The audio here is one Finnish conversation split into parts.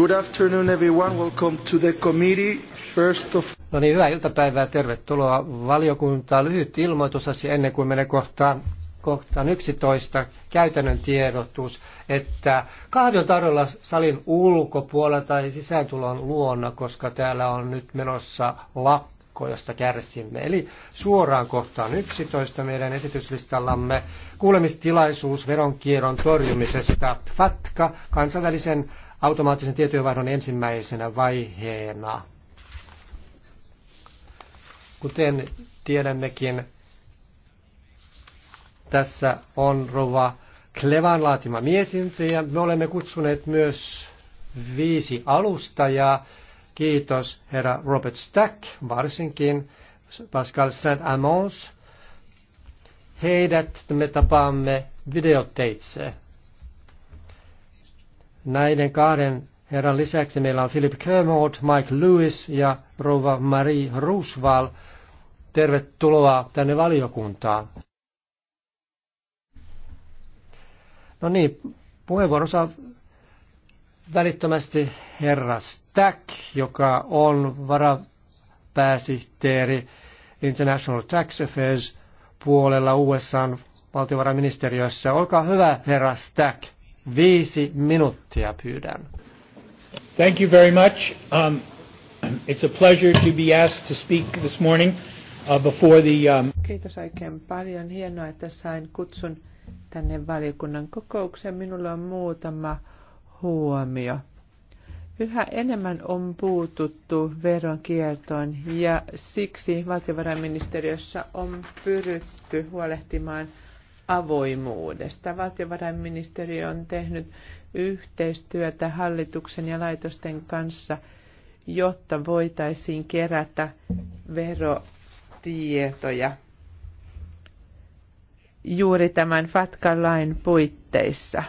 Good afternoon everyone. Welcome to the committee. First of... No niin, hyvää iltapäivää. Tervetuloa valiokuntaan. Lyhyt ilmoitusasia ennen kuin menee kohtaan, kohtaan 11. Käytännön tiedotus, että kahvin tarjolla salin ulkopuolella tai sisääntulon luona, koska täällä on nyt menossa lakko, josta kärsimme. Eli suoraan kohtaan 11 meidän esityslistallamme kuulemistilaisuus veronkierron torjumisesta FATKA, kansainvälisen automaattisen tietojenvaihdon ensimmäisenä vaiheena. Kuten tiedämmekin, tässä on Rova Klevan laatima mietintö ja me olemme kutsuneet myös viisi alustajaa. Kiitos herra Robert Stack varsinkin, Pascal Saint-Amons. Heidät me tapaamme videoteitse. Näiden kahden herran lisäksi meillä on Philip Kermode, Mike Lewis ja rouva Marie Roosevelt. Tervetuloa tänne valiokuntaan. No niin, puheenvuoron saa välittömästi herra Stack, joka on varapääsihteeri International Tax Affairs puolella USA valtiovarainministeriössä. Olkaa hyvä, herra Stack. Viisi minuuttia pyydän. Thank you very much. Um, it's a pleasure to be asked to speak this morning uh, before the... Um... Kiitos oikein paljon. Hienoa, että sain kutsun tänne valiokunnan kokoukseen. Minulla on muutama huomio. Yhä enemmän on puututtu veronkiertoon ja siksi valtiovarainministeriössä on pyritty huolehtimaan – avoimuudesta. Valtiovarainministeriö on tehnyt yhteistyötä hallituksen ja laitosten kanssa, jotta voitaisiin kerätä verotietoja juuri tämän FATCA-lain puitteissa.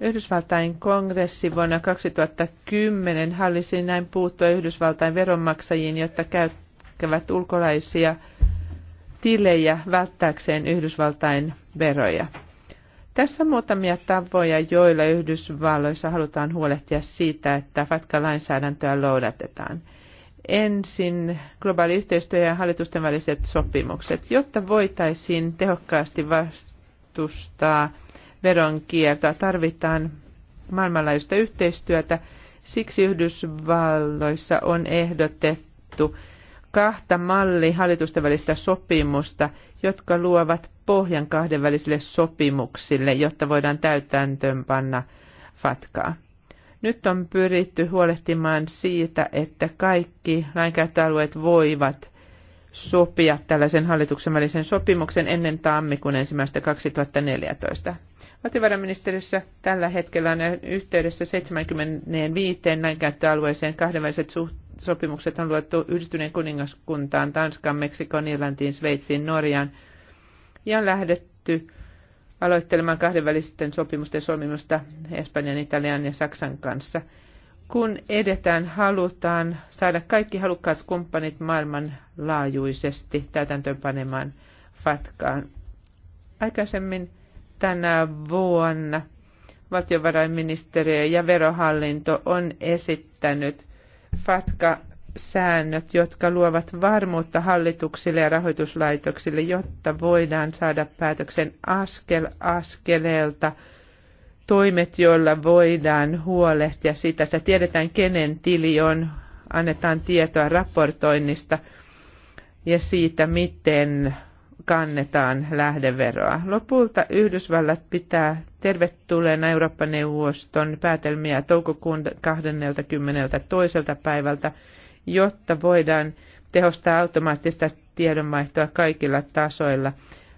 Yhdysvaltain kongressi vuonna 2010 hallisi näin puuttua Yhdysvaltain veronmaksajiin, jotta käyttävät ulkolaisia – tilejä välttääkseen Yhdysvaltain veroja. Tässä muutamia tavoja, joilla Yhdysvalloissa halutaan huolehtia siitä, että FATCA-lainsäädäntöä loudatetaan. Ensin globaali yhteistyö ja hallitusten väliset sopimukset, jotta voitaisiin tehokkaasti vastustaa veronkiertoa. Tarvitaan maailmanlaajuista yhteistyötä. Siksi Yhdysvalloissa on ehdotettu kahta malli hallitusten välistä sopimusta, jotka luovat pohjan kahdenvälisille sopimuksille, jotta voidaan täytäntöönpanna fatkaa. Nyt on pyritty huolehtimaan siitä, että kaikki lainkäyttöalueet voivat sopia tällaisen hallituksen välisen sopimuksen ennen tammikuun ensimmäistä 2014. Valtiovarainministeriössä tällä hetkellä on yhteydessä 75 lainkäyttöalueeseen kahdenväliset suhteet sopimukset on luettu Yhdistyneen kuningaskuntaan, Tanskan, Meksikon, Irlantiin, Sveitsiin, Norjaan ja on lähdetty aloittelemaan kahdenvälisten sopimusten solmimusta Espanjan, Italian ja Saksan kanssa. Kun edetään, halutaan saada kaikki halukkaat kumppanit maailmanlaajuisesti täytäntöönpanemaan Fatkaan. Aikaisemmin tänä vuonna valtiovarainministeriö ja verohallinto on esittänyt fatca säännöt jotka luovat varmuutta hallituksille ja rahoituslaitoksille, jotta voidaan saada päätöksen askel askeleelta toimet, joilla voidaan huolehtia siitä, että tiedetään kenen tili on, annetaan tietoa raportoinnista ja siitä, miten kannetaan lähdeveroa. Lopulta Yhdysvallat pitää tervetulleena Eurooppa-neuvoston päätelmiä toukokuun 22. päivältä, jotta voidaan tehostaa automaattista tiedonvaihtoa kaikilla tasoilla.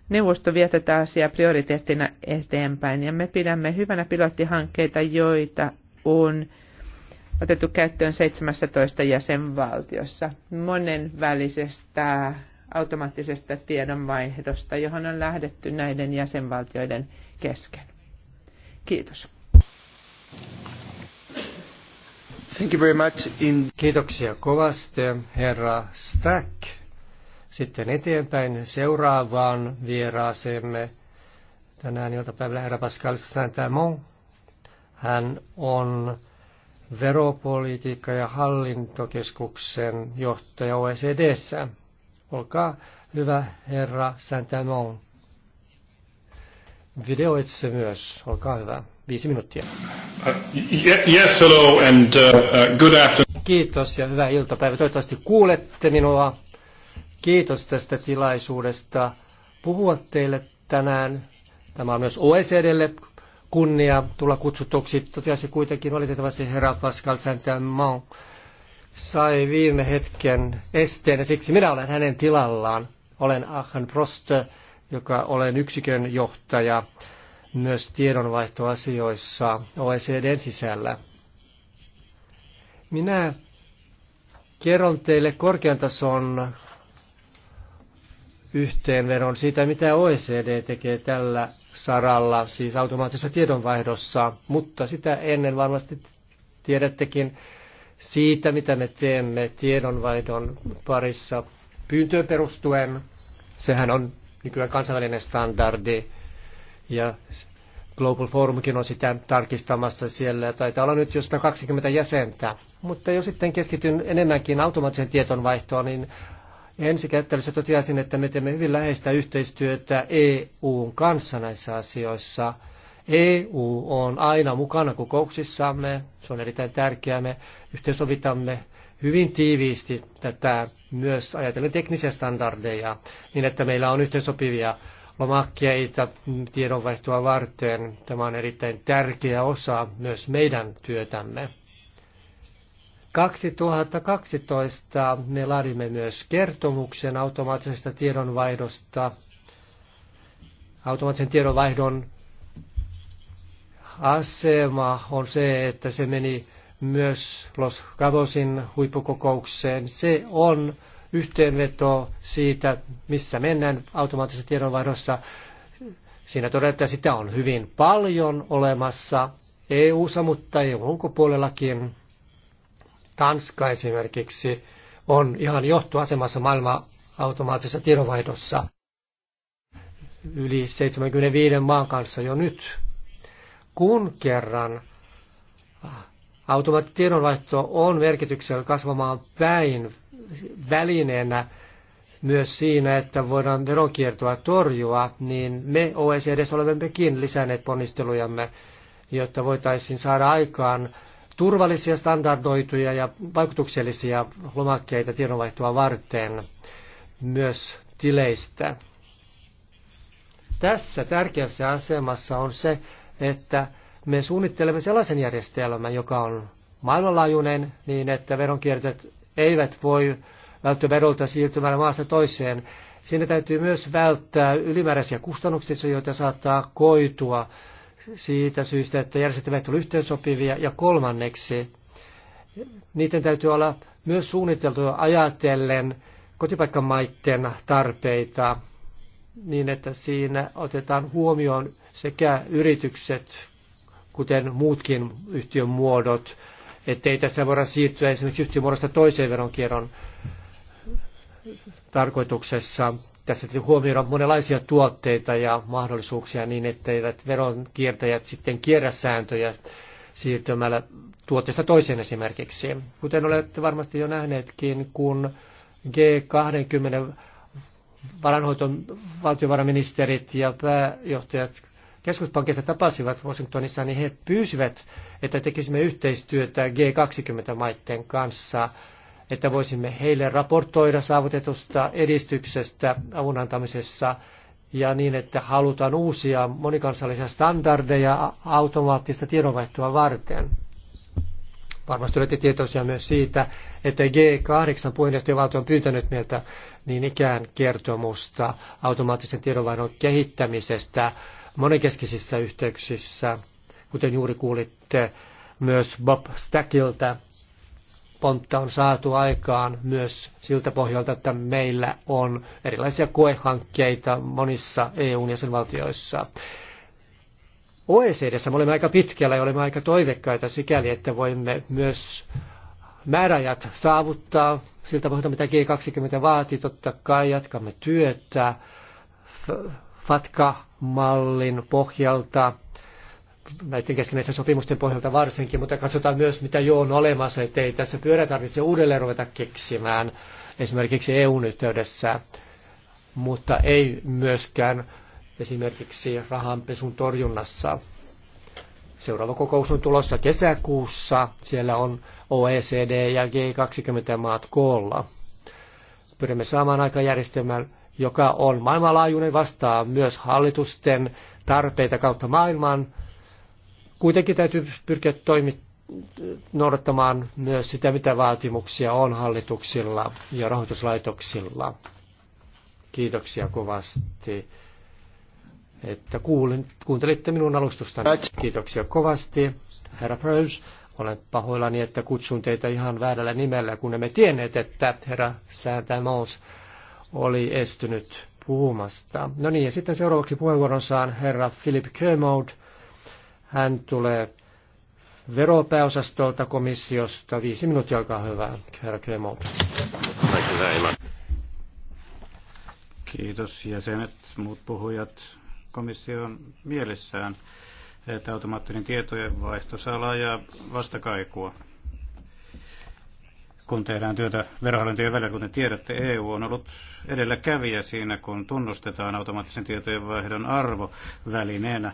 Neuvosto vie tätä asiaa prioriteettina eteenpäin ja me pidämme hyvänä pilottihankkeita, joita on otettu käyttöön 17 jäsenvaltiossa monenvälisestä automaattisesta tiedonvaihdosta, johon on lähdetty näiden jäsenvaltioiden kesken. Kiitos. Thank you very much in... Kiitoksia kovasti, herra Stack. Sitten eteenpäin seuraavaan vieraaseemme tänään iltapäivällä herra Pascal Saint-Amon. Hän on veropolitiikka- ja hallintokeskuksen johtaja OECDssä. Olkaa hyvä herra Santamon. Videoitse myös, olkaa hyvä. Viisi minuuttia. Uh, yes, hello and uh, uh, good afternoon. Kiitos ja hyvää iltapäivää. Toivottavasti kuulette minua. Kiitos tästä tilaisuudesta puhua teille tänään. Tämä on myös OECDlle kunnia tulla kutsutuksi. Totesi kuitenkin valitettavasti herra Pascal Saint-Amand sai viime hetken esteen ja siksi minä olen hänen tilallaan. Olen Ahan Proste, joka olen yksikön johtaja myös tiedonvaihtoasioissa OECDn sisällä. Minä kerron teille korkean tason yhteenvedon siitä, mitä OECD tekee tällä saralla, siis automaattisessa tiedonvaihdossa, mutta sitä ennen varmasti tiedättekin, siitä, mitä me teemme tiedonvaihdon parissa pyyntöön perustuen. Sehän on nykyään kansainvälinen standardi ja Global Forumkin on sitä tarkistamassa siellä. Taitaa olla nyt jo 120 jäsentä. Mutta jos sitten keskityn enemmänkin automaattiseen tietonvaihtoon, niin kättelyssä toteaisin, että me teemme hyvin läheistä yhteistyötä EUn kanssa näissä asioissa – EU on aina mukana kokouksissamme, se on erittäin tärkeää, me yhteensovitamme hyvin tiiviisti tätä myös ajatellen teknisiä standardeja, niin että meillä on yhteensopivia lomakkeita tiedonvaihtoa varten. Tämä on erittäin tärkeä osa myös meidän työtämme. 2012 me laadimme myös kertomuksen automaattisesta tiedonvaihdosta. Automaattisen tiedonvaihdon asema on se, että se meni myös Los Cabosin huippukokoukseen. Se on yhteenveto siitä, missä mennään automaattisessa tiedonvaihdossa. Siinä todetaan, että sitä on hyvin paljon olemassa eu mutta EU-ulkopuolellakin. Tanska esimerkiksi on ihan johtoasemassa maailman automaattisessa tiedonvaihdossa yli 75 maan kanssa jo nyt kun kerran automaattitiedonvaihto on merkityksellä kasvamaan päin välineenä myös siinä, että voidaan veronkiertoa torjua, niin me OECDssä olemmekin lisänneet ponnistelujamme, jotta voitaisiin saada aikaan turvallisia, standardoituja ja vaikutuksellisia lomakkeita tiedonvaihtoa varten myös tileistä. Tässä tärkeässä asemassa on se, että me suunnittelemme sellaisen järjestelmän, joka on maailmanlaajuinen, niin että veronkiertäjät eivät voi välttyä verolta siirtymällä maassa toiseen. Siinä täytyy myös välttää ylimääräisiä kustannuksia, joita saattaa koitua siitä syystä, että järjestelmät ovat yhteensopivia. Ja kolmanneksi, niiden täytyy olla myös suunniteltu ajatellen kotipaikkamaiden tarpeita, niin että siinä otetaan huomioon sekä yritykset, kuten muutkin yhtiön muodot, ettei tässä voida siirtyä esimerkiksi muodosta toiseen veronkierron tarkoituksessa. Tässä täytyy huomioida monenlaisia tuotteita ja mahdollisuuksia niin, etteivät veronkiertäjät sitten kierrä sääntöjä siirtymällä tuotteesta toiseen esimerkiksi. Kuten olette varmasti jo nähneetkin, kun G20 valtiovarainministerit ja pääjohtajat keskuspankista tapasivat Washingtonissa, niin he pyysivät, että tekisimme yhteistyötä G20-maiden kanssa, että voisimme heille raportoida saavutetusta edistyksestä avun antamisessa ja niin, että halutaan uusia monikansallisia standardeja automaattista tiedonvaihtoa varten. Varmasti olette tietoisia myös siitä, että G8 puheenjohtajavaltio on pyytänyt meiltä niin ikään kertomusta automaattisen tiedonvaihdon kehittämisestä monikeskisissä yhteyksissä, kuten juuri kuulitte myös Bob Stackilta. Pontta on saatu aikaan myös siltä pohjalta, että meillä on erilaisia koehankkeita monissa EUn jäsenvaltioissa. OECDssä me olemme aika pitkällä ja olemme aika toivekkaita sikäli, että voimme myös määräajat saavuttaa siltä pohjalta, mitä G20 vaatii. Totta kai jatkamme työtä FATKA-mallin pohjalta, näiden keskinäisten sopimusten pohjalta varsinkin, mutta katsotaan myös, mitä jo on olemassa, ettei tässä pyörä tarvitse uudelleen ruveta keksimään, esimerkiksi eu yhteydessä, mutta ei myöskään esimerkiksi rahanpesun torjunnassa. Seuraava kokous on tulossa kesäkuussa. Siellä on OECD ja G20-maat koolla. Pyrimme saamaan aikajärjestelmän joka on maailmanlaajuinen, vastaa myös hallitusten tarpeita kautta maailman. Kuitenkin täytyy pyrkiä toimi, noudattamaan myös sitä, mitä vaatimuksia on hallituksilla ja rahoituslaitoksilla. Kiitoksia kovasti, että kuulin, kuuntelitte minun alustustani. Kiitoksia kovasti, herra Pröys. Olen pahoillani, että kutsun teitä ihan väärällä nimellä, kun emme tienneet, että herra saint oli estynyt puhumasta. No niin, ja sitten seuraavaksi saan herra Philip Kermoud. Hän tulee veropääosastolta komissiosta. Viisi minuuttia, olkaa hyvä, herra Kermoud. Kiitos jäsenet, muut puhujat. komission mielessään, että automaattinen tietojenvaihto saa laajaa vastakaikua kun tehdään työtä verohallintojen välillä, kuten tiedätte, EU on ollut edelläkävijä siinä, kun tunnustetaan automaattisen tietojen vaihdon arvo välineenä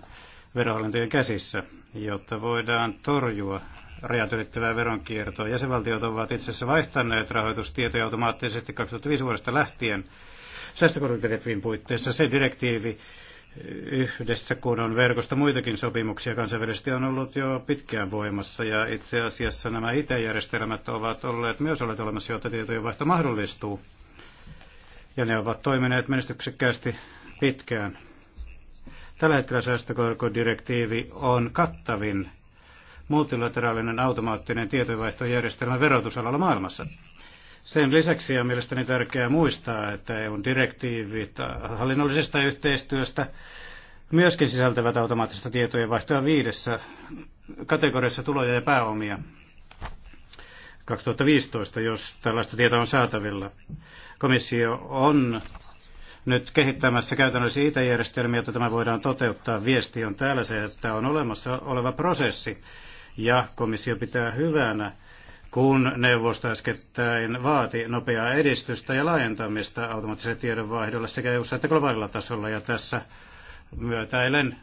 verohallintojen käsissä, jotta voidaan torjua rajat ylittävää veronkiertoa. Jäsenvaltiot ovat itse asiassa vaihtaneet rahoitustietoja automaattisesti 2005 vuodesta lähtien säästökortadirektiivin puitteissa. Se direktiivi yhdessä, kun on verkosta muitakin sopimuksia kansainvälisesti on ollut jo pitkään voimassa ja itse asiassa nämä IT-järjestelmät ovat olleet myös olleet olemassa, jotta tietojenvaihto mahdollistuu. Ja ne ovat toimineet menestyksekkäästi pitkään. Tällä hetkellä säästökorkodirektiivi on kattavin multilateraalinen automaattinen tietojenvaihtojärjestelmä verotusalalla maailmassa. Sen lisäksi on mielestäni tärkeää muistaa, että EUn direktiivit hallinnollisesta yhteistyöstä myöskin sisältävät automaattista vaihtoa viidessä kategoriassa tuloja ja pääomia. 2015, jos tällaista tietoa on saatavilla. Komissio on nyt kehittämässä käytännöllisiä IT-järjestelmiä, että tämä voidaan toteuttaa. Viesti on täällä se, että on olemassa oleva prosessi ja komissio pitää hyvänä kun neuvosto äskettäin vaati nopeaa edistystä ja laajentamista automaattisella tiedonvaihdolla sekä eu että globaalilla tasolla, ja tässä myötäilen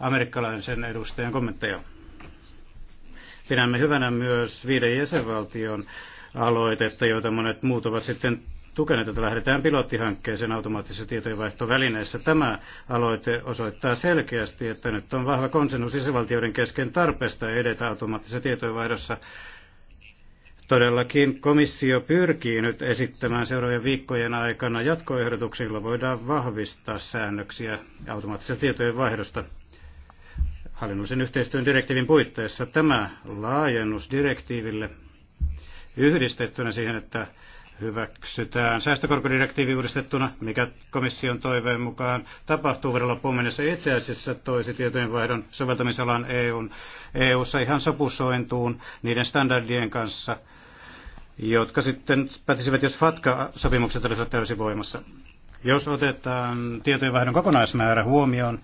amerikkalaisen edustajan kommentteja. Pidämme hyvänä myös viiden jäsenvaltion aloitetta, joita monet muut ovat sitten tukeneet, että lähdetään pilottihankkeeseen automaattisessa tietojenvaihtovälineessä. Tämä aloite osoittaa selkeästi, että nyt on vahva konsensus jäsenvaltioiden kesken tarpeesta edetä automaattisessa tietojenvaihdossa Todellakin komissio pyrkii nyt esittämään seuraavien viikkojen aikana jatkoehdotuksilla voidaan vahvistaa säännöksiä automaattisesta tietojen vaihdosta hallinnollisen yhteistyön direktiivin puitteissa. Tämä laajennus direktiiville yhdistettynä siihen, että hyväksytään säästökorkodirektiivi uudistettuna, mikä komission toiveen mukaan tapahtuu vuoden loppuun mennessä itse asiassa toisi tietojenvaihdon soveltamisalan EU-ssa ihan sopusointuun niiden standardien kanssa – jotka sitten päätisivät, jos FATCA-sopimukset olisivat täysin voimassa. Jos otetaan tietojenvaihdon kokonaismäärä huomioon,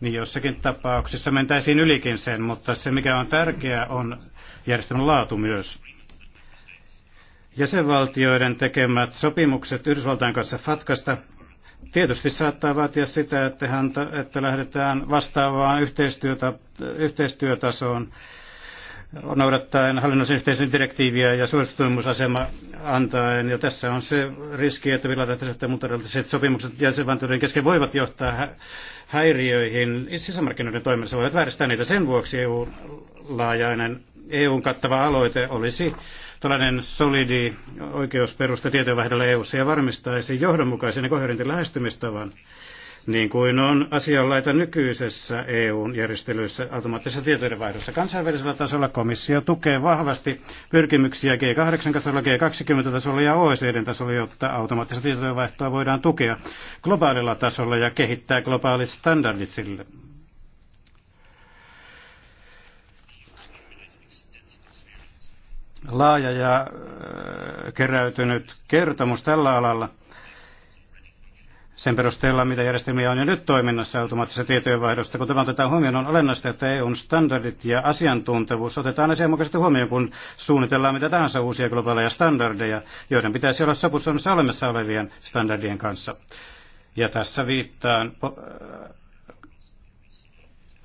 niin jossakin tapauksessa mentäisiin ylikin sen, mutta se mikä on tärkeää on järjestelmän laatu myös. Jäsenvaltioiden tekemät sopimukset Yhdysvaltain kanssa FATCasta tietysti saattaa vaatia sitä, että, häntä, että lähdetään vastaavaan yhteistyöta, yhteistyötasoon noudattaen hallinnollisen yhteisön direktiiviä ja suosituimmuusasema antaen. Ja tässä on se riski, että bilateraaliset ja muutodalliset sopimukset jäsenvaltioiden kesken voivat johtaa häiriöihin sisämarkkinoiden toiminnassa, voivat vääristää niitä. Sen vuoksi EU-laajainen EUn kattava aloite olisi tällainen solidi oikeusperusta tietojenvaihdolle EU-ssa ja varmistaisi johdonmukaisen ja koherentin lähestymistavan niin kuin on asianlaita nykyisessä EUn järjestelyssä automaattisessa tietojenvaihdossa. Kansainvälisellä tasolla komissio tukee vahvasti pyrkimyksiä G8-tasolla, G20-tasolla ja OECD-tasolla, jotta automaattista tietojenvaihtoa voidaan tukea globaalilla tasolla ja kehittää globaalit standardit sille. Laaja ja keräytynyt kertomus tällä alalla sen perusteella, mitä järjestelmiä on jo nyt toiminnassa automaattisesta tietojenvaihdosta. Kun tämä otetaan huomioon, on olennaista, että EUn standardit ja asiantuntevuus otetaan asianmukaisesti huomioon, kun suunnitellaan mitä tahansa uusia globaaleja standardeja, joiden pitäisi olla sopussa olemassa olevien standardien kanssa. Ja tässä viittaan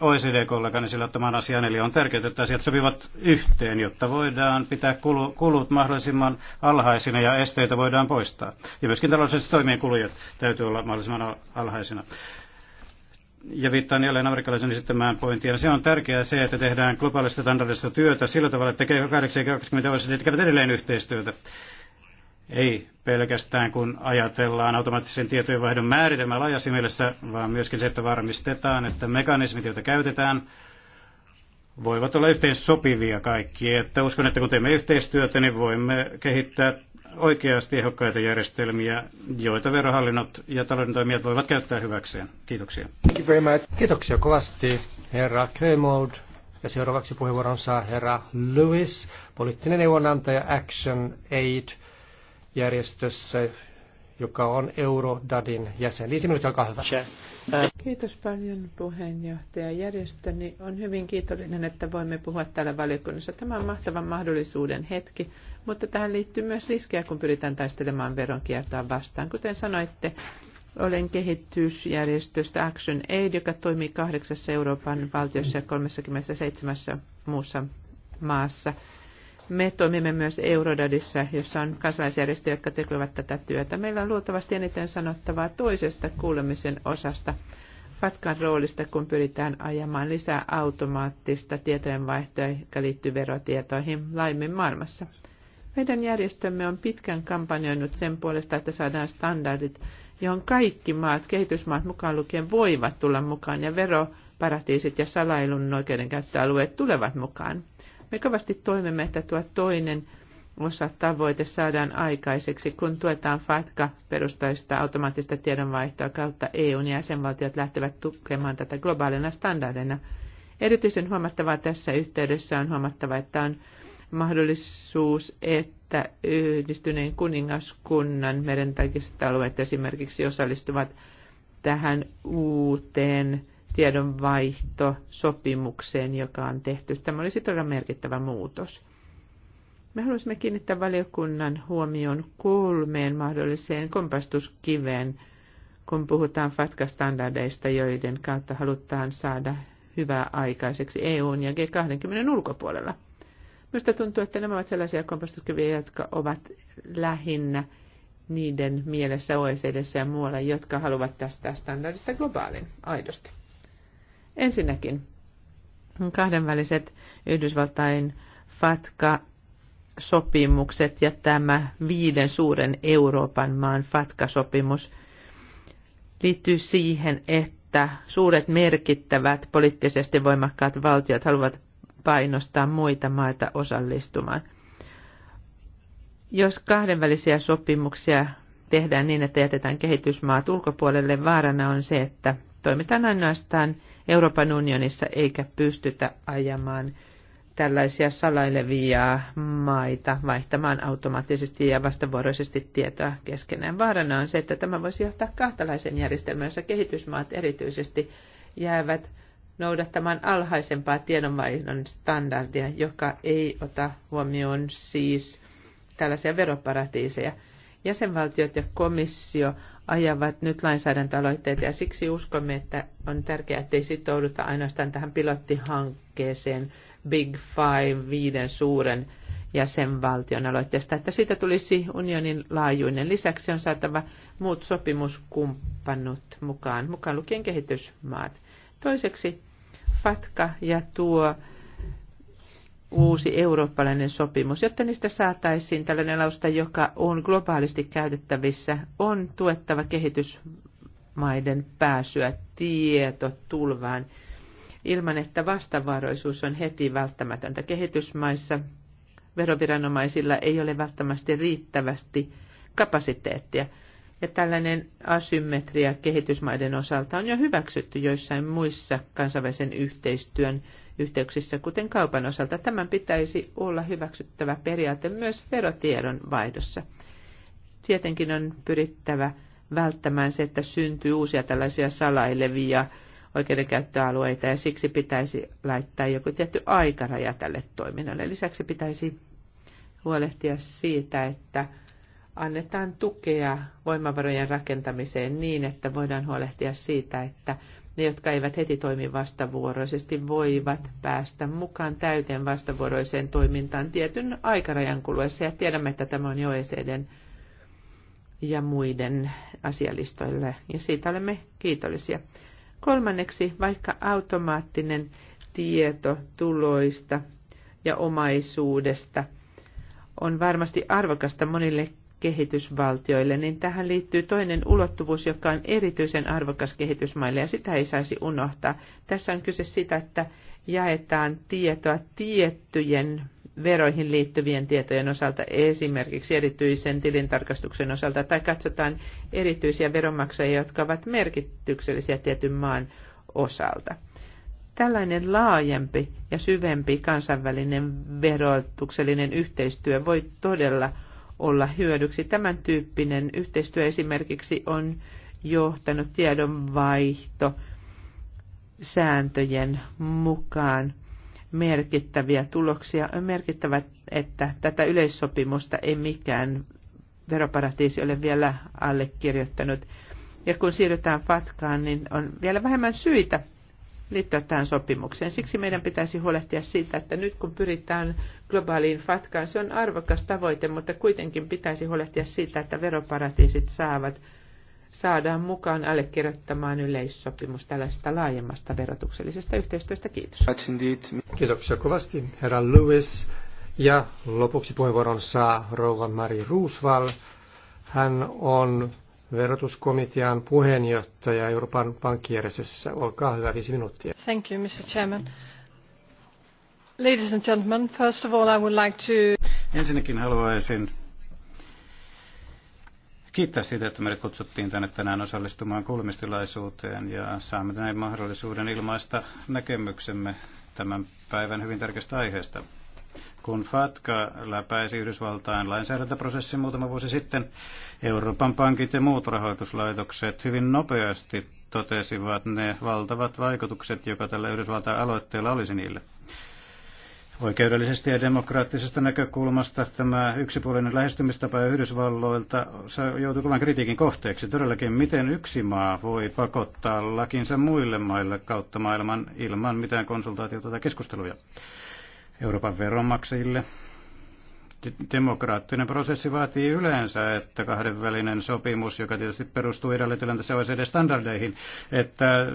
OECD-kollegani sillä ottamaan asiaan, eli on tärkeää, että asiat sopivat yhteen, jotta voidaan pitää kulut mahdollisimman alhaisina ja esteitä voidaan poistaa. Ja myöskin taloudelliset toimien kulujat täytyy olla mahdollisimman alhaisina. Ja viittaan jälleen amerikkalaisen esittämään pointtiin. Se on tärkeää se, että tehdään globaalista standardista työtä sillä tavalla, että tekee 80 ja G20 OECD tekevät edelleen yhteistyötä ei pelkästään kun ajatellaan automaattisen tietojenvaihdon määritelmää laajassa mielessä, vaan myöskin se, että varmistetaan, että mekanismit, joita käytetään, voivat olla yhteen sopivia kaikki. Että uskon, että kun teemme yhteistyötä, niin voimme kehittää oikeasti ehokkaita järjestelmiä, joita verohallinnot ja talouden toimijat voivat käyttää hyväkseen. Kiitoksia. Kiitoksia kovasti, herra Kremold. Ja seuraavaksi puheenvuoron saa herra Lewis, poliittinen neuvonantaja Action Aid järjestössä, joka on Eurodadin jäsen. Liisi minuutti, olkaa hyvä. Uh, Kiitos paljon puheenjohtaja. Järjestöni on hyvin kiitollinen, että voimme puhua täällä valiokunnassa. Tämä on mahtavan mahdollisuuden hetki, mutta tähän liittyy myös riskejä, kun pyritään taistelemaan veronkiertoa vastaan. Kuten sanoitte, olen kehitysjärjestöstä Action Aid, joka toimii kahdeksassa Euroopan valtiossa ja 37 muussa maassa. Me toimimme myös Eurodadissa, jossa on kansalaisjärjestöjä, jotka tekevät tätä työtä. Meillä on luultavasti eniten sanottavaa toisesta kuulemisen osasta Fatkan roolista, kun pyritään ajamaan lisää automaattista tietojenvaihtoa, joka liittyy verotietoihin laimin maailmassa. Meidän järjestömme on pitkän kampanjoinut sen puolesta, että saadaan standardit, johon kaikki maat, kehitysmaat mukaan lukien, voivat tulla mukaan ja veroparatiisit ja salailun oikeudenkäyttöalueet tulevat mukaan. Me kovasti toimimme, että tuo toinen osa tavoite saadaan aikaiseksi, kun tuetaan FATCA-perustaista automaattista tiedonvaihtoa kautta EUn jäsenvaltiot lähtevät tukemaan tätä globaalina standardina. Erityisen huomattavaa tässä yhteydessä on huomattava, että on mahdollisuus, että yhdistyneen kuningaskunnan merentaikiset alueet esimerkiksi osallistuvat tähän uuteen tiedonvaihto sopimukseen, joka on tehty. Tämä olisi todella merkittävä muutos. Me haluaisimme kiinnittää valiokunnan huomioon kolmeen mahdolliseen kompastuskiveen, kun puhutaan FATCA-standardeista, joiden kautta halutaan saada hyvää aikaiseksi EUn ja G20 ulkopuolella. Minusta tuntuu, että nämä ovat sellaisia kompastuskiviä, jotka ovat lähinnä niiden mielessä OECDssä ja muualla, jotka haluavat tästä standardista globaalin aidosti. Ensinnäkin kahdenväliset Yhdysvaltain FATCA-sopimukset ja tämä viiden suuren Euroopan maan FATCA-sopimus liittyy siihen, että suuret merkittävät poliittisesti voimakkaat valtiot haluavat painostaa muita maita osallistumaan. Jos kahdenvälisiä sopimuksia tehdään niin, että jätetään kehitysmaat ulkopuolelle, vaarana on se, että toimitaan ainoastaan – Euroopan unionissa eikä pystytä ajamaan tällaisia salailevia maita vaihtamaan automaattisesti ja vastavuoroisesti tietoa keskenään. Vaarana on se, että tämä voisi johtaa kahtalaisen järjestelmään, jossa kehitysmaat erityisesti jäävät noudattamaan alhaisempaa tiedonvaihdon standardia, joka ei ota huomioon siis tällaisia veroparatiiseja. Jäsenvaltiot ja komissio ajavat nyt lainsäädäntöaloitteita ja siksi uskomme, että on tärkeää, ettei sitouduta ainoastaan tähän pilottihankkeeseen Big Five, viiden suuren jäsenvaltion aloitteesta, että siitä tulisi unionin laajuinen. Lisäksi on saatava muut sopimuskumppanut mukaan, mukaan lukien kehitysmaat. Toiseksi FATKA ja tuo uusi eurooppalainen sopimus, jotta niistä saataisiin tällainen lausta, joka on globaalisti käytettävissä, on tuettava kehitysmaiden pääsyä tietotulvaan ilman, että vastavaroisuus on heti välttämätöntä. Kehitysmaissa veroviranomaisilla ei ole välttämättä riittävästi kapasiteettia. Ja tällainen asymmetria kehitysmaiden osalta on jo hyväksytty joissain muissa kansainvälisen yhteistyön yhteyksissä, kuten kaupan osalta. Tämän pitäisi olla hyväksyttävä periaate myös verotiedon vaihdossa. Tietenkin on pyrittävä välttämään se, että syntyy uusia tällaisia salailevia oikeudenkäyttöalueita ja siksi pitäisi laittaa joku tietty aikaraja tälle toiminnalle. Lisäksi pitäisi huolehtia siitä, että annetaan tukea voimavarojen rakentamiseen niin, että voidaan huolehtia siitä, että ne, jotka eivät heti toimi vastavuoroisesti, voivat päästä mukaan täyteen vastavuoroiseen toimintaan tietyn aikarajan kuluessa. Ja tiedämme, että tämä on jo ECDn ja muiden asialistoille, ja siitä olemme kiitollisia. Kolmanneksi, vaikka automaattinen tieto tuloista ja omaisuudesta on varmasti arvokasta monille kehitysvaltioille, niin tähän liittyy toinen ulottuvuus, joka on erityisen arvokas kehitysmaille ja sitä ei saisi unohtaa. Tässä on kyse sitä, että jaetaan tietoa tiettyjen veroihin liittyvien tietojen osalta, esimerkiksi erityisen tilintarkastuksen osalta, tai katsotaan erityisiä veronmaksajia, jotka ovat merkityksellisiä tietyn maan osalta. Tällainen laajempi ja syvempi kansainvälinen verotuksellinen yhteistyö voi todella olla hyödyksi. Tämän tyyppinen yhteistyö esimerkiksi on johtanut tiedonvaihto sääntöjen mukaan merkittäviä tuloksia. On merkittävä, että tätä yleissopimusta ei mikään veroparatiisi ole vielä allekirjoittanut. Ja kun siirrytään Fatkaan, niin on vielä vähemmän syitä liittyä tähän sopimukseen. Siksi meidän pitäisi huolehtia siitä, että nyt kun pyritään globaaliin fatkaan, se on arvokas tavoite, mutta kuitenkin pitäisi huolehtia siitä, että veroparatiisit saavat saadaan mukaan allekirjoittamaan yleissopimus tällaisesta laajemmasta verotuksellisesta yhteistyöstä. Kiitos. Kiitoksia kovasti, herra Lewis. Ja lopuksi puheenvuoron saa rouva Mari Roosevelt. Hän on verotuskomitean puheenjohtaja Euroopan pankkijärjestössä. Olkaa hyvä, viisi minuuttia. Thank you, Mr. Chairman. Ladies and gentlemen, first of all I would like to... Ensinnäkin haluaisin kiittää siitä, että meidät kutsuttiin tänne tänään osallistumaan kuulemistilaisuuteen ja saamme näin mahdollisuuden ilmaista näkemyksemme tämän päivän hyvin tärkeästä aiheesta kun FATCA läpäisi Yhdysvaltain lainsäädäntöprosessin muutama vuosi sitten, Euroopan pankit ja muut rahoituslaitokset hyvin nopeasti totesivat ne valtavat vaikutukset, joka tällä Yhdysvaltain aloitteella olisi niille. Oikeudellisesti ja demokraattisesta näkökulmasta tämä yksipuolinen lähestymistapa Yhdysvalloilta joutuu kovan kritiikin kohteeksi. Todellakin, miten yksi maa voi pakottaa lakinsa muille maille kautta maailman ilman mitään konsultaatiota tai keskusteluja. Euroopan veronmaksajille. Demokraattinen prosessi vaatii yleensä, että kahdenvälinen sopimus, joka tietysti perustuu edelleen tässä OECD-standardeihin, että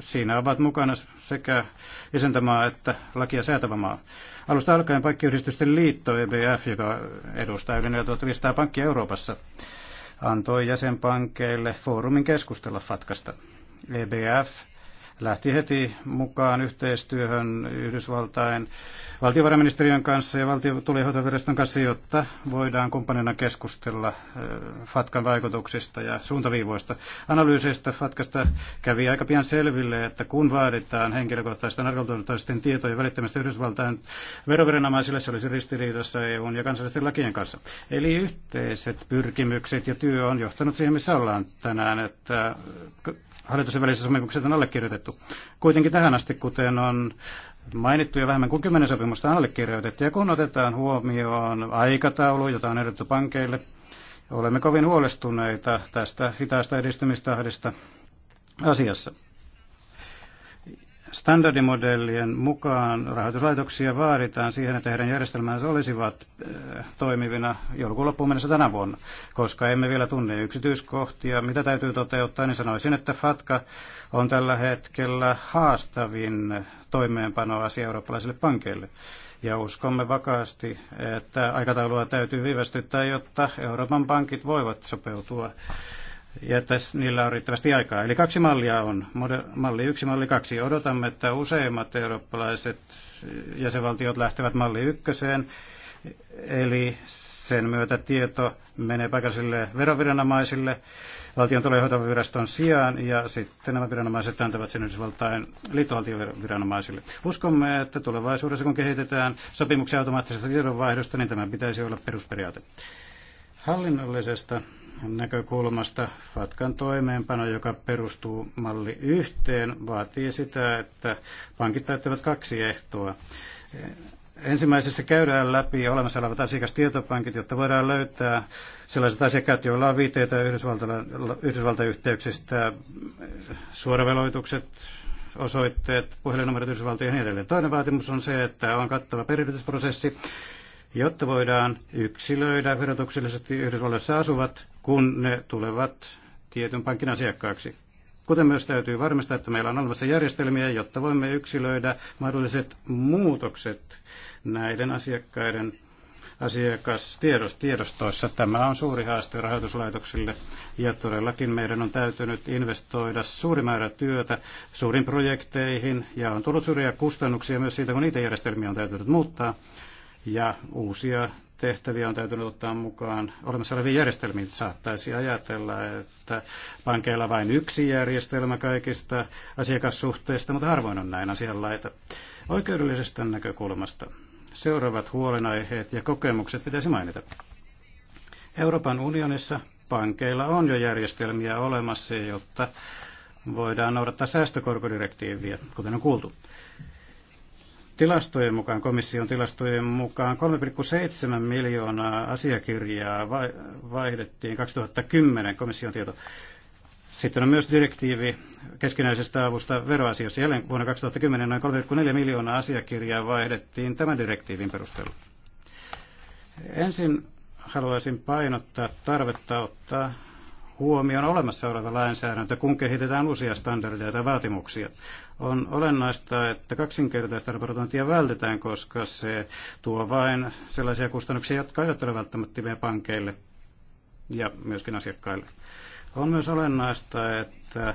siinä ovat mukana sekä isäntämaa että lakia säätävä maa. Alusta alkaen Pankkiyhdistysten liitto, EBF, joka edustaa yli 4500 pankkia Euroopassa, antoi jäsenpankkeille foorumin keskustella FATKasta. EBF lähti heti mukaan yhteistyöhön Yhdysvaltain valtiovarainministeriön kanssa ja valtio- kanssa, jotta voidaan kumppanina keskustella äh, FATKan vaikutuksista ja suuntaviivoista. Analyyseistä FATKasta kävi aika pian selville, että kun vaaditaan henkilökohtaisten arkaluontoisten tietojen välittämistä Yhdysvaltain veroviranomaisille, se olisi ristiriidassa EUn ja kansallisten lakien kanssa. Eli yhteiset pyrkimykset ja työ on johtanut siihen, missä ollaan tänään, että hallitusten välisissä sopimukset on allekirjoitettu. Kuitenkin tähän asti, kuten on mainittu jo vähemmän kuin kymmenen sopimusta on allekirjoitettu, ja kun otetaan huomioon aikataulu, jota on edetty pankeille, olemme kovin huolestuneita tästä hitaasta edistymistahdista asiassa standardimodellien mukaan rahoituslaitoksia vaaditaan siihen, että heidän järjestelmänsä olisivat eh, toimivina joulukuun loppuun mennessä tänä vuonna. Koska emme vielä tunne yksityiskohtia, mitä täytyy toteuttaa, niin sanoisin, että FATKA on tällä hetkellä haastavin toimeenpanoasia eurooppalaisille pankeille. Ja uskomme vakaasti, että aikataulua täytyy viivästyttää, jotta Euroopan pankit voivat sopeutua ja tässä niillä on riittävästi aikaa. Eli kaksi mallia on, malli yksi, malli kaksi. Odotamme, että useimmat eurooppalaiset jäsenvaltiot lähtevät malli ykköseen, eli sen myötä tieto menee paikallisille veroviranomaisille valtion tulee hoitavan sijaan ja sitten nämä viranomaiset antavat sen Yhdysvaltain liittovaltioviranomaisille. Uskomme, että tulevaisuudessa kun kehitetään sopimuksia automaattisesta tiedonvaihdosta, niin tämä pitäisi olla perusperiaate. Hallinnollisesta näkökulmasta FATKan toimeenpano, joka perustuu malli yhteen, vaatii sitä, että pankit täyttävät kaksi ehtoa. Ensimmäisessä käydään läpi olemassa olevat asiakastietopankit, jotta voidaan löytää sellaiset asiakkaat, joilla on viiteitä Yhdysvaltayhteyksistä, suoraveloitukset, osoitteet, puhelinnumerot Yhdysvaltoihin ja niin edelleen. Toinen vaatimus on se, että on kattava perehdytysprosessi, jotta voidaan yksilöidä verotuksellisesti Yhdysvalloissa asuvat kun ne tulevat tietyn pankin asiakkaaksi. Kuten myös täytyy varmistaa, että meillä on olemassa järjestelmiä, jotta voimme yksilöidä mahdolliset muutokset näiden asiakkaiden asiakastiedostoissa. Tämä on suuri haaste rahoituslaitoksille ja todellakin meidän on täytynyt investoida suuri määrä työtä suurin projekteihin ja on tullut suuria kustannuksia myös siitä, kun niitä järjestelmiä on täytynyt muuttaa ja uusia tehtäviä on täytynyt ottaa mukaan olemassa oleviin järjestelmiin. Saattaisi ajatella, että pankeilla vain yksi järjestelmä kaikista asiakassuhteista, mutta harvoin on näin asianlaita. Oikeudellisesta näkökulmasta seuraavat huolenaiheet ja kokemukset pitäisi mainita. Euroopan unionissa pankeilla on jo järjestelmiä olemassa, jotta voidaan noudattaa säästökorkodirektiiviä, kuten on kuultu. Tilastojen mukaan, komission tilastojen mukaan 3,7 miljoonaa asiakirjaa vaihdettiin 2010 komission tieto. Sitten on myös direktiivi keskinäisestä avusta veroasioissa. Jälleen vuonna 2010 noin 3,4 miljoonaa asiakirjaa vaihdettiin tämän direktiivin perusteella. Ensin haluaisin painottaa tarvetta ottaa huomioon olemassa oleva lainsäädäntö, kun kehitetään uusia standardeja tai vaatimuksia. On olennaista, että kaksinkertaista raportointia vältetään, koska se tuo vain sellaisia kustannuksia, jotka eivät ole välttämättömiä pankeille ja myöskin asiakkaille. On myös olennaista, että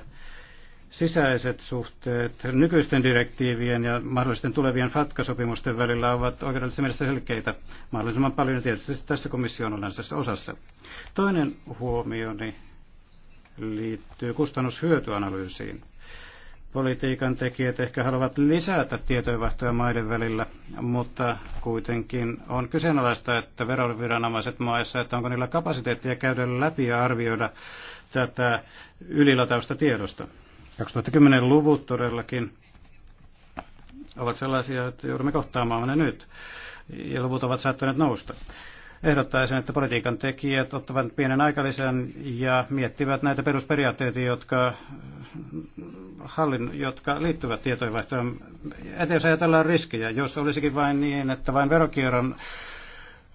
sisäiset suhteet nykyisten direktiivien ja mahdollisten tulevien FATCA-sopimusten välillä ovat oikeudellisesti mielestä selkeitä mahdollisimman paljon tietysti tässä komission osassa. Toinen huomioni liittyy kustannushyötyanalyysiin. Politiikan tekijät ehkä haluavat lisätä tietojenvaihtoja maiden välillä, mutta kuitenkin on kyseenalaista, että veroviranomaiset maissa, että onko niillä kapasiteettia käydä läpi ja arvioida tätä ylilatausta tiedosta. 2010-luvut todellakin ovat sellaisia, että joudumme kohtaamaan ne nyt, ja luvut ovat saattaneet nousta ehdottaisin, että politiikan tekijät ottavat pienen aikalisen ja miettivät näitä perusperiaatteita, jotka, hallin, jotka liittyvät tietojenvaihtoon. Että jos ajatellaan riskejä, jos olisikin vain niin, että vain verokierron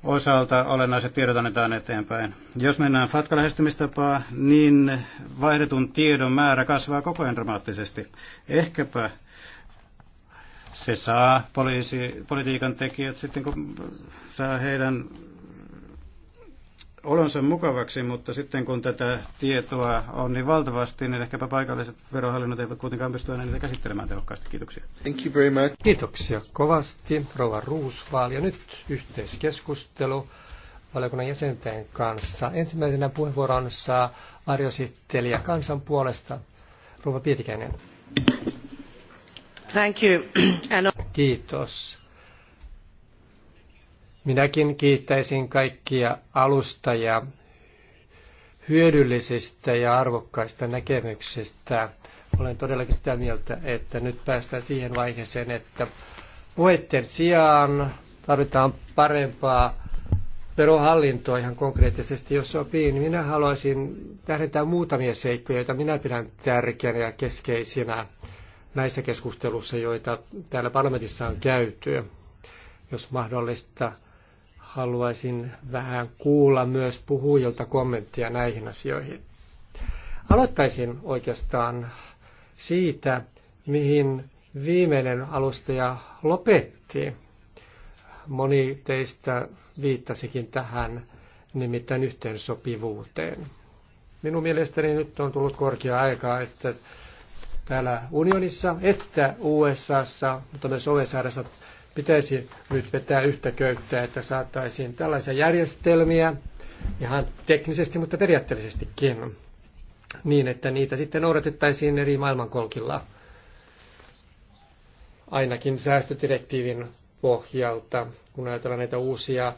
osalta olennaiset tiedot annetaan eteenpäin. Jos mennään FATCA-lähestymistapaa, niin vaihdetun tiedon määrä kasvaa koko ajan dramaattisesti. Ehkäpä se saa poliisi, politiikan tekijät sitten, kun saa heidän olonsa mukavaksi, mutta sitten kun tätä tietoa on niin valtavasti, niin ehkäpä paikalliset verohallinnot eivät kuitenkaan pysty aina niitä käsittelemään tehokkaasti. Kiitoksia. Thank you very much. Kiitoksia kovasti, Rova Ruusvaal. Ja nyt yhteiskeskustelu valiokunnan jäsenten kanssa. Ensimmäisenä puheenvuoron saa varjosittelijä kansan puolesta, Rova Pietikäinen. Thank you. Kiitos. Minäkin kiittäisin kaikkia alustajia hyödyllisistä ja arvokkaista näkemyksistä. Olen todellakin sitä mieltä, että nyt päästään siihen vaiheeseen, että puheiden sijaan tarvitaan parempaa verohallintoa ihan konkreettisesti, jos sopii, niin minä haluaisin tähdentää muutamia seikkoja, joita minä pidän tärkeänä ja keskeisinä näissä keskustelussa, joita täällä parlamentissa on käyty. Jos mahdollista, haluaisin vähän kuulla myös puhujilta kommenttia näihin asioihin. Aloittaisin oikeastaan siitä, mihin viimeinen alustaja lopetti. Moni teistä viittasikin tähän nimittäin yhteensopivuuteen. Minun mielestäni nyt on tullut korkea aika, että täällä unionissa että USAssa, mutta myös OECDssä pitäisi nyt vetää yhtä köyttä, että saataisiin tällaisia järjestelmiä ihan teknisesti, mutta periaatteellisestikin niin, että niitä sitten noudatettaisiin eri maailmankolkilla ainakin säästödirektiivin pohjalta, kun ajatellaan näitä uusia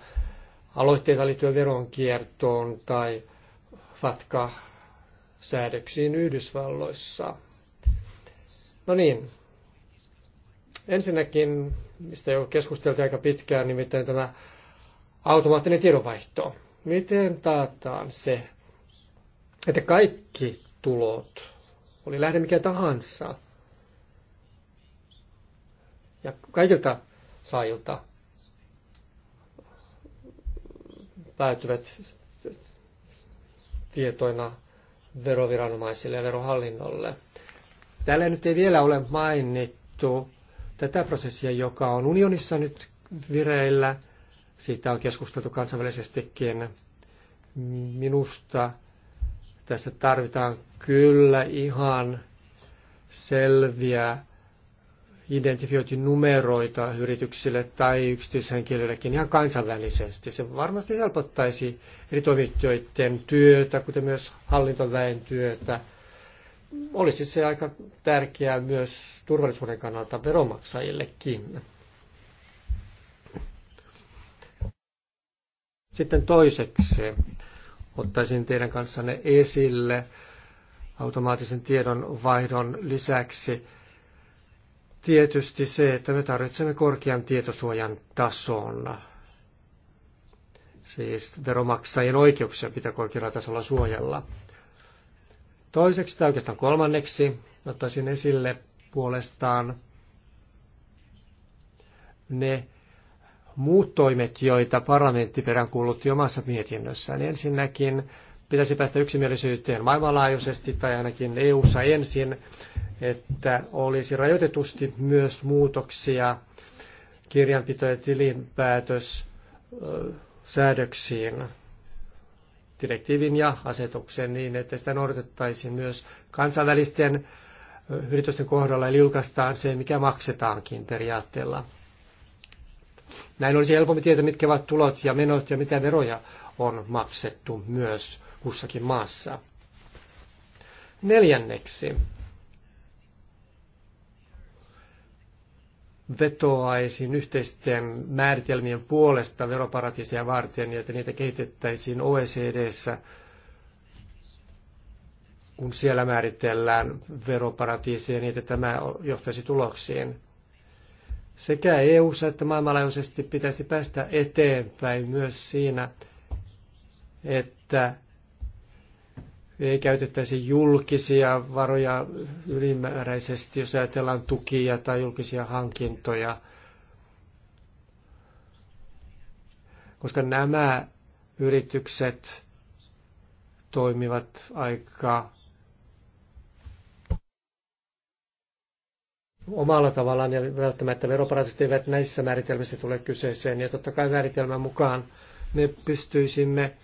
aloitteita liittyen veronkiertoon tai FATCA-säädöksiin Yhdysvalloissa. No niin, Ensinnäkin, mistä jo keskusteltiin aika pitkään, nimittäin tämä automaattinen tiedonvaihto. Miten taataan se, että kaikki tulot, oli lähde mikä tahansa, ja kaikilta saajilta päätyvät tietoina veroviranomaisille ja verohallinnolle. Täällä nyt ei vielä ole mainittu tätä prosessia, joka on unionissa nyt vireillä. Siitä on keskusteltu kansainvälisestikin. Minusta tässä tarvitaan kyllä ihan selviä identifiointinumeroita yrityksille tai yksityishenkilöillekin ihan kansainvälisesti. Se varmasti helpottaisi eri toimittajien työtä, kuten myös hallintoväen työtä – olisi se aika tärkeää myös turvallisuuden kannalta veronmaksajillekin. Sitten toiseksi ottaisin teidän kanssanne esille automaattisen tiedon vaihdon lisäksi tietysti se, että me tarvitsemme korkean tietosuojan tason. Siis veromaksajien oikeuksia pitää korkealla tasolla suojella. Toiseksi tai oikeastaan kolmanneksi ottaisin esille puolestaan ne muut toimet, joita parlamentti peräänkuulutti omassa mietinnössään. Ensinnäkin pitäisi päästä yksimielisyyteen maailmanlaajuisesti tai ainakin EU-ssa ensin, että olisi rajoitetusti myös muutoksia kirjanpito- ja tilinpäätössäädöksiin direktiivin ja asetuksen niin, että sitä noudatettaisiin myös kansainvälisten yritysten kohdalla, eli julkaistaan se, mikä maksetaankin periaatteella. Näin olisi helpompi tietää, mitkä ovat tulot ja menot ja mitä veroja on maksettu myös kussakin maassa. Neljänneksi, vetoaisin yhteisten määritelmien puolesta veroparatiisia varten että niitä kehitettäisiin OECDssä, kun siellä määritellään veroparatiisia, niin että tämä johtaisi tuloksiin. Sekä eu että maailmanlaajuisesti pitäisi päästä eteenpäin myös siinä, että ei käytettäisi julkisia varoja ylimääräisesti, jos ajatellaan tukia tai julkisia hankintoja. Koska nämä yritykset toimivat aika omalla tavallaan ja välttämättä veroparatiisit eivät näissä määritelmissä tule kyseeseen. Ja totta kai määritelmän mukaan me pystyisimme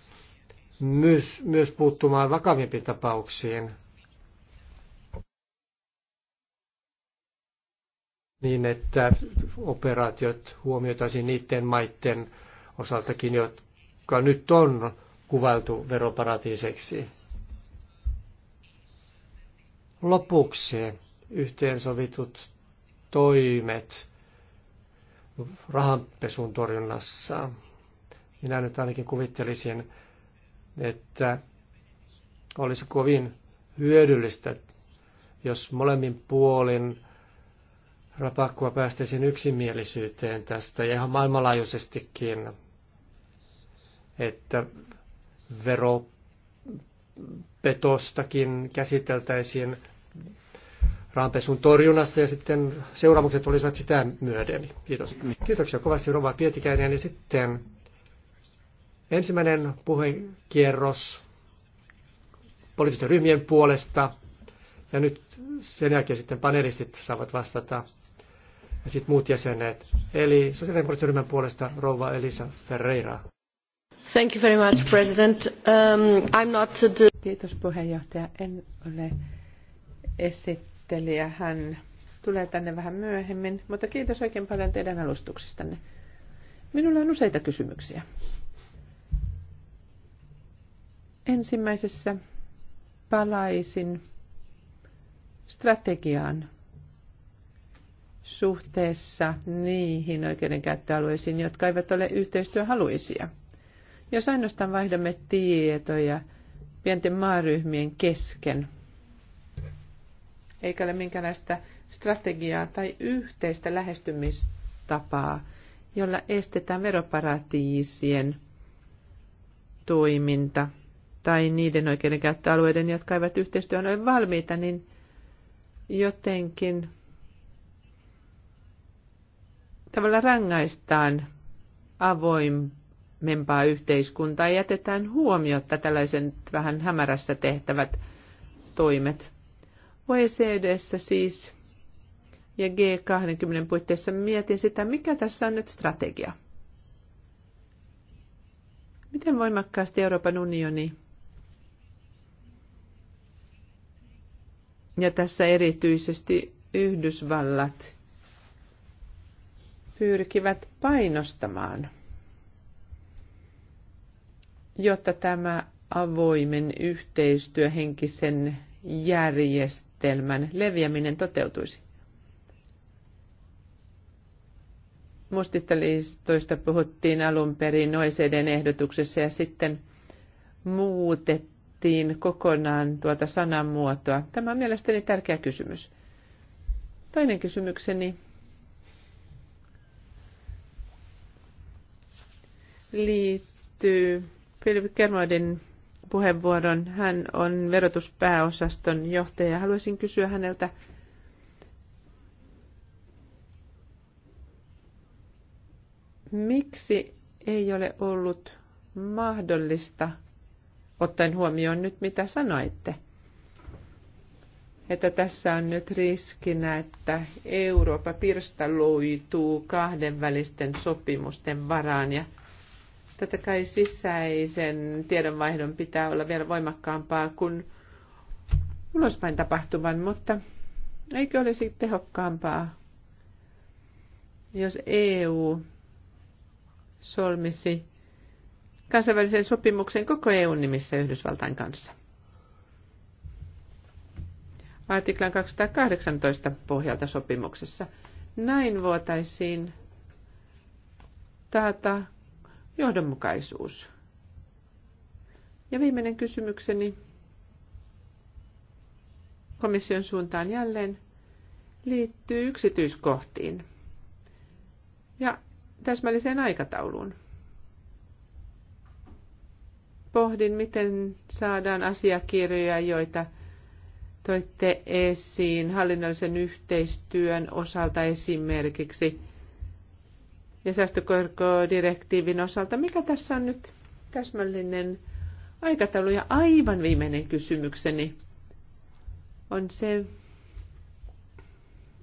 myös, myös puuttumaan vakavimpiin tapauksiin, niin että operaatiot huomioitaisiin niiden maiden osaltakin, jotka nyt on kuvailtu veroparatiiseiksi. Lopuksi yhteensovitut toimet rahanpesun torjunnassa. Minä nyt ainakin kuvittelisin, että olisi kovin hyödyllistä, jos molemmin puolin rapakkua päästäisiin yksimielisyyteen tästä ja ihan maailmanlaajuisestikin, että veropetostakin käsiteltäisiin rahanpesun torjunnassa ja sitten seuraamukset olisivat sitä myöden. Kiitos. Kiitoksia kovasti Rova Pietikäinen ja sitten Ensimmäinen puhekierros poliittisten ryhmien puolesta. Ja nyt sen jälkeen sitten panelistit saavat vastata ja sitten muut jäsenet. Eli ryhmän puolesta rouva Elisa Ferreira. Thank you very much, President. Um, I'm not the... Kiitos puheenjohtaja. En ole esittelijä. Hän tulee tänne vähän myöhemmin, mutta kiitos oikein paljon teidän alustuksistanne. Minulla on useita kysymyksiä. Ensimmäisessä palaisin strategiaan suhteessa niihin oikeudenkäyttöalueisiin, jotka eivät ole yhteistyöhaluisia. Jos ainoastaan vaihdamme tietoja pienten maaryhmien kesken, eikä ole minkäänlaista strategiaa tai yhteistä lähestymistapaa, jolla estetään veroparatiisien toiminta tai niiden käyttöalueiden, jotka eivät yhteistyön ole valmiita, niin jotenkin tavalla rangaistaan avoimempaa yhteiskuntaa ja jätetään huomiota tällaisen vähän hämärässä tehtävät toimet. OECDssä siis ja G20 puitteissa mietin sitä, mikä tässä on nyt strategia. Miten voimakkaasti Euroopan unioni Ja tässä erityisesti Yhdysvallat pyrkivät painostamaan, jotta tämä avoimen yhteistyöhenkisen järjestelmän leviäminen toteutuisi. Mustista listoista puhuttiin alun perin OECDn ehdotuksessa ja sitten muutettiin muutettiin kokonaan tuota sanamuotoa? Tämä on mielestäni tärkeä kysymys. Toinen kysymykseni liittyy Philip Kermodin puheenvuoron. Hän on verotuspääosaston johtaja. Haluaisin kysyä häneltä, miksi ei ole ollut mahdollista – ottaen huomioon nyt, mitä sanoitte. Että tässä on nyt riskinä, että Eurooppa pirstaloituu kahdenvälisten sopimusten varaan ja tätä kai sisäisen tiedonvaihdon pitää olla vielä voimakkaampaa kuin ulospäin tapahtuvan, mutta eikö olisi tehokkaampaa, jos EU solmisi kansainvälisen sopimuksen koko EUn nimissä Yhdysvaltain kanssa. Artiklan 218 pohjalta sopimuksessa. Näin voitaisiin taata johdonmukaisuus. Ja viimeinen kysymykseni komission suuntaan jälleen liittyy yksityiskohtiin ja täsmälliseen aikatauluun pohdin, miten saadaan asiakirjoja, joita toitte esiin hallinnollisen yhteistyön osalta esimerkiksi ja säästökorkodirektiivin osalta. Mikä tässä on nyt täsmällinen aikataulu? Ja aivan viimeinen kysymykseni on se,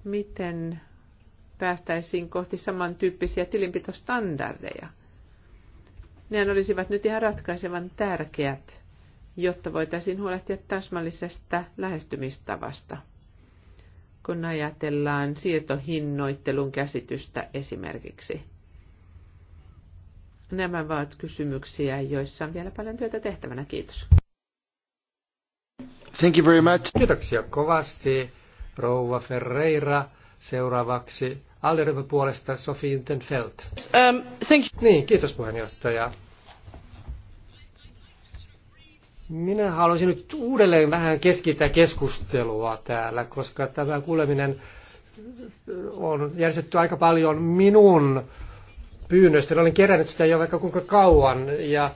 miten päästäisiin kohti samantyyppisiä tilinpitostandardeja – ne olisivat nyt ihan ratkaisevan tärkeät, jotta voitaisiin huolehtia täsmällisestä lähestymistavasta, kun ajatellaan siirtohinnoittelun käsitystä esimerkiksi. Nämä ovat kysymyksiä, joissa on vielä paljon työtä tehtävänä. Kiitos. Thank you very much. Kiitoksia kovasti, rouva Ferreira. Seuraavaksi Alderyhmän puolesta Sofi Intenfeld. Um, thank you. Niin, kiitos puheenjohtaja. Minä haluaisin nyt uudelleen vähän keskittää keskustelua täällä, koska tämä kuuleminen on järjestetty aika paljon minun pyynnöstä. Olen kerännyt sitä jo vaikka kuinka kauan ja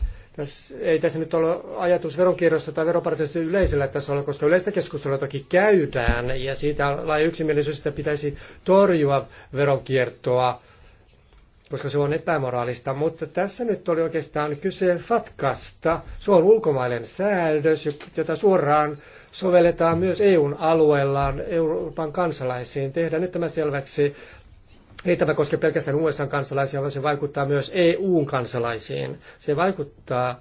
ei tässä nyt ole ajatus veronkierrosta tai veropartiosta yleisellä tasolla, koska yleistä keskustelua toki käydään ja siitä lain yksimielisyys, että pitäisi torjua veronkiertoa, koska se on epämoraalista. Mutta tässä nyt oli oikeastaan kyse FATKasta. Se on ulkomaiden säädös, jota suoraan sovelletaan myös EUn alueellaan Euroopan kansalaisiin. Tehdään nyt tämä selväksi ei tämä koske pelkästään USA-kansalaisia, vaan se vaikuttaa myös EU-kansalaisiin. Se vaikuttaa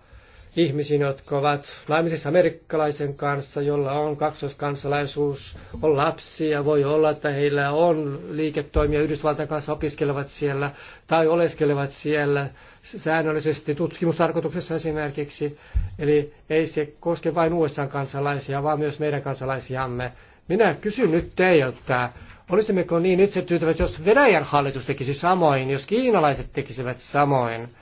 ihmisiin, jotka ovat naimisissa amerikkalaisen kanssa, jolla on kaksoiskansalaisuus, on lapsia, voi olla, että heillä on liiketoimia Yhdysvaltain kanssa, opiskelevat siellä tai oleskelevat siellä säännöllisesti tutkimustarkoituksessa esimerkiksi. Eli ei se koske vain USA-kansalaisia, vaan myös meidän kansalaisiamme. Minä kysyn nyt teiltä, Olisimmeko niin itse tyytyvät, jos Venäjän hallitus tekisi samoin, jos kiinalaiset tekisivät samoin?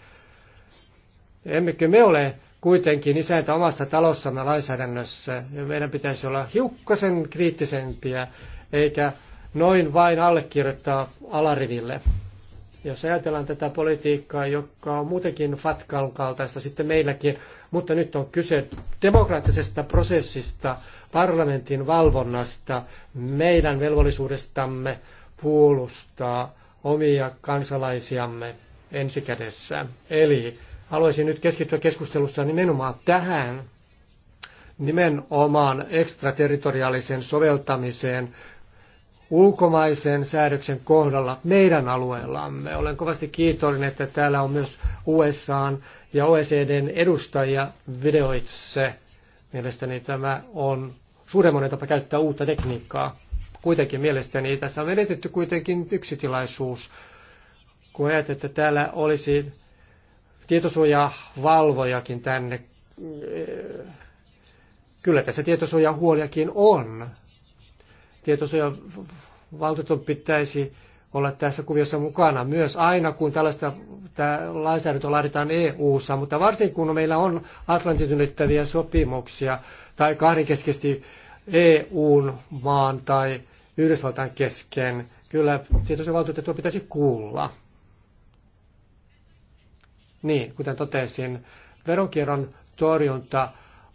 Emmekö me ole kuitenkin isäntä omassa talossamme lainsäädännössä? Meidän pitäisi olla hiukkasen kriittisempiä, eikä noin vain allekirjoittaa alariville. Jos ajatellaan tätä politiikkaa, joka on muutenkin Fatkan kaltaista sitten meilläkin, mutta nyt on kyse demokraattisesta prosessista, parlamentin valvonnasta, meidän velvollisuudestamme puolustaa omia kansalaisiamme ensikädessä. Eli haluaisin nyt keskittyä keskustelussa nimenomaan tähän nimenomaan ekstraterritoriaalisen soveltamiseen ulkomaisen säädöksen kohdalla meidän alueellamme. Olen kovasti kiitollinen, että täällä on myös USAn ja OECDn edustajia videoitse. Mielestäni tämä on suuremmoinen tapa käyttää uutta tekniikkaa. Kuitenkin mielestäni tässä on menetetty kuitenkin yksi tilaisuus, kun ajatellaan, että täällä olisi tietosuojavalvojakin tänne. Eh, kyllä tässä tietosuojahuoliakin on valtuuton pitäisi olla tässä kuviossa mukana myös aina, kun tällaista tämä lainsäädäntöä laaditaan EU-ssa, mutta varsinkin kun meillä on Atlantin ylittäviä sopimuksia tai kahdenkeskisesti EUn maan tai Yhdysvaltain kesken, kyllä tietosuojavaltuutettua pitäisi kuulla. Niin, kuten totesin, veronkierron torjunta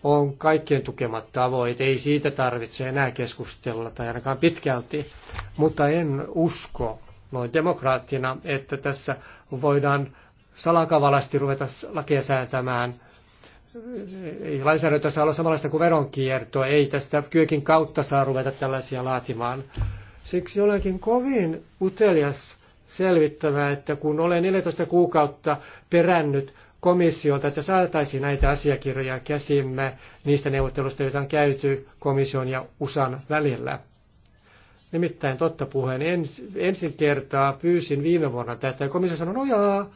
on kaikkien tukemat tavoit. Ei siitä tarvitse enää keskustella tai ainakaan pitkälti, mutta en usko noin demokraattina, että tässä voidaan salakavalasti ruveta lakia säätämään. lainsäädäntö saa olla samanlaista kuin veronkierto, ei tästä kyökin kautta saa ruveta tällaisia laatimaan. Siksi olenkin kovin utelias selvittämään, että kun olen 14 kuukautta perännyt komissiolta, että saataisiin näitä asiakirjoja käsimme niistä neuvotteluista, joita on käyty komission ja USAn välillä. Nimittäin totta puheen, ens, ensin kertaa pyysin viime vuonna tätä, ja komissio sanoi, no jaa,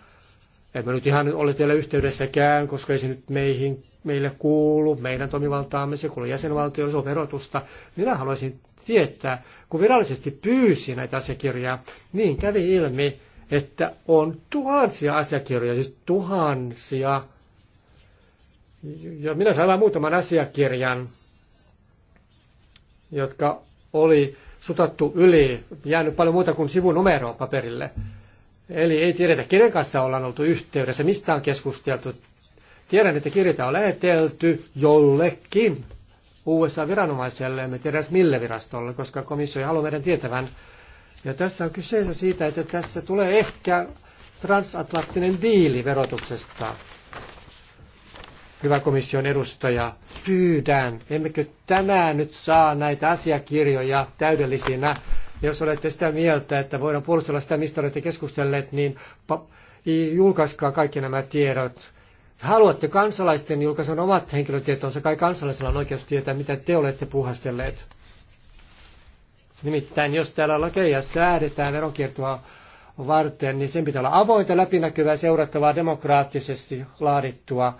emme nyt ihan ole teillä yhteydessäkään, koska ei se nyt meihin, meille kuulu, meidän toimivaltaamme, se kuuluu jäsenvaltioon, se on verotusta. Minä haluaisin tietää, kun virallisesti pyysin näitä asiakirjoja, niin kävi ilmi, että on tuhansia asiakirjoja, siis tuhansia. Ja minä sain vain muutaman asiakirjan, jotka oli sutattu yli, jäänyt paljon muuta kuin sivunumeroa paperille. Eli ei tiedetä, kenen kanssa ollaan oltu yhteydessä, mistä on keskusteltu. Tiedän, että kirjeitä on lähetelty jollekin USA-viranomaiselle, emme tiedä edes mille virastolle, koska komissio ei halua meidän tietävän, ja tässä on kyseessä siitä, että tässä tulee ehkä transatlanttinen diili verotuksesta. Hyvä komission edustaja, pyydän, emmekö tänään nyt saa näitä asiakirjoja täydellisinä? Jos olette sitä mieltä, että voidaan puolustella sitä, mistä olette keskustelleet, niin julkaiskaa kaikki nämä tiedot. Haluatte kansalaisten julkaisen omat henkilötietonsa, kai kansalaisilla on oikeus tietää, mitä te olette puhastelleet. Nimittäin jos täällä lakeja säädetään veronkiertoa varten, niin sen pitää olla avointa, läpinäkyvää, seurattavaa, demokraattisesti laadittua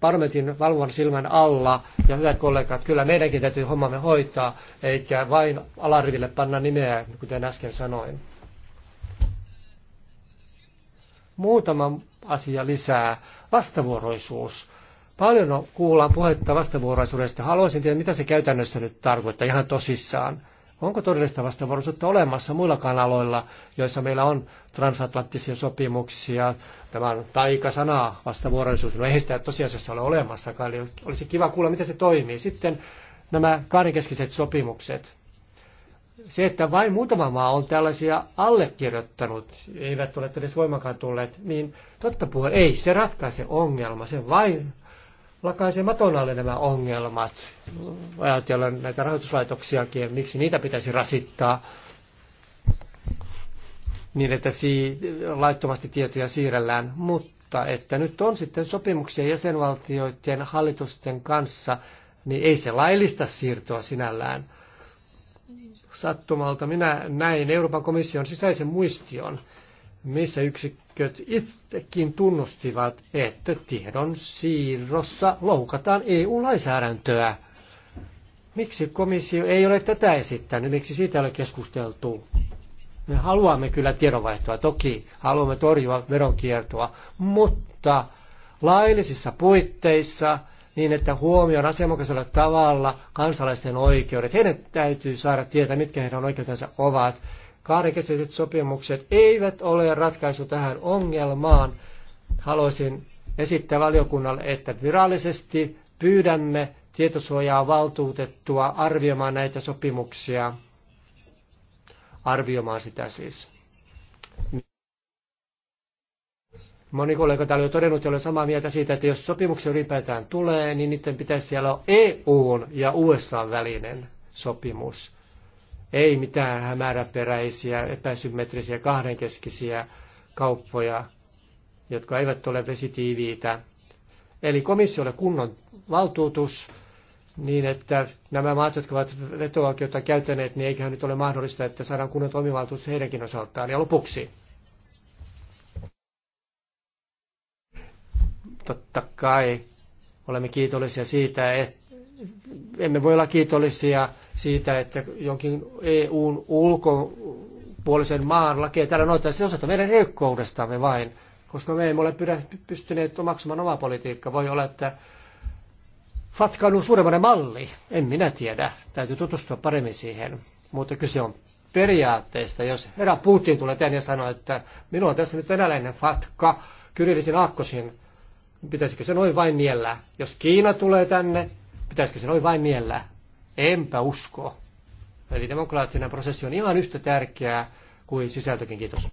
parlamentin valvon silmän alla. Ja hyvät kollegat, kyllä meidänkin täytyy hommamme hoitaa, eikä vain alariville panna nimeä, kuten äsken sanoin. Muutama asia lisää. Vastavuoroisuus. Paljon kuullaan puhetta vastavuoroisuudesta. Haluaisin tietää, mitä se käytännössä nyt tarkoittaa ihan tosissaan. Onko todellista vastavuoroisuutta olemassa muillakaan aloilla, joissa meillä on transatlanttisia sopimuksia? Tämä on taikasana vastavuoroisuus. No ei sitä tosiasiassa ole olemassakaan, eli olisi kiva kuulla, miten se toimii. Sitten nämä kahdenkeskiset sopimukset. Se, että vain muutama maa on tällaisia allekirjoittanut, eivät ole edes voimakaan tulleet, niin totta puhuen ei, se ratkaise ongelma. Se vain lakaisematon alle nämä ongelmat. Ajatellaan näitä rahoituslaitoksiakin, miksi niitä pitäisi rasittaa niin, että si- laittomasti tietoja siirrellään, mutta että nyt on sitten sopimuksia jäsenvaltioiden hallitusten kanssa, niin ei se laillista siirtoa sinällään. Sattumalta minä näin Euroopan komission sisäisen muistion, missä yksiköt itsekin tunnustivat, että tiedon siirrossa loukataan EU-lainsäädäntöä. Miksi komissio ei ole tätä esittänyt? Miksi siitä ei ole keskusteltu? Me haluamme kyllä tiedonvaihtoa, toki haluamme torjua veronkiertoa, mutta laillisissa puitteissa niin, että huomioon asianmukaisella tavalla kansalaisten oikeudet. Heidän täytyy saada tietää, mitkä heidän oikeutensa ovat Kahdenkeskeiset sopimukset eivät ole ratkaisu tähän ongelmaan. Haluaisin esittää valiokunnalle, että virallisesti pyydämme tietosuojaa valtuutettua arvioimaan näitä sopimuksia. Arvioimaan sitä siis. Moni kollega täällä on jo todennut, olen samaa mieltä siitä, että jos sopimuksia ylipäätään tulee, niin niiden pitäisi siellä olla EUn ja USA välinen sopimus ei mitään hämäräperäisiä, epäsymmetrisiä, kahdenkeskisiä kauppoja, jotka eivät ole vesitiiviitä. Eli komissiolle kunnon valtuutus niin, että nämä maat, jotka ovat veto-oikeutta käyttäneet, niin eiköhän nyt ole mahdollista, että saadaan kunnon toimivaltuus heidänkin osaltaan. Ja lopuksi. Totta kai olemme kiitollisia siitä, että emme voi olla kiitollisia siitä, että jonkin EUn ulkopuolisen maan lakeja täällä noita, Se osata meidän heikkoudestamme vain, koska me emme ole pystyneet omaksumaan omaa politiikkaa. Voi olla, että Fatka on suuremmainen malli. En minä tiedä. Täytyy tutustua paremmin siihen. Mutta kyse on periaatteista. Jos herra Putin tulee tänne ja sanoo, että minulla on tässä nyt venäläinen Fatka, kyrillisin aakkosin, pitäisikö se noin vain miellä? Jos Kiina tulee tänne, pitäisikö se noin vain miellä? Enpä usko. Eli demokraattinen prosessi on ihan yhtä tärkeää kuin sisältökin. Kiitos.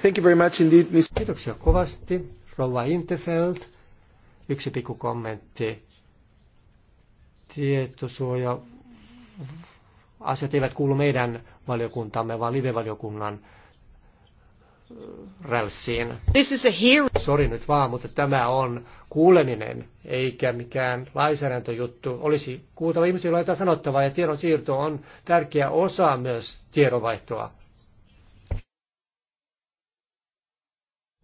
Thank you very much indeed, Mr. Kiitoksia kovasti. Rova Interfeld. yksi pikku kommentti. Tietosuoja asiat eivät kuulu meidän valiokuntamme, vaan live-valiokunnan rälssiin. This is a hearing. Sori nyt vaan, mutta tämä on kuuleminen, eikä mikään lainsäädäntöjuttu. Olisi kuultava ihmisiä, joilla jotain sanottavaa, ja tiedonsiirto on tärkeä osa myös tiedonvaihtoa.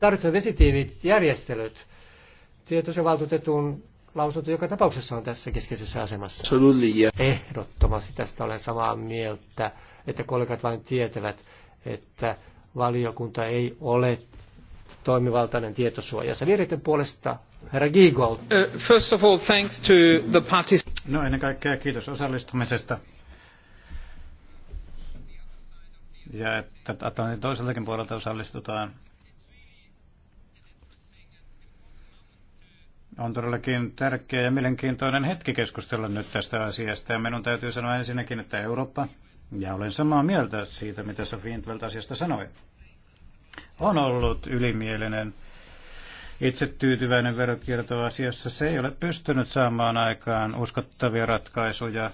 Tarvitsemme vesitiivit järjestelyt. Tietoisen valtuutetun lausunto joka tapauksessa on tässä keskeisessä asemassa. Ehdottomasti tästä olen samaa mieltä, että kollegat vain tietävät, että valiokunta ei ole toimivaltainen tietosuojassa. Vihreiden puolesta herra Giegold. Uh, first of all, thanks to the parties. No ennen kaikkea kiitos osallistumisesta. Ja että Atlantin toiseltakin puolelta osallistutaan. On todellakin tärkeä ja mielenkiintoinen hetki keskustella nyt tästä asiasta. Ja minun täytyy sanoa ensinnäkin, että Eurooppa ja olen samaa mieltä siitä, mitä Sofi Intvelt asiasta sanoi. On ollut ylimielinen itsetyytyväinen verokiertoasiassa. Se ei ole pystynyt saamaan aikaan uskottavia ratkaisuja.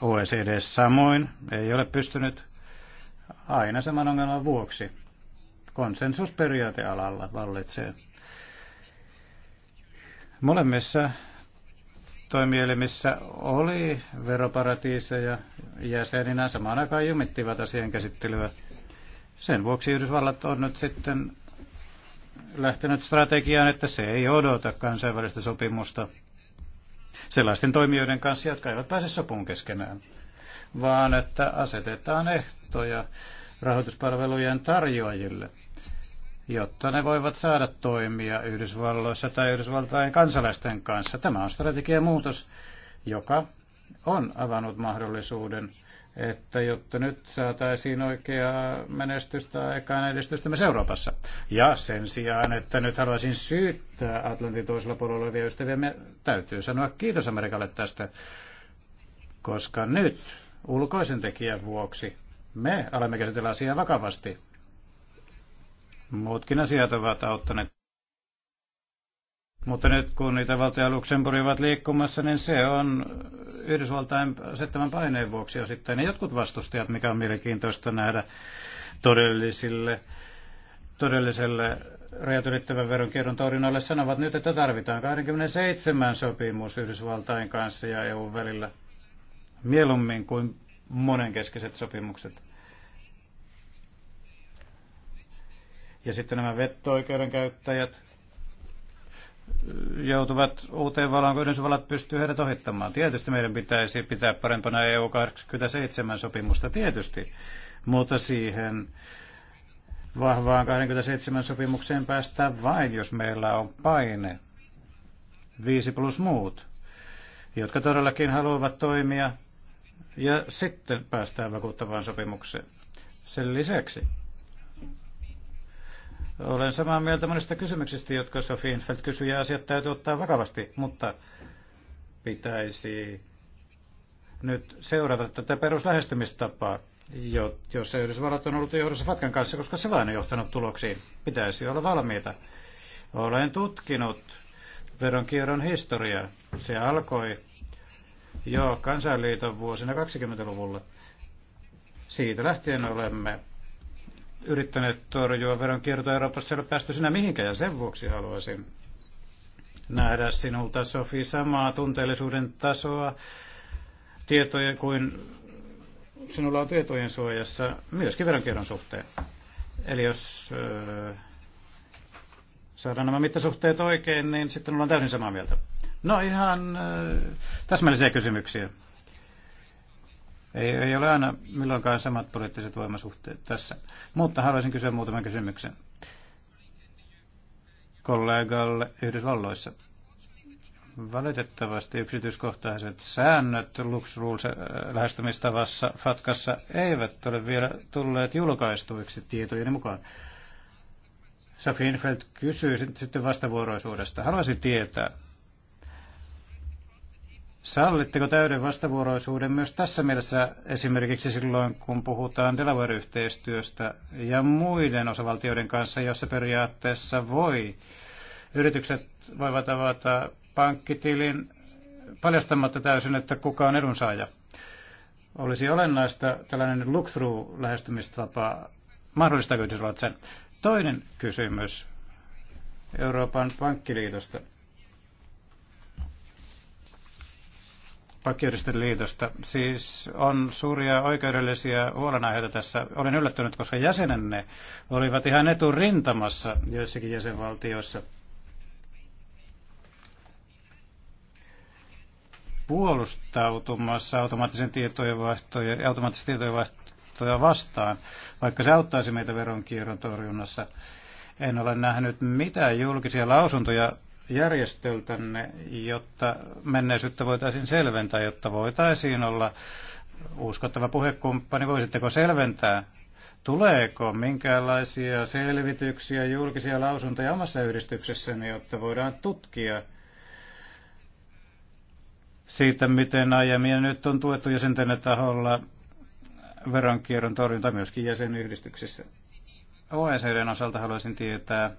OECD samoin ei ole pystynyt aina saman ongelman vuoksi. Konsensusperiaatealalla vallitsee. Molemmissa toimielimissä oli veroparatiiseja jäseninä samaan aikaan jumittivat asian käsittelyä. Sen vuoksi Yhdysvallat on nyt sitten lähtenyt strategiaan, että se ei odota kansainvälistä sopimusta sellaisten toimijoiden kanssa, jotka eivät pääse sopuun keskenään, vaan että asetetaan ehtoja rahoituspalvelujen tarjoajille – jotta ne voivat saada toimia Yhdysvalloissa tai Yhdysvaltain kansalaisten kanssa. Tämä on strategiamuutos, joka on avannut mahdollisuuden, että jotta nyt saataisiin oikeaa menestystä aikaan edistystä myös Euroopassa. Ja sen sijaan, että nyt haluaisin syyttää Atlantin toisella puolella olevia ystäviä, me täytyy sanoa kiitos Amerikalle tästä, koska nyt ulkoisen tekijän vuoksi me alamme käsitellä asiaa vakavasti Muutkin asiat ovat auttaneet. Mutta nyt kun niitä valtio Luxemburg ovat liikkumassa, niin se on Yhdysvaltain asettaman paineen vuoksi osittain. Ja jotkut vastustajat, mikä on mielenkiintoista nähdä todellisille, todelliselle rajat ylittävän veronkierron torjunnalle, sanovat nyt, että tarvitaan 27 sopimus Yhdysvaltain kanssa ja EUn välillä mieluummin kuin monenkeskiset sopimukset. Ja sitten nämä vetto-oikeuden käyttäjät joutuvat uuteen valoon, kun Yhdysvallat pystyy heidät ohittamaan. Tietysti meidän pitäisi pitää parempana EU-87-sopimusta, tietysti, mutta siihen vahvaan 27 sopimukseen päästään vain, jos meillä on paine. Viisi plus muut, jotka todellakin haluavat toimia ja sitten päästään vakuuttavaan sopimukseen. Sen lisäksi olen samaa mieltä monista kysymyksistä, jotka Infeld kysyi, ja asiat täytyy ottaa vakavasti, mutta pitäisi nyt seurata tätä peruslähestymistapaa, jos Yhdysvallat on ollut johdossa Fatkan kanssa, koska se vain on johtanut tuloksiin. Pitäisi olla valmiita. Olen tutkinut veronkierron historiaa. Se alkoi jo kansainliiton vuosina 20-luvulla. Siitä lähtien olemme yrittäneet torjua veronkiertoa Euroopassa, ei ole päästy sinä mihinkään, ja sen vuoksi haluaisin nähdä sinulta, Sofi, samaa tunteellisuuden tasoa tietoja kuin sinulla on tietojen suojassa myöskin veronkierron suhteen. Eli jos öö, saadaan nämä mittasuhteet oikein, niin sitten ollaan täysin samaa mieltä. No ihan öö, täsmällisiä kysymyksiä. Ei, ei ole aina milloinkaan samat poliittiset voimasuhteet tässä. Mutta haluaisin kysyä muutaman kysymyksen kollegalle Yhdysvalloissa. Valitettavasti yksityiskohtaiset säännöt Rules äh, lähestymistavassa FATKassa eivät ole vielä tulleet julkaistuiksi tietojeni mukaan. Safinfeld kysyy sitten vastavuoroisuudesta. Haluaisin tietää, Sallitteko täyden vastavuoroisuuden myös tässä mielessä esimerkiksi silloin, kun puhutaan Delaware-yhteistyöstä ja muiden osavaltioiden kanssa, jossa periaatteessa voi yritykset voivat avata pankkitilin paljastamatta täysin, että kuka on edunsaaja. Olisi olennaista tällainen look-through-lähestymistapa. Mahdollistaako Yhdysvallat sen? Toinen kysymys Euroopan pankkiliitosta. vankiyhdisten liitosta. Siis on suuria oikeudellisia huolenaiheita tässä. Olen yllättynyt, koska jäsenenne olivat ihan eturintamassa joissakin jäsenvaltioissa. puolustautumassa automaattisen tietojenvaihtoja, automaattisen tietojenvaihtoja vastaan, vaikka se auttaisi meitä veronkierron torjunnassa. En ole nähnyt mitään julkisia lausuntoja järjestöltänne, jotta menneisyyttä voitaisiin selventää, jotta voitaisiin olla uskottava puhekumppani. Voisitteko selventää, tuleeko minkäänlaisia selvityksiä, julkisia lausuntoja omassa yhdistyksessäni, jotta voidaan tutkia siitä, miten aiemmin nyt on tuettu jäsenten taholla veronkierron torjunta myöskin jäsenyhdistyksissä. OECDn osalta haluaisin tietää,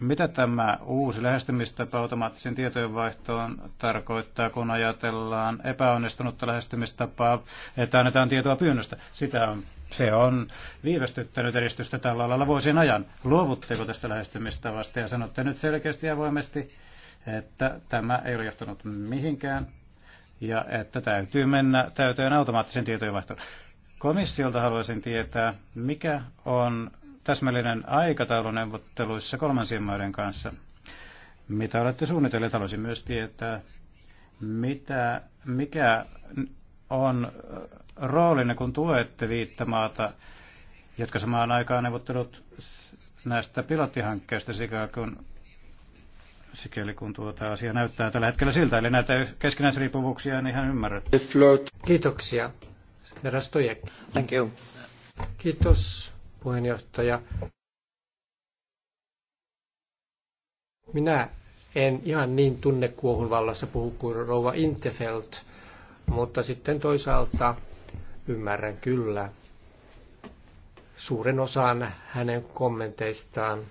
mitä tämä uusi lähestymistapa automaattisen tietojenvaihtoon tarkoittaa, kun ajatellaan epäonnistunutta lähestymistapaa, että annetaan tietoa pyynnöstä? Sitä on, se on viivästyttänyt edistystä tällä alalla vuosien ajan. Luovutteko tästä lähestymistavasta ja sanotte nyt selkeästi ja avoimesti, että tämä ei ole johtanut mihinkään ja että täytyy mennä täyteen automaattisen tietojenvaihtoon. Komissiolta haluaisin tietää, mikä on täsmällinen aikataulu neuvotteluissa kolmansien maiden kanssa? Mitä olette suunnitelleet? Haluaisin myös tietää, mitä, mikä on äh, roolinne, kun tuette maata, jotka samaan aikaan neuvottelut näistä pilottihankkeista sikäli kun, sikäli kun tuota asia näyttää tällä hetkellä siltä. Eli näitä keskinäisriippuvuuksia en ihan ymmärrä. Kiitoksia. Herra Stojek. Thank you. Kiitos puheenjohtaja. Minä en ihan niin kuohun vallassa puhu kuin rouva Intefelt, mutta sitten toisaalta ymmärrän kyllä suuren osan hänen kommenteistaan.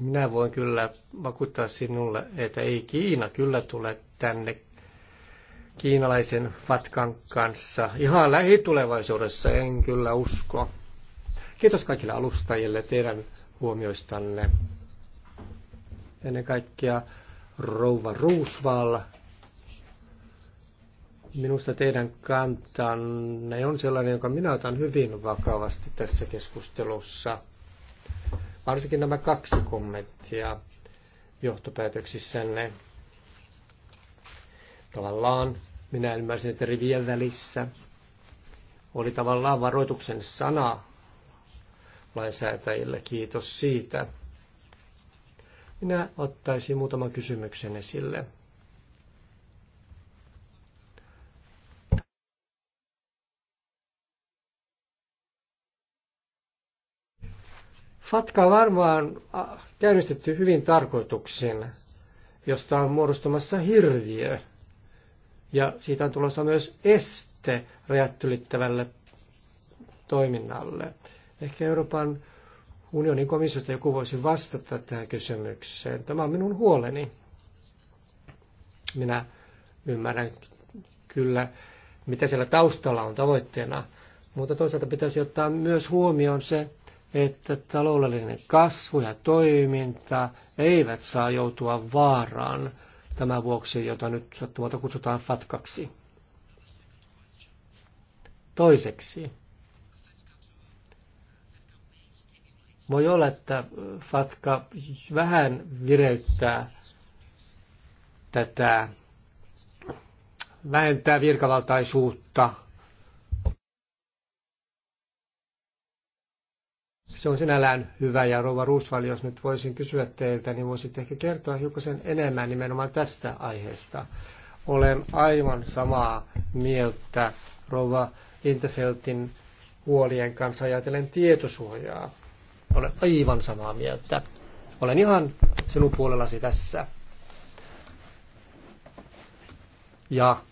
Minä voin kyllä vakuuttaa sinulle, että ei Kiina kyllä tule tänne kiinalaisen Fatkan kanssa ihan lähitulevaisuudessa, en kyllä usko. Kiitos kaikille alustajille teidän huomioistanne. Ennen kaikkea Rouva Ruusval. Minusta teidän kantanne on sellainen, jonka minä otan hyvin vakavasti tässä keskustelussa. Varsinkin nämä kaksi kommenttia johtopäätöksissänne. Tavallaan minä ymmärsin, että rivien välissä oli tavallaan varoituksen sana lainsäätäjille. Kiitos siitä. Minä ottaisin muutaman kysymyksen esille. Fatka varmaan äh, käynnistetty hyvin tarkoituksen, josta on muodostumassa hirviö ja siitä on tulossa myös este rajat ylittävälle toiminnalle. Ehkä Euroopan unionin komissiosta joku voisi vastata tähän kysymykseen. Tämä on minun huoleni. Minä ymmärrän kyllä, mitä siellä taustalla on tavoitteena, mutta toisaalta pitäisi ottaa myös huomioon se, että taloudellinen kasvu ja toiminta eivät saa joutua vaaraan – tämän vuoksi, jota nyt sattumalta kutsutaan fatkaksi. Toiseksi, voi olla, että fatka vähän vireyttää tätä, vähentää virkavaltaisuutta – Se on sinällään hyvä ja Rova Ruusvali, jos nyt voisin kysyä teiltä, niin voisit ehkä kertoa hiukan enemmän nimenomaan tästä aiheesta. Olen aivan samaa mieltä Rova Interfeltin huolien kanssa ajatellen tietosuojaa. Olen aivan samaa mieltä. Olen ihan sinun puolellasi tässä. Ja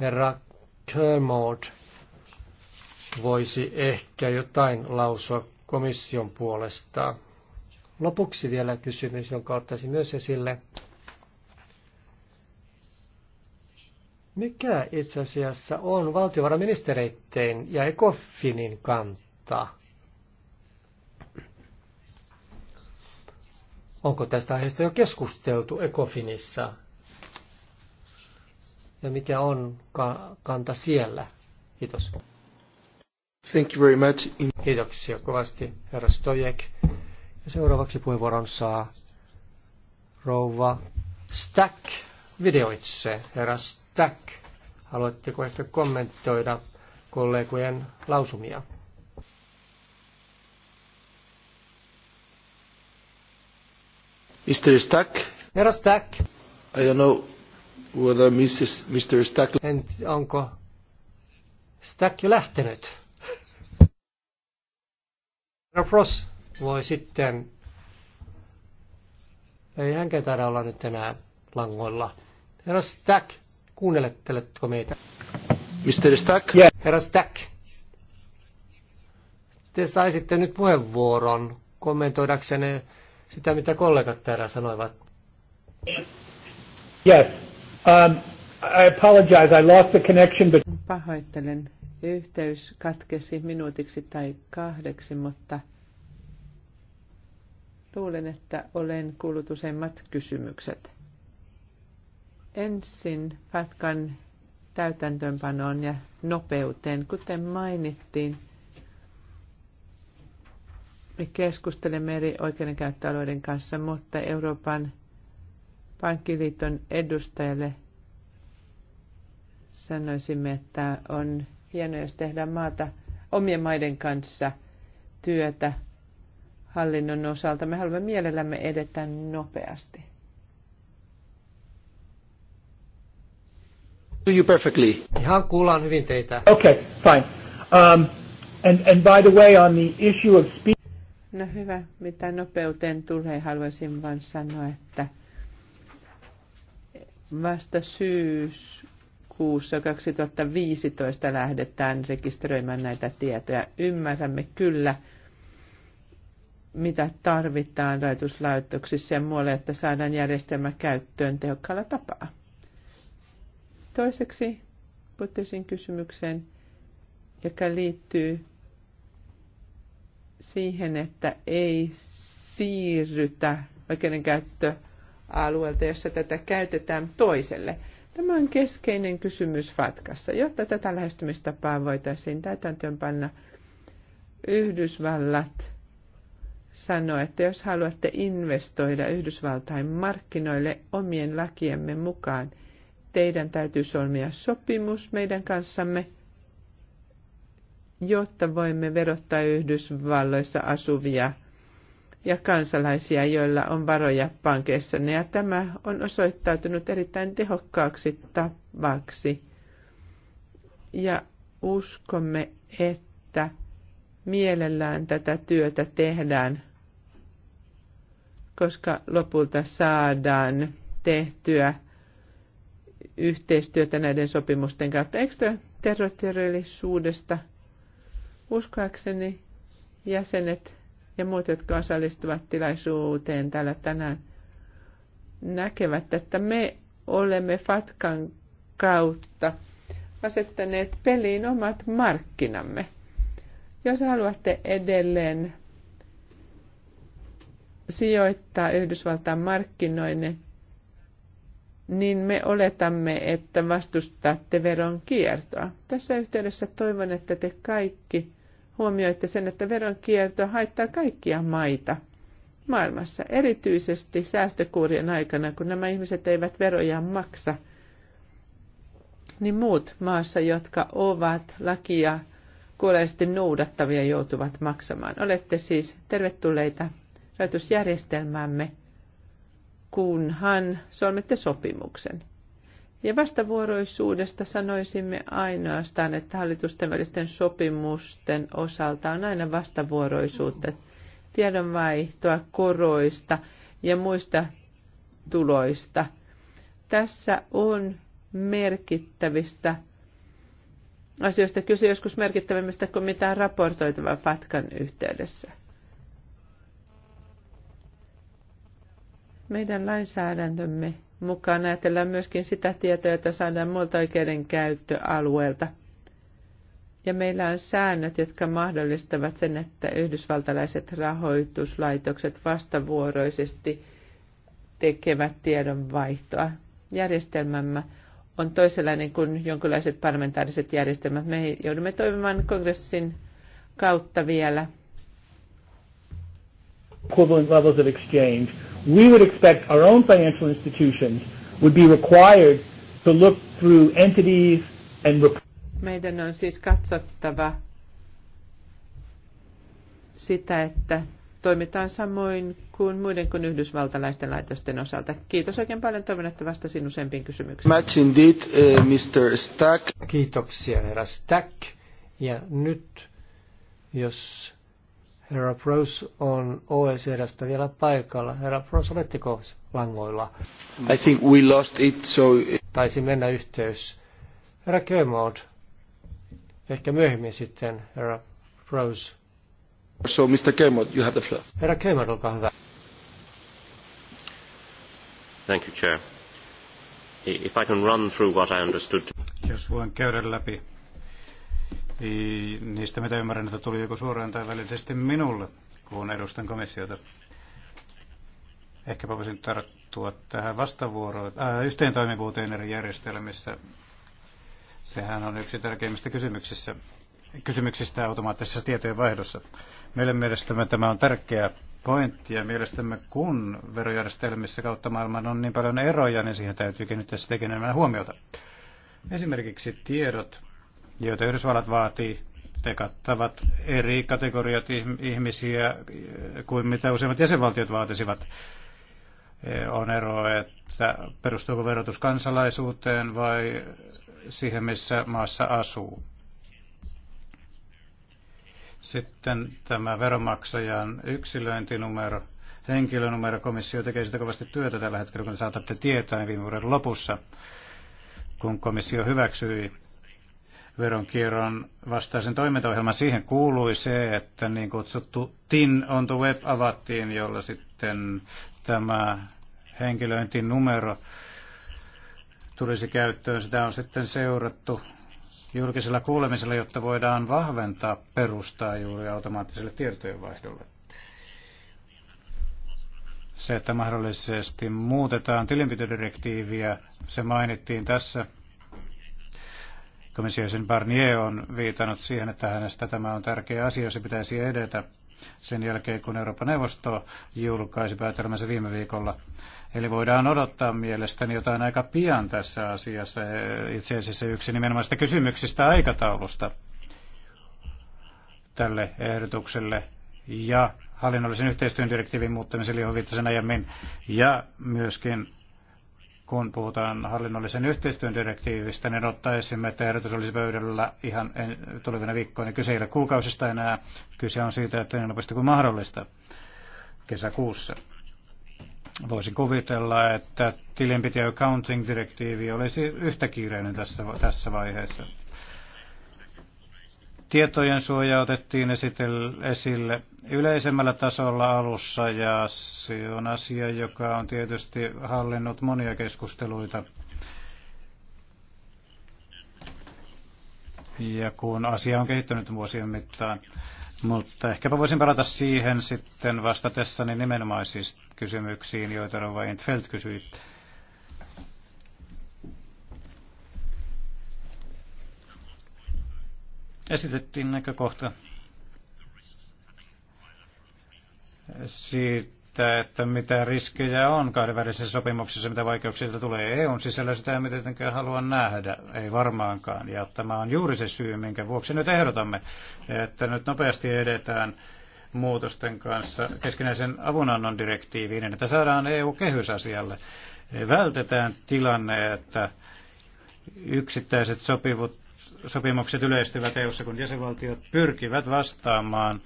herra Kermode voisi ehkä jotain lausua komission puolesta. Lopuksi vielä kysymys, jonka ottaisin myös esille. Mikä itse asiassa on valtiovarainministereiden ja ECOFINin kanta? Onko tästä aiheesta jo keskusteltu ECOFINissa? Ja mikä on kanta siellä? Kiitos. Thank you very much. Kiitoksia kovasti, herra Stojek. Ja seuraavaksi puheenvuoron saa rouva Stack videoitse. Herra Stack, haluatteko ehkä kommentoida kollegojen lausumia? Mr. Stack? Herra Stack. I don't know whether Mrs. Mr. Stack... En, onko Stack jo lähtenyt? Herra Frost voi sitten, ei hänkään taida olla nyt enää langoilla. Herra Stack, kuunneletteletko meitä? Mr. Stack? Yeah. Herra Stack, te saisitte nyt puheenvuoron kommentoidaksenne sitä, mitä kollegat täällä sanoivat. Yes. Um, I apologize. I lost the connection. But... Pahoittelen Yhteys katkesi minuutiksi tai kahdeksi, mutta luulen, että olen kuullut useimmat kysymykset. Ensin Fatkan täytäntöönpanoon ja nopeuteen. Kuten mainittiin, me keskustelemme eri oikeudenkäyttöalueiden kanssa, mutta Euroopan pankkiliiton edustajalle sanoisimme, että on hienoa, jos tehdään maata omien maiden kanssa työtä hallinnon osalta. Me haluamme mielellämme edetä nopeasti. To you perfectly. Ihan kuullaan hyvin teitä. Okay, fine. Um, and, and by the way, on the issue of speed... No hyvä, mitä nopeuteen tulee, haluaisin vain sanoa, että vasta syys kuussa 2015 lähdetään rekisteröimään näitä tietoja. Ymmärrämme kyllä, mitä tarvitaan rajoituslaitoksissa ja muualle, että saadaan järjestelmä käyttöön tehokkaalla tapaa. Toiseksi puuttuisin kysymykseen, joka liittyy siihen, että ei siirrytä oikeudenkäyttöalueelta, jossa tätä käytetään toiselle – Tämä on keskeinen kysymys FATKassa, jotta tätä lähestymistapaa voitaisiin täytäntöönpanna. Yhdysvallat sanoi, että jos haluatte investoida Yhdysvaltain markkinoille omien lakiemme mukaan, teidän täytyy solmia sopimus meidän kanssamme, jotta voimme verottaa Yhdysvalloissa asuvia – ja kansalaisia, joilla on varoja pankeissa, Ja tämä on osoittautunut erittäin tehokkaaksi tavaksi. Ja uskomme, että mielellään tätä työtä tehdään, koska lopulta saadaan tehtyä yhteistyötä näiden sopimusten kautta ekstraterritoriallisuudesta. Uskoakseni jäsenet ja muut, jotka osallistuvat tilaisuuteen täällä tänään, näkevät, että me olemme Fatkan kautta asettaneet peliin omat markkinamme. Jos haluatte edelleen sijoittaa Yhdysvaltain markkinoille, niin me oletamme, että vastustatte veron kiertoa. Tässä yhteydessä toivon, että te kaikki huomioitte sen, että veronkierto haittaa kaikkia maita maailmassa, erityisesti säästökuurien aikana, kun nämä ihmiset eivät veroja maksa, niin muut maassa, jotka ovat lakia kuoleisesti noudattavia, joutuvat maksamaan. Olette siis tervetulleita rajoitusjärjestelmäämme, kunhan solmitte sopimuksen. Ja vastavuoroisuudesta sanoisimme ainoastaan, että hallitusten välisten sopimusten osalta on aina vastavuoroisuutta, tiedonvaihtoa koroista ja muista tuloista. Tässä on merkittävistä asioista kyse joskus merkittävimmistä kuin mitään raportoitavaa Fatkan yhteydessä. Meidän lainsäädäntömme mukaan ajatellaan myöskin sitä tietoa, jota saadaan muilta oikeudenkäyttöalueelta. Ja meillä on säännöt, jotka mahdollistavat sen, että yhdysvaltalaiset rahoituslaitokset vastavuoroisesti tekevät tiedonvaihtoa. Järjestelmämme on toisenlainen kuin jonkinlaiset parlamentaariset järjestelmät. Me joudumme toimimaan kongressin kautta vielä. Equivalent levels of exchange we would expect our own financial institutions would be required to look through entities and Meidän on siis katsottava sitä, että toimitaan samoin kuin muiden kuin yhdysvaltalaisten laitosten osalta. Kiitos oikein paljon. Toivon, että vastasin useampiin kysymyksiin. Much indeed, uh, Mr. Stack. Kiitoksia, herra Stack. Ja nyt, jos Herra Pros on OECDstä vielä paikalla. Herra Pros, oletteko langoilla? I think we lost it, so... Taisi mennä yhteys. Herra Kermod, ehkä myöhemmin sitten, herra Pros. So, Mr. Kermod, you have the floor. Herra Kermod, olkaa hyvä. Thank you, Chair. If I can run through what I understood... Jos voin käydä läpi niistä, mitä ymmärrän, että tuli joko suoraan tai välillisesti minulle, kun edustan komissiota. Ehkäpä voisin tarttua tähän vastavuoroon, äh, yhteen toimivuuteen eri järjestelmissä. Sehän on yksi tärkeimmistä kysymyksissä, kysymyksistä automaattisessa vaihdossa. Meille mielestämme tämä on tärkeä pointti ja mielestämme kun verojärjestelmissä kautta maailman on niin paljon eroja, niin siihen täytyykin nyt tässä tekemään huomiota. Esimerkiksi tiedot joita Yhdysvallat vaatii. Ne kattavat eri kategoriat ihmisiä eh, kuin mitä useimmat jäsenvaltiot vaatisivat. Eh, on ero, että perustuuko verotus kansalaisuuteen vai siihen, missä maassa asuu. Sitten tämä veromaksajan yksilöintinumero, henkilönumero, komissio tekee sitä kovasti työtä tällä hetkellä, kun saatatte tietää niin viime vuoden lopussa, kun komissio hyväksyi veronkierron vastaisen toimintaohjelman. Siihen kuului se, että niin kutsuttu TIN on the web avattiin, jolla sitten tämä henkilöintinumero tulisi käyttöön. Sitä on sitten seurattu julkisella kuulemisella, jotta voidaan vahventaa perustaa juuri automaattiselle tietojenvaihdolle. Se, että mahdollisesti muutetaan tilinpitodirektiiviä, se mainittiin tässä Komissiosin Barnier on viitannut siihen, että hänestä tämä on tärkeä asia, jos se pitäisi edetä sen jälkeen, kun Euroopan neuvosto julkaisi päätelmänsä viime viikolla. Eli voidaan odottaa mielestäni jotain aika pian tässä asiassa, itse asiassa yksi nimenomaisista kysymyksistä aikataulusta tälle ehdotukselle ja hallinnollisen yhteistyön direktiivin muuttamiselle, johon viittasin aiemmin, ja myöskin kun puhutaan hallinnollisen yhteistyön direktiivistä, niin ottaisimme, että ehdotus olisi pöydällä ihan tulevina viikkoina. Kyse ei ole kuukausista enää, kyse on siitä, että niin nopeasti kuin mahdollista kesäkuussa. Voisin kuvitella, että tilinpiti- ja accounting-direktiivi olisi yhtä kiireinen tässä, tässä vaiheessa. Tietojen suoja otettiin esille yleisemmällä tasolla alussa ja se on asia, joka on tietysti hallinnut monia keskusteluita. Ja kun asia on kehittynyt vuosien mittaan. Mutta ehkäpä voisin palata siihen sitten vastatessani nimenomaisiin kysymyksiin, joita Rova Intfeld kysyi. esitettiin näkökohta siitä, että mitä riskejä on kahdenvälisessä sopimuksessa, mitä vaikeuksia tulee EUn sisällä, sitä ei mitenkään halua nähdä, ei varmaankaan. Ja tämä on juuri se syy, minkä vuoksi nyt ehdotamme, että nyt nopeasti edetään muutosten kanssa keskinäisen avunannon direktiiviin, niin että saadaan EU-kehysasialle. Vältetään tilanne, että yksittäiset sopivut sopimukset yleistyvät EU-ssa, kun jäsenvaltiot pyrkivät vastaamaan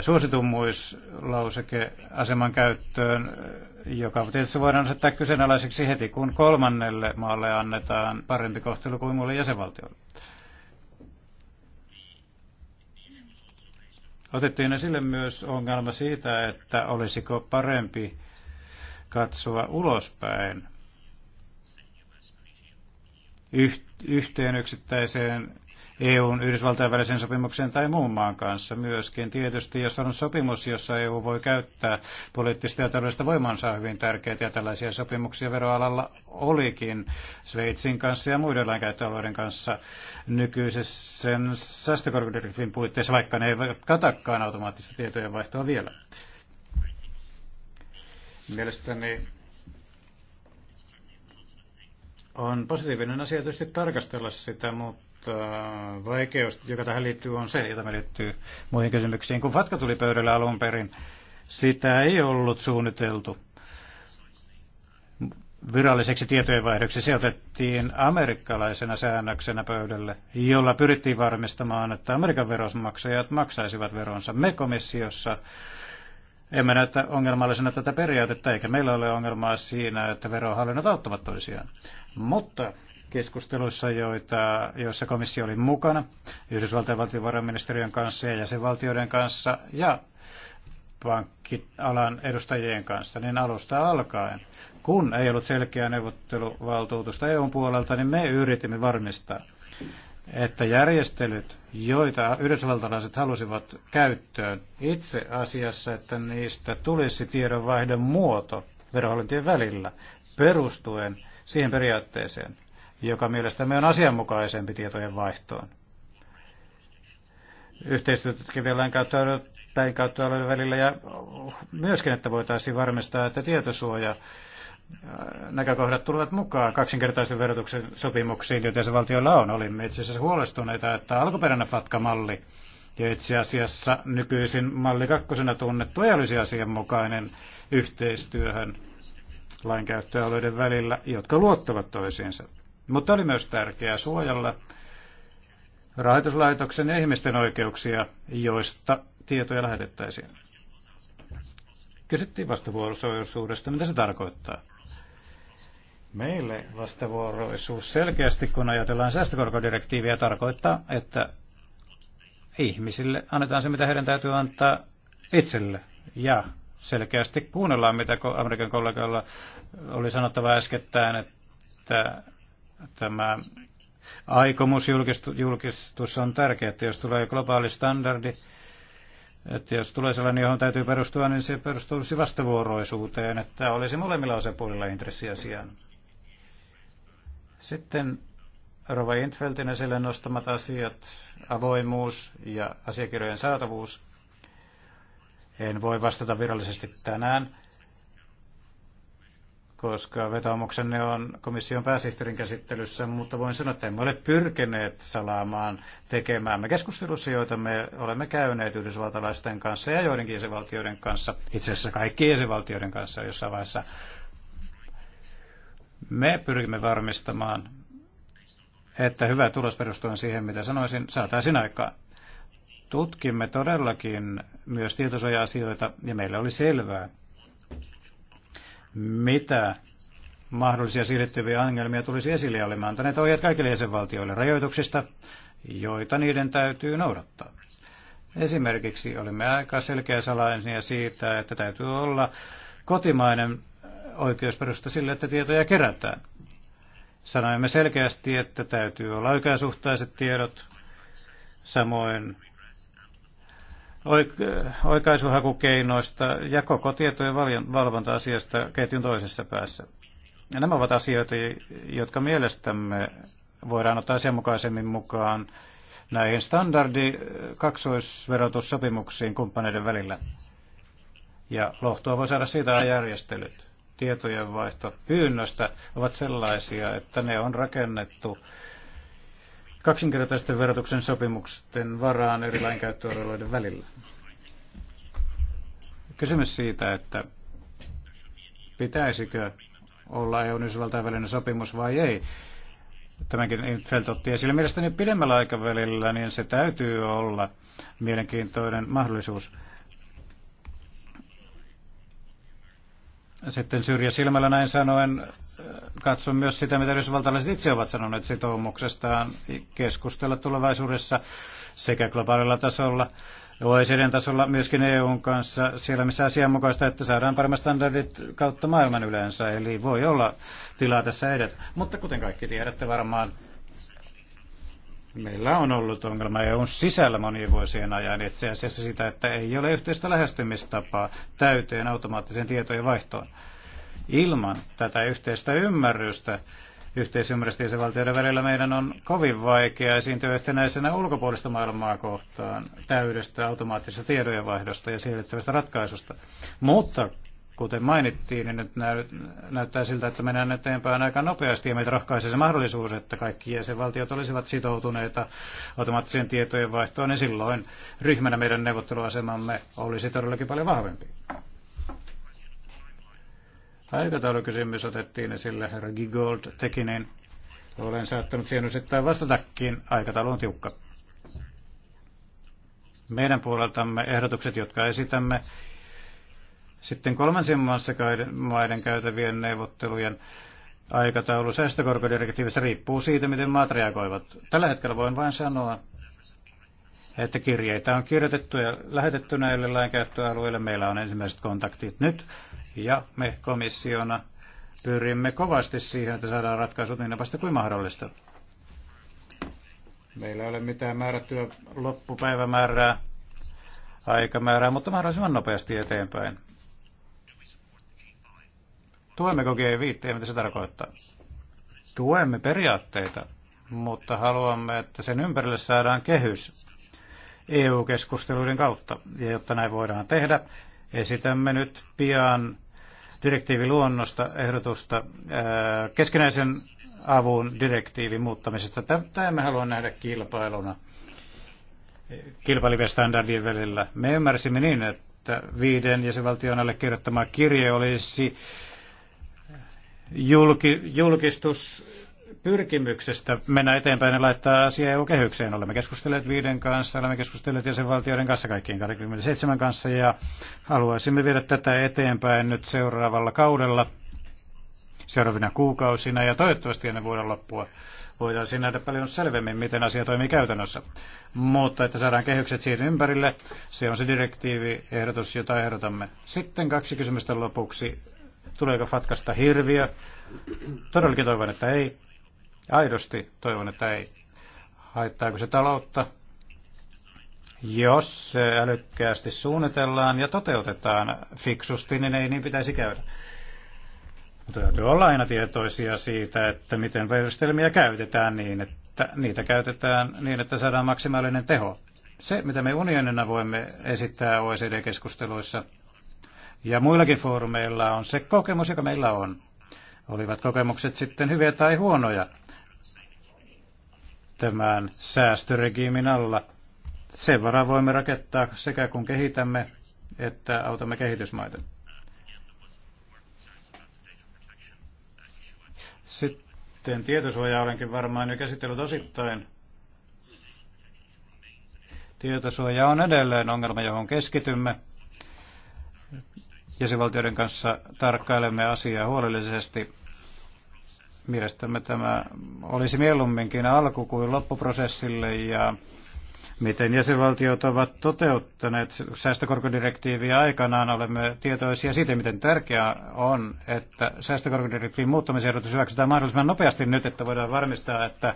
suositummuislausekeaseman käyttöön, joka tietysti voidaan asettaa kyseenalaiseksi heti, kun kolmannelle maalle annetaan parempi kohtelu kuin muille jäsenvaltioille. Otettiin esille myös ongelma siitä, että olisiko parempi katsoa ulospäin yhteen yksittäiseen EUn, Yhdysvaltain välisen sopimukseen tai muun maan kanssa myöskin. Tietysti jos on sopimus, jossa EU voi käyttää poliittista ja taloudellista voimansa hyvin tärkeitä ja tällaisia sopimuksia veroalalla olikin Sveitsin kanssa ja muiden lainkäyttöalueiden kanssa nykyisen säästökorkodirektiivin puitteissa, vaikka ne eivät katakaan automaattista tietojenvaihtoa vielä. Mielestäni on positiivinen asia tietysti tarkastella sitä, mutta äh, vaikeus, joka tähän liittyy, on se, jota me liittyy muihin kysymyksiin. Kun Fatka tuli pöydälle alun perin, sitä ei ollut suunniteltu viralliseksi tietojenvaihdoksi. Se otettiin amerikkalaisena säännöksenä pöydälle, jolla pyrittiin varmistamaan, että Amerikan verosmaksajat maksaisivat veronsa. Me komissiossa emme näytä ongelmallisena tätä periaatetta, eikä meillä ole ongelmaa siinä, että verohallinnot auttavat toisiaan. Mutta keskusteluissa, joita, joissa komissio oli mukana Yhdysvaltain valtiovarainministeriön kanssa ja jäsenvaltioiden kanssa ja pankkialan edustajien kanssa, niin alusta alkaen, kun ei ollut selkeää neuvotteluvaltuutusta EUn puolelta, niin me yritimme varmistaa, että järjestelyt, joita yhdysvaltalaiset halusivat käyttöön, itse asiassa, että niistä tulisi tiedonvaihdon muoto verohallintojen välillä perustuen siihen periaatteeseen, joka mielestämme on asianmukaisempi tietojen vaihtoon. Yhteistyötä tekevien käyttöalueiden välillä ja myöskin, että voitaisiin varmistaa, että tietosuoja äh, näkökohdat tulevat mukaan kaksinkertaisen verotuksen sopimuksiin, joita se valtiolla on. Olimme itse asiassa huolestuneita, että alkuperäinen FATKA-malli ja itse asiassa nykyisin malli kakkosena tunnettu ei olisi asianmukainen yhteistyöhön lainkäyttöalueiden välillä, jotka luottavat toisiinsa. Mutta oli myös tärkeää suojella rahoituslaitoksen ja ihmisten oikeuksia, joista tietoja lähetettäisiin. Kysyttiin vastavuoroisuudesta, mitä se tarkoittaa. Meille vastavuoroisuus selkeästi, kun ajatellaan säästökorkodirektiiviä, tarkoittaa, että ihmisille annetaan se, mitä heidän täytyy antaa itselle ja selkeästi kuunnellaan, mitä Amerikan kollegalla oli sanottava äskettäin, että tämä aikomus julkistus on tärkeä, että jos tulee globaali standardi, että jos tulee sellainen, johon täytyy perustua, niin se perustuisi vastavuoroisuuteen, että olisi molemmilla osapuolilla intressiä sijaan. Sitten Rova Intfeltin esille nostamat asiat, avoimuus ja asiakirjojen saatavuus. En voi vastata virallisesti tänään, koska vetoomuksenne on komission pääsihteerin käsittelyssä, mutta voin sanoa, että emme ole pyrkineet salaamaan tekemään. Me keskustelussa, joita me olemme käyneet yhdysvaltalaisten kanssa ja joidenkin jäsenvaltioiden kanssa, itse asiassa kaikkien jäsenvaltioiden kanssa jossain vaiheessa, me pyrimme varmistamaan, että hyvä tulos perustuu siihen, mitä sanoisin, saataisiin aikaan tutkimme todellakin myös tietosuoja-asioita ja meillä oli selvää, mitä mahdollisia siirrettyviä ongelmia tulisi esille ja olemme antaneet ohjeet kaikille jäsenvaltioille rajoituksista, joita niiden täytyy noudattaa. Esimerkiksi olimme aika selkeä salaisia siitä, että täytyy olla kotimainen oikeusperusta sille, että tietoja kerätään. Sanoimme selkeästi, että täytyy olla oikeasuhtaiset tiedot, samoin oikaisuhakukeinoista ja koko tietojen valvonta-asiasta ketjun toisessa päässä. Ja nämä ovat asioita, jotka mielestämme voidaan ottaa asianmukaisemmin mukaan näihin standardi kaksoisverotussopimuksiin kumppaneiden välillä. Ja lohtua voi saada siitä järjestelyt. vaihto, pyynnöstä ovat sellaisia, että ne on rakennettu kaksinkertaisten verotuksen sopimusten varaan eri lainkäyttöalueiden välillä. Kysymys siitä, että pitäisikö olla EUn Yhdysvaltain välinen sopimus vai ei. Tämänkin Infeld otti esille. Mielestäni pidemmällä aikavälillä niin se täytyy olla mielenkiintoinen mahdollisuus Sitten syrjä silmällä näin sanoen äh, katson myös sitä, mitä yhdysvaltalaiset itse ovat sanoneet sitoumuksestaan keskustella tulevaisuudessa sekä globaalilla tasolla, OECDn tasolla, myöskin EUn kanssa, siellä missä asianmukaista, että saadaan paremmat standardit kautta maailman yleensä, eli voi olla tilaa tässä edetä. Mutta kuten kaikki tiedätte varmaan, Meillä on ollut ongelma EUn sisällä monien vuosien ajan itse asiassa sitä, että ei ole yhteistä lähestymistapaa täyteen automaattiseen tietojen vaihtoon. Ilman tätä yhteistä ymmärrystä yhteisymmärrystä valtioiden välillä meidän on kovin vaikea esiintyä yhtenäisenä ulkopuolista maailmaa kohtaan täydestä automaattisesta tiedojenvaihdosta ja siirrettävästä ratkaisusta. Mutta Kuten mainittiin, niin nyt näyttää siltä, että mennään eteenpäin aika nopeasti ja meitä rohkaisee se mahdollisuus, että kaikki jäsenvaltiot olisivat sitoutuneita automaattiseen tietojen vaihtoon, niin silloin ryhmänä meidän neuvotteluasemamme olisi todellakin paljon vahvempi. Aikataulukysymys otettiin esille, herra Gigold teki, niin olen saattanut siihen osittain vastatakin. Aikataulu on tiukka meidän puoleltamme ehdotukset, jotka esitämme, sitten kolmansien maassa maiden käytävien neuvottelujen aikataulu säästökorkodirektiivissä riippuu siitä, miten maat reagoivat. Tällä hetkellä voin vain sanoa, että kirjeitä on kirjoitettu ja lähetetty näille lainkäyttöalueille. Meillä on ensimmäiset kontaktit nyt ja me komissiona pyrimme kovasti siihen, että saadaan ratkaisut niin vasta kuin mahdollista. Meillä ei ole mitään määrättyä loppupäivämäärää, aikamäärää, mutta mahdollisimman nopeasti eteenpäin. Tuemmeko G5 ja mitä se tarkoittaa? Tuemme periaatteita, mutta haluamme, että sen ympärille saadaan kehys EU-keskusteluiden kautta. Ja jotta näin voidaan tehdä, esitämme nyt pian direktiiviluonnosta ehdotusta keskinäisen avun direktiivin muuttamisesta. Tätä emme halua nähdä kilpailuna kilpailivien standardien välillä. Me ymmärsimme niin, että viiden jäsenvaltion allekirjoittama kirje olisi julki, julkistus pyrkimyksestä mennä eteenpäin ja laittaa asia EU-kehykseen. Olemme keskustelleet viiden kanssa, olemme keskustelleet jäsenvaltioiden kanssa, kaikkien 27 kanssa, ja haluaisimme viedä tätä eteenpäin nyt seuraavalla kaudella, seuraavina kuukausina, ja toivottavasti ennen vuoden loppua voitaisiin nähdä paljon selvemmin, miten asia toimii käytännössä. Mutta että saadaan kehykset siihen ympärille, se on se direktiivi, ehdotus, jota ehdotamme. Sitten kaksi kysymystä lopuksi Tuleeko Fatkasta hirviö? Todellakin toivon, että ei. Aidosti toivon, että ei. Haittaako se taloutta? Jos se älykkäästi suunnitellaan ja toteutetaan fiksusti, niin ei niin pitäisi käydä. Mutta täytyy olla aina tietoisia siitä, että miten järjestelmiä käytetään niin, että niitä käytetään niin, että saadaan maksimaalinen teho. Se, mitä me unionina voimme esittää OECD-keskusteluissa, ja muillakin foorumeilla on se kokemus, joka meillä on. Olivat kokemukset sitten hyviä tai huonoja tämän säästöregiimin alla. Sen varaa voimme rakentaa sekä kun kehitämme että autamme kehitysmaita. Sitten tietosuoja olenkin varmaan jo käsitellyt osittain. Tietosuoja on edelleen ongelma, johon keskitymme jäsenvaltioiden kanssa tarkkailemme asiaa huolellisesti. Mielestämme tämä olisi mieluumminkin alku kuin loppuprosessille ja miten jäsenvaltiot ovat toteuttaneet säästökorkodirektiiviä aikanaan. Olemme tietoisia siitä, miten tärkeää on, että säästökorkodirektiivin muuttamisehdotus hyväksytään mahdollisimman nopeasti nyt, että voidaan varmistaa, että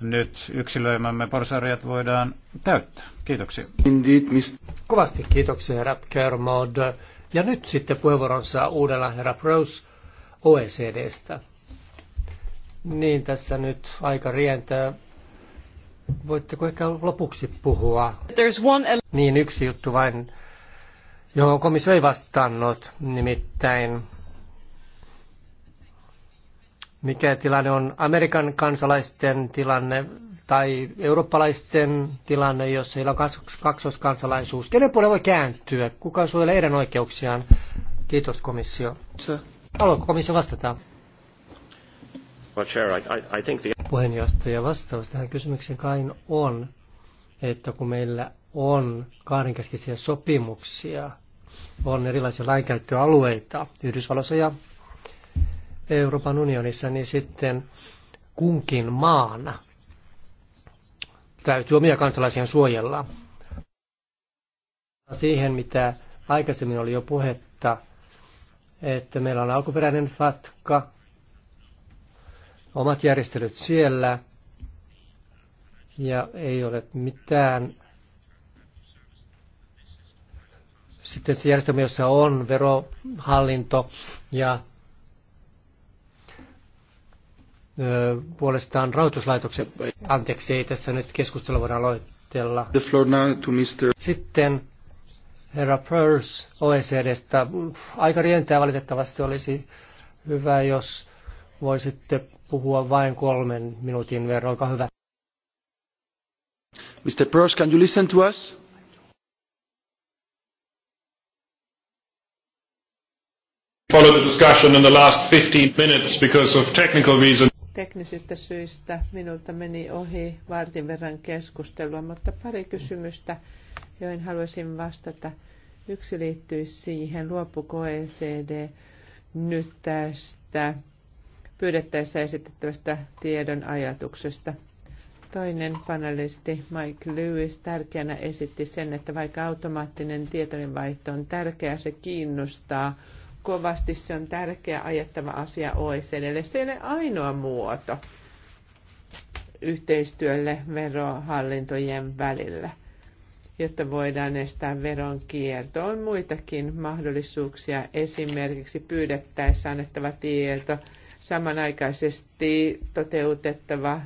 nyt yksilöimämme porsarjat voidaan täyttää. Kiitoksia. Indeed, mist- Kovasti kiitoksia, herra Kermod. Ja nyt sitten saa uudella herra Prose OECDstä. Niin tässä nyt aika rientää. Voitteko ehkä lopuksi puhua? one... Niin yksi juttu vain, johon komissio ei vastannut, nimittäin mikä tilanne on Amerikan kansalaisten tilanne tai eurooppalaisten tilanne, jos heillä on kaksoiskansalaisuus. Kenen puolelle voi kääntyä? Kuka suojelee heidän oikeuksiaan? Kiitos komissio. Haluatko komissio vastata? Puheenjohtaja vastaus tähän kysymykseen kai on, että kun meillä on kahdenkeskisiä sopimuksia, on erilaisia lainkäyttöalueita Yhdysvalloissa ja Euroopan unionissa, niin sitten kunkin maana täytyy omia kansalaisiaan suojella. Siihen, mitä aikaisemmin oli jo puhetta, että meillä on alkuperäinen FATKA, omat järjestelyt siellä, ja ei ole mitään sitten se järjestelmä, jossa on verohallinto ja puolestaan rahoituslaitoksen, Anteeksi, ei tässä nyt keskustelu voida aloitella. The floor now to Mr. Sitten herra Pörs OECDstä. Aika rientää valitettavasti olisi hyvä, jos voisitte puhua vain kolmen minuutin verran. Olkaa hyvä. Mr. Pörs, can you listen to us? Follow the discussion in the last 15 minutes because of technical reasons teknisistä syistä minulta meni ohi vartin verran keskustelua, mutta pari kysymystä, joihin haluaisin vastata. Yksi liittyy siihen, luopuko ECD nyt tästä pyydettäessä esitettävästä tiedon ajatuksesta. Toinen panelisti Mike Lewis tärkeänä esitti sen, että vaikka automaattinen tietojenvaihto on tärkeää, se kiinnostaa – kovasti. Se on tärkeä ajettava asia OECDlle. Se ei ole ainoa muoto yhteistyölle verohallintojen välillä, jotta voidaan estää veronkierto. On muitakin mahdollisuuksia, esimerkiksi pyydettäessä annettava tieto, samanaikaisesti toteutettava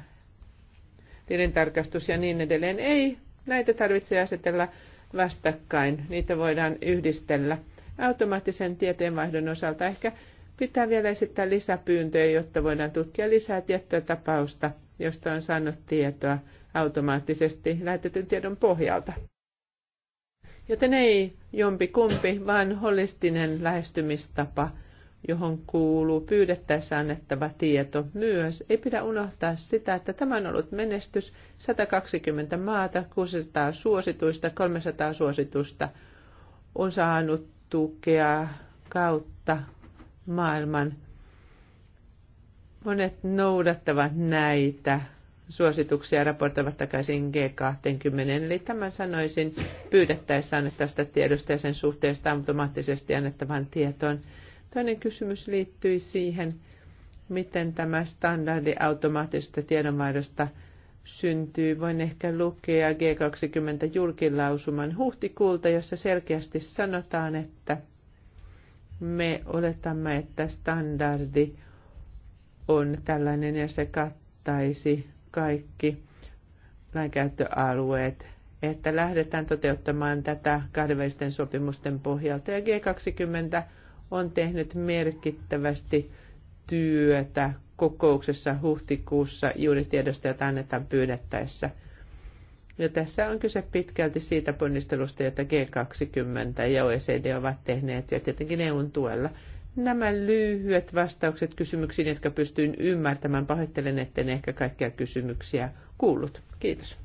tilintarkastus ja niin edelleen. Ei näitä tarvitse asetella vastakkain, niitä voidaan yhdistellä – automaattisen tietojenvaihdon osalta ehkä pitää vielä esittää lisäpyyntöjä, jotta voidaan tutkia lisää tiettyä tapausta, josta on saanut tietoa automaattisesti lähetetyn tiedon pohjalta. Joten ei jompi kumpi, vaan holistinen lähestymistapa, johon kuuluu pyydettäessä annettava tieto myös. Ei pidä unohtaa sitä, että tämä on ollut menestys 120 maata, 600 suosituista, 300 suositusta on saanut tukea kautta maailman. Monet noudattavat näitä suosituksia raportoivat takaisin G20. Eli tämän sanoisin pyydettäessä annettavasta tiedosta ja sen suhteesta automaattisesti annettavan tietoon. Toinen kysymys liittyi siihen, miten tämä standardi automaattisesta tiedonvaihdosta – syntyy, voin ehkä lukea G20 julkilausuman huhtikuulta, jossa selkeästi sanotaan, että me oletamme, että standardi on tällainen ja se kattaisi kaikki lainkäyttöalueet, että lähdetään toteuttamaan tätä kahdenvälisten sopimusten pohjalta. Ja G20 on tehnyt merkittävästi työtä kokouksessa huhtikuussa juuri tiedostajat annetaan pyydettäessä. Ja tässä on kyse pitkälti siitä ponnistelusta, jota G20 ja OECD ovat tehneet ja tietenkin EUn tuella. Nämä lyhyet vastaukset kysymyksiin, jotka pystyin ymmärtämään. Pahoittelen, etten ehkä kaikkia kysymyksiä kuullut. Kiitos.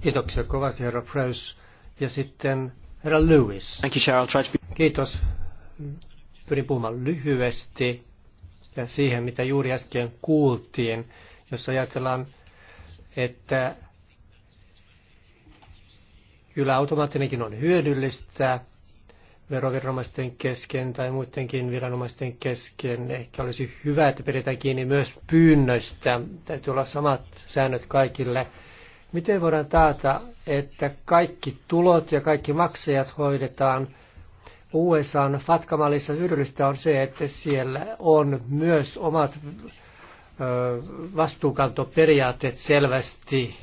Kiitoksia kovasti, herra Preuss. Ja sitten herra Lewis. Thank you, Kiitos. Pyrin puhumaan lyhyesti ja siihen, mitä juuri äsken kuultiin, jos ajatellaan, että kyllä automaattinenkin on hyödyllistä veroviranomaisten kesken tai muidenkin viranomaisten kesken. Ehkä olisi hyvä, että pidetään kiinni myös pyynnöistä. Täytyy olla samat säännöt kaikille. Miten voidaan taata, että kaikki tulot ja kaikki maksajat hoidetaan – USAn fatkamallissa hyödyllistä on se, että siellä on myös omat vastuukantoperiaatteet selvästi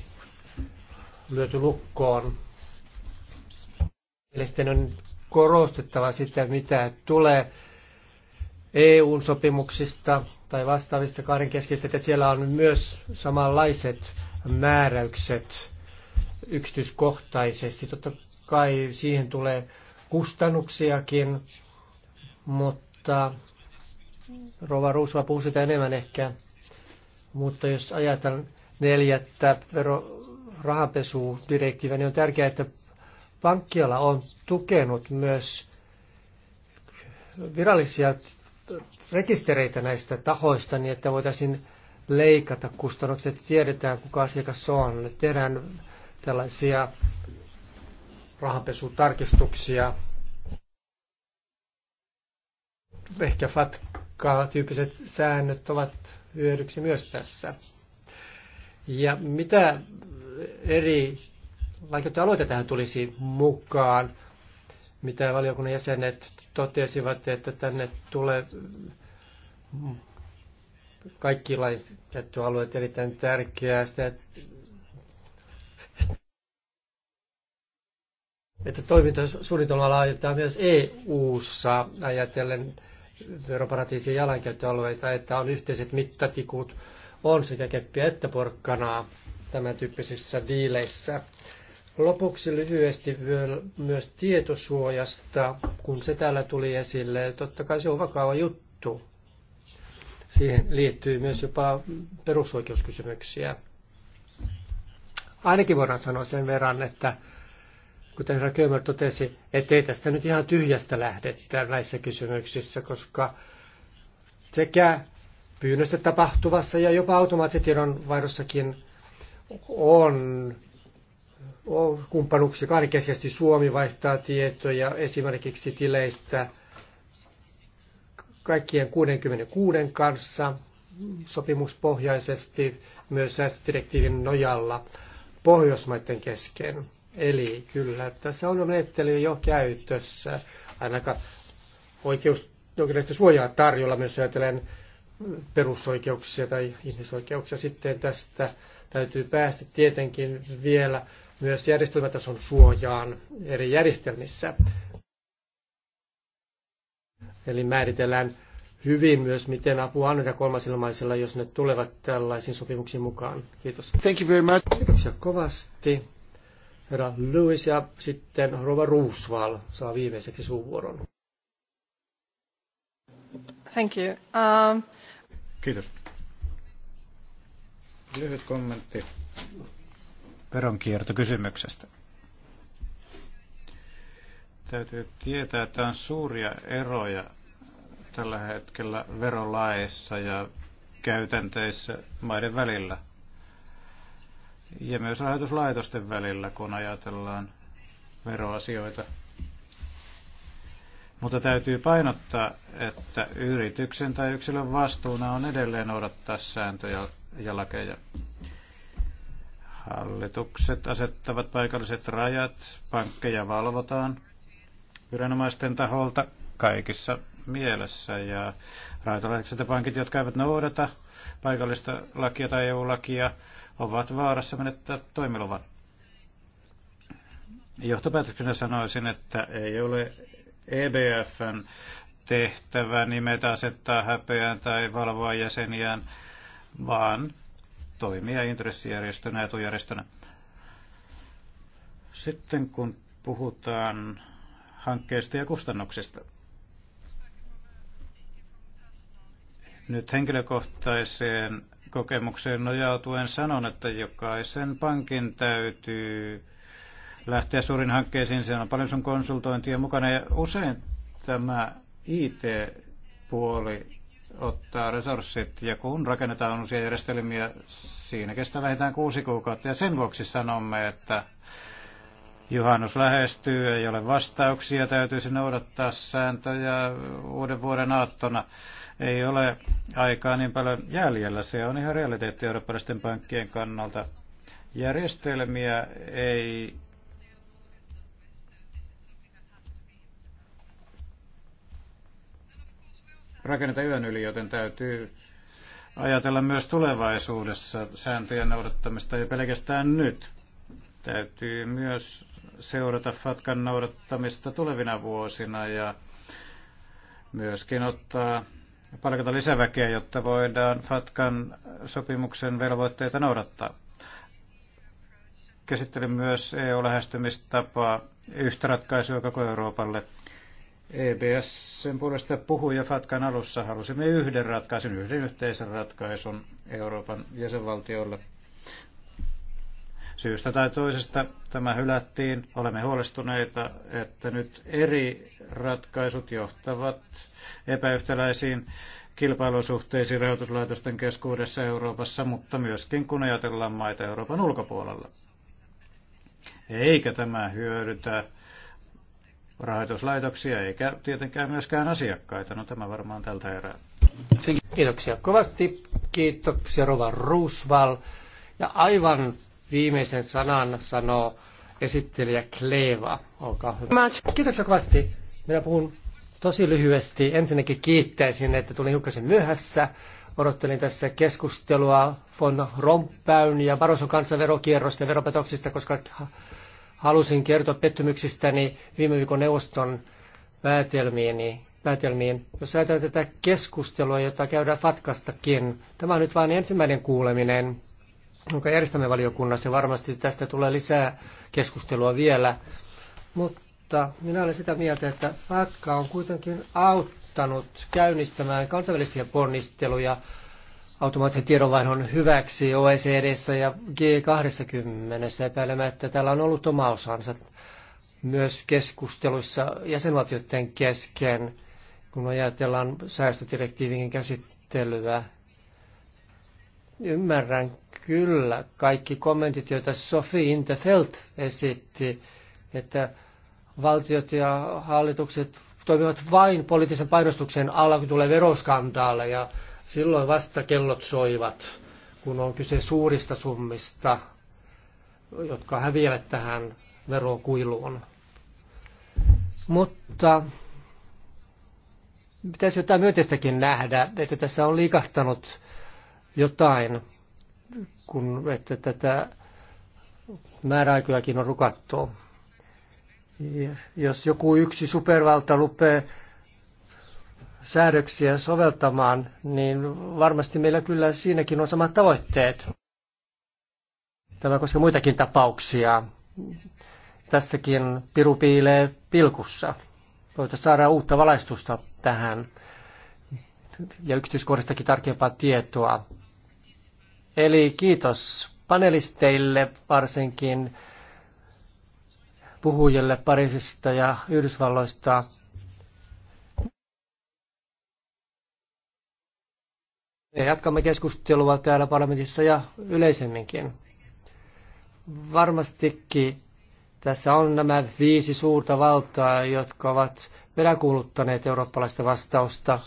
lyöty lukkoon. Mielestäni on korostettava sitä, mitä tulee EU-sopimuksista tai vastaavista keskeistä, että siellä on myös samanlaiset määräykset yksityiskohtaisesti. Totta kai siihen tulee kustannuksiakin, mutta Rova Ruusva puhuu sitä enemmän ehkä. Mutta jos ajatellaan neljättä vero, rahanpesudirektiiviä, niin on tärkeää, että pankkiala on tukenut myös virallisia rekistereitä näistä tahoista niin, että voitaisiin leikata kustannukset, tiedetään kuka asiakas on. Tehdään tällaisia rahanpesutarkistuksia. Ehkä FATCA-tyyppiset säännöt ovat hyödyksi myös tässä. Ja mitä eri vaikeutta tähän tulisi mukaan, mitä valiokunnan jäsenet totesivat, että tänne tulee kaikki lainsäädäntöalueet erittäin tärkeää. Sitä että toimintasuunnitelma laajentaa myös EU-ssa ajatellen veroparatiisien jalankäyttöalueita, että on yhteiset mittatikut, on sekä keppiä että porkkanaa tämän tyyppisissä diileissä. Lopuksi lyhyesti myös tietosuojasta, kun se täällä tuli esille. Totta kai se on vakava juttu. Siihen liittyy myös jopa perusoikeuskysymyksiä. Ainakin voidaan sanoa sen verran, että kuten Rakemer totesi, ettei tästä nyt ihan tyhjästä lähdetä näissä kysymyksissä, koska sekä pyynnöstä tapahtuvassa ja jopa automaattitiedon vaihdossakin on kumppanuuksia kahdenkeskeisesti. Suomi vaihtaa tietoja esimerkiksi tileistä kaikkien 66 kanssa sopimuspohjaisesti myös säästödirektiivin nojalla Pohjoismaiden kesken. Eli kyllä, tässä on menettely jo käytössä. Ainakaan oikeus jonkinlaista suojaa tarjolla, myös ajatellen perusoikeuksia tai ihmisoikeuksia. Sitten tästä täytyy päästä tietenkin vielä myös järjestelmätason suojaan eri järjestelmissä. Eli määritellään hyvin myös, miten apua annetaan kolmasilmaisilla, jos ne tulevat tällaisiin sopimuksiin mukaan. Kiitos. Thank you very much. Kiitoksia kovasti herra Lewis ja sitten Rova Roosval saa viimeiseksi suuvuoron. Thank you. Um... Kiitos. Lyhyt kommentti veronkiertokysymyksestä. Täytyy tietää, että on suuria eroja tällä hetkellä verolaeissa ja käytänteissä maiden välillä – ja myös rahoituslaitosten välillä, kun ajatellaan veroasioita. Mutta täytyy painottaa, että yrityksen tai yksilön vastuuna on edelleen odottaa sääntöjä ja lakeja. Hallitukset asettavat paikalliset rajat, pankkeja valvotaan viranomaisten taholta kaikissa mielessä. Ja rahoituslaitokset ja pankit, jotka eivät noudata paikallista lakia tai EU-lakia, ovat vaarassa menettää toimiluvan. Johtopäätöksenä sanoisin, että ei ole EBFn tehtävä nimetä asettaa häpeään tai valvoa jäseniään, vaan toimia intressijärjestönä ja etujärjestönä. Sitten kun puhutaan hankkeista ja kustannuksista. Nyt henkilökohtaiseen kokemukseen nojautuen sanon, että jokaisen pankin täytyy lähteä suurin hankkeisiin. Siellä on paljon sun konsultointia mukana ja usein tämä IT-puoli ottaa resurssit ja kun rakennetaan uusia järjestelmiä, siinä kestää vähintään kuusi kuukautta ja sen vuoksi sanomme, että juhannus lähestyy, ei ole vastauksia, täytyisi noudattaa sääntöjä uuden vuoden aattona ei ole aikaa niin paljon jäljellä. Se on ihan realiteetti eurooppalaisten pankkien kannalta. Järjestelmiä ei rakenneta yön yli, joten täytyy ajatella myös tulevaisuudessa sääntöjen noudattamista ja pelkästään nyt. Täytyy myös seurata FATKan noudattamista tulevina vuosina ja myöskin ottaa palkata lisäväkeä, jotta voidaan FATKan sopimuksen velvoitteita noudattaa. Käsittelin myös EU-lähestymistapaa yhtä ratkaisua koko Euroopalle. EBS sen puolesta puhui ja FATKan alussa halusimme yhden ratkaisun, yhden yhteisen ratkaisun Euroopan jäsenvaltiolle. Syystä tai toisesta tämä hylättiin. Olemme huolestuneita, että nyt eri ratkaisut johtavat epäyhtäläisiin kilpailusuhteisiin rahoituslaitosten keskuudessa Euroopassa, mutta myöskin kun ajatellaan maita Euroopan ulkopuolella. Eikä tämä hyödytä rahoituslaitoksia eikä tietenkään myöskään asiakkaita. No tämä varmaan tältä erää. Kiitoksia kovasti. Kiitoksia Rova Roosval. Ja aivan viimeisen sanan sanoo esittelijä Kleva. Olkaa hyvä. Kiitoksia kovasti. Minä puhun tosi lyhyesti. Ensinnäkin kiittäisin, että tulin hiukkasen myöhässä. Odottelin tässä keskustelua von Rompäyn ja Baroson kanssa verokierrosta ja veropetoksista, koska halusin kertoa pettymyksistäni viime viikon neuvoston päätelmiin. Jos ajatellaan tätä keskustelua, jota käydään Fatkastakin, tämä on nyt vain ensimmäinen kuuleminen, jonka järjestämme valiokunnassa. Varmasti tästä tulee lisää keskustelua vielä. Mutta mutta minä olen sitä mieltä, että FATCA on kuitenkin auttanut käynnistämään kansainvälisiä ponnisteluja automaattisen tiedonvaihdon hyväksi oecd ja G20 epäilemättä. Täällä on ollut oma osansa myös keskusteluissa jäsenvaltioiden kesken, kun ajatellaan säästödirektiivin käsittelyä. Ymmärrän kyllä kaikki kommentit, joita Sophie Interfeld esitti, että valtiot ja hallitukset toimivat vain poliittisen painostuksen alla, kun tulee veroskandaaleja. Silloin vasta kellot soivat, kun on kyse suurista summista, jotka häviävät tähän verokuiluun. Mutta pitäisi jotain myönteistäkin nähdä, että tässä on liikahtanut jotain, kun että tätä määräaikojakin on rukattu. Jos joku yksi supervalta rupeaa säädöksiä soveltamaan, niin varmasti meillä kyllä siinäkin on samat tavoitteet. Tämä koskee muitakin tapauksia. Tässäkin piru piilee pilkussa. Voitaisiin saada uutta valaistusta tähän ja yksityiskohdistakin tarkempaa tietoa. Eli kiitos panelisteille varsinkin puhujalle Pariisista ja Yhdysvalloista. Me jatkamme keskustelua täällä parlamentissa ja yleisemminkin. Varmastikin tässä on nämä viisi suurta valtaa, jotka ovat peräkuuluttaneet eurooppalaista vastausta.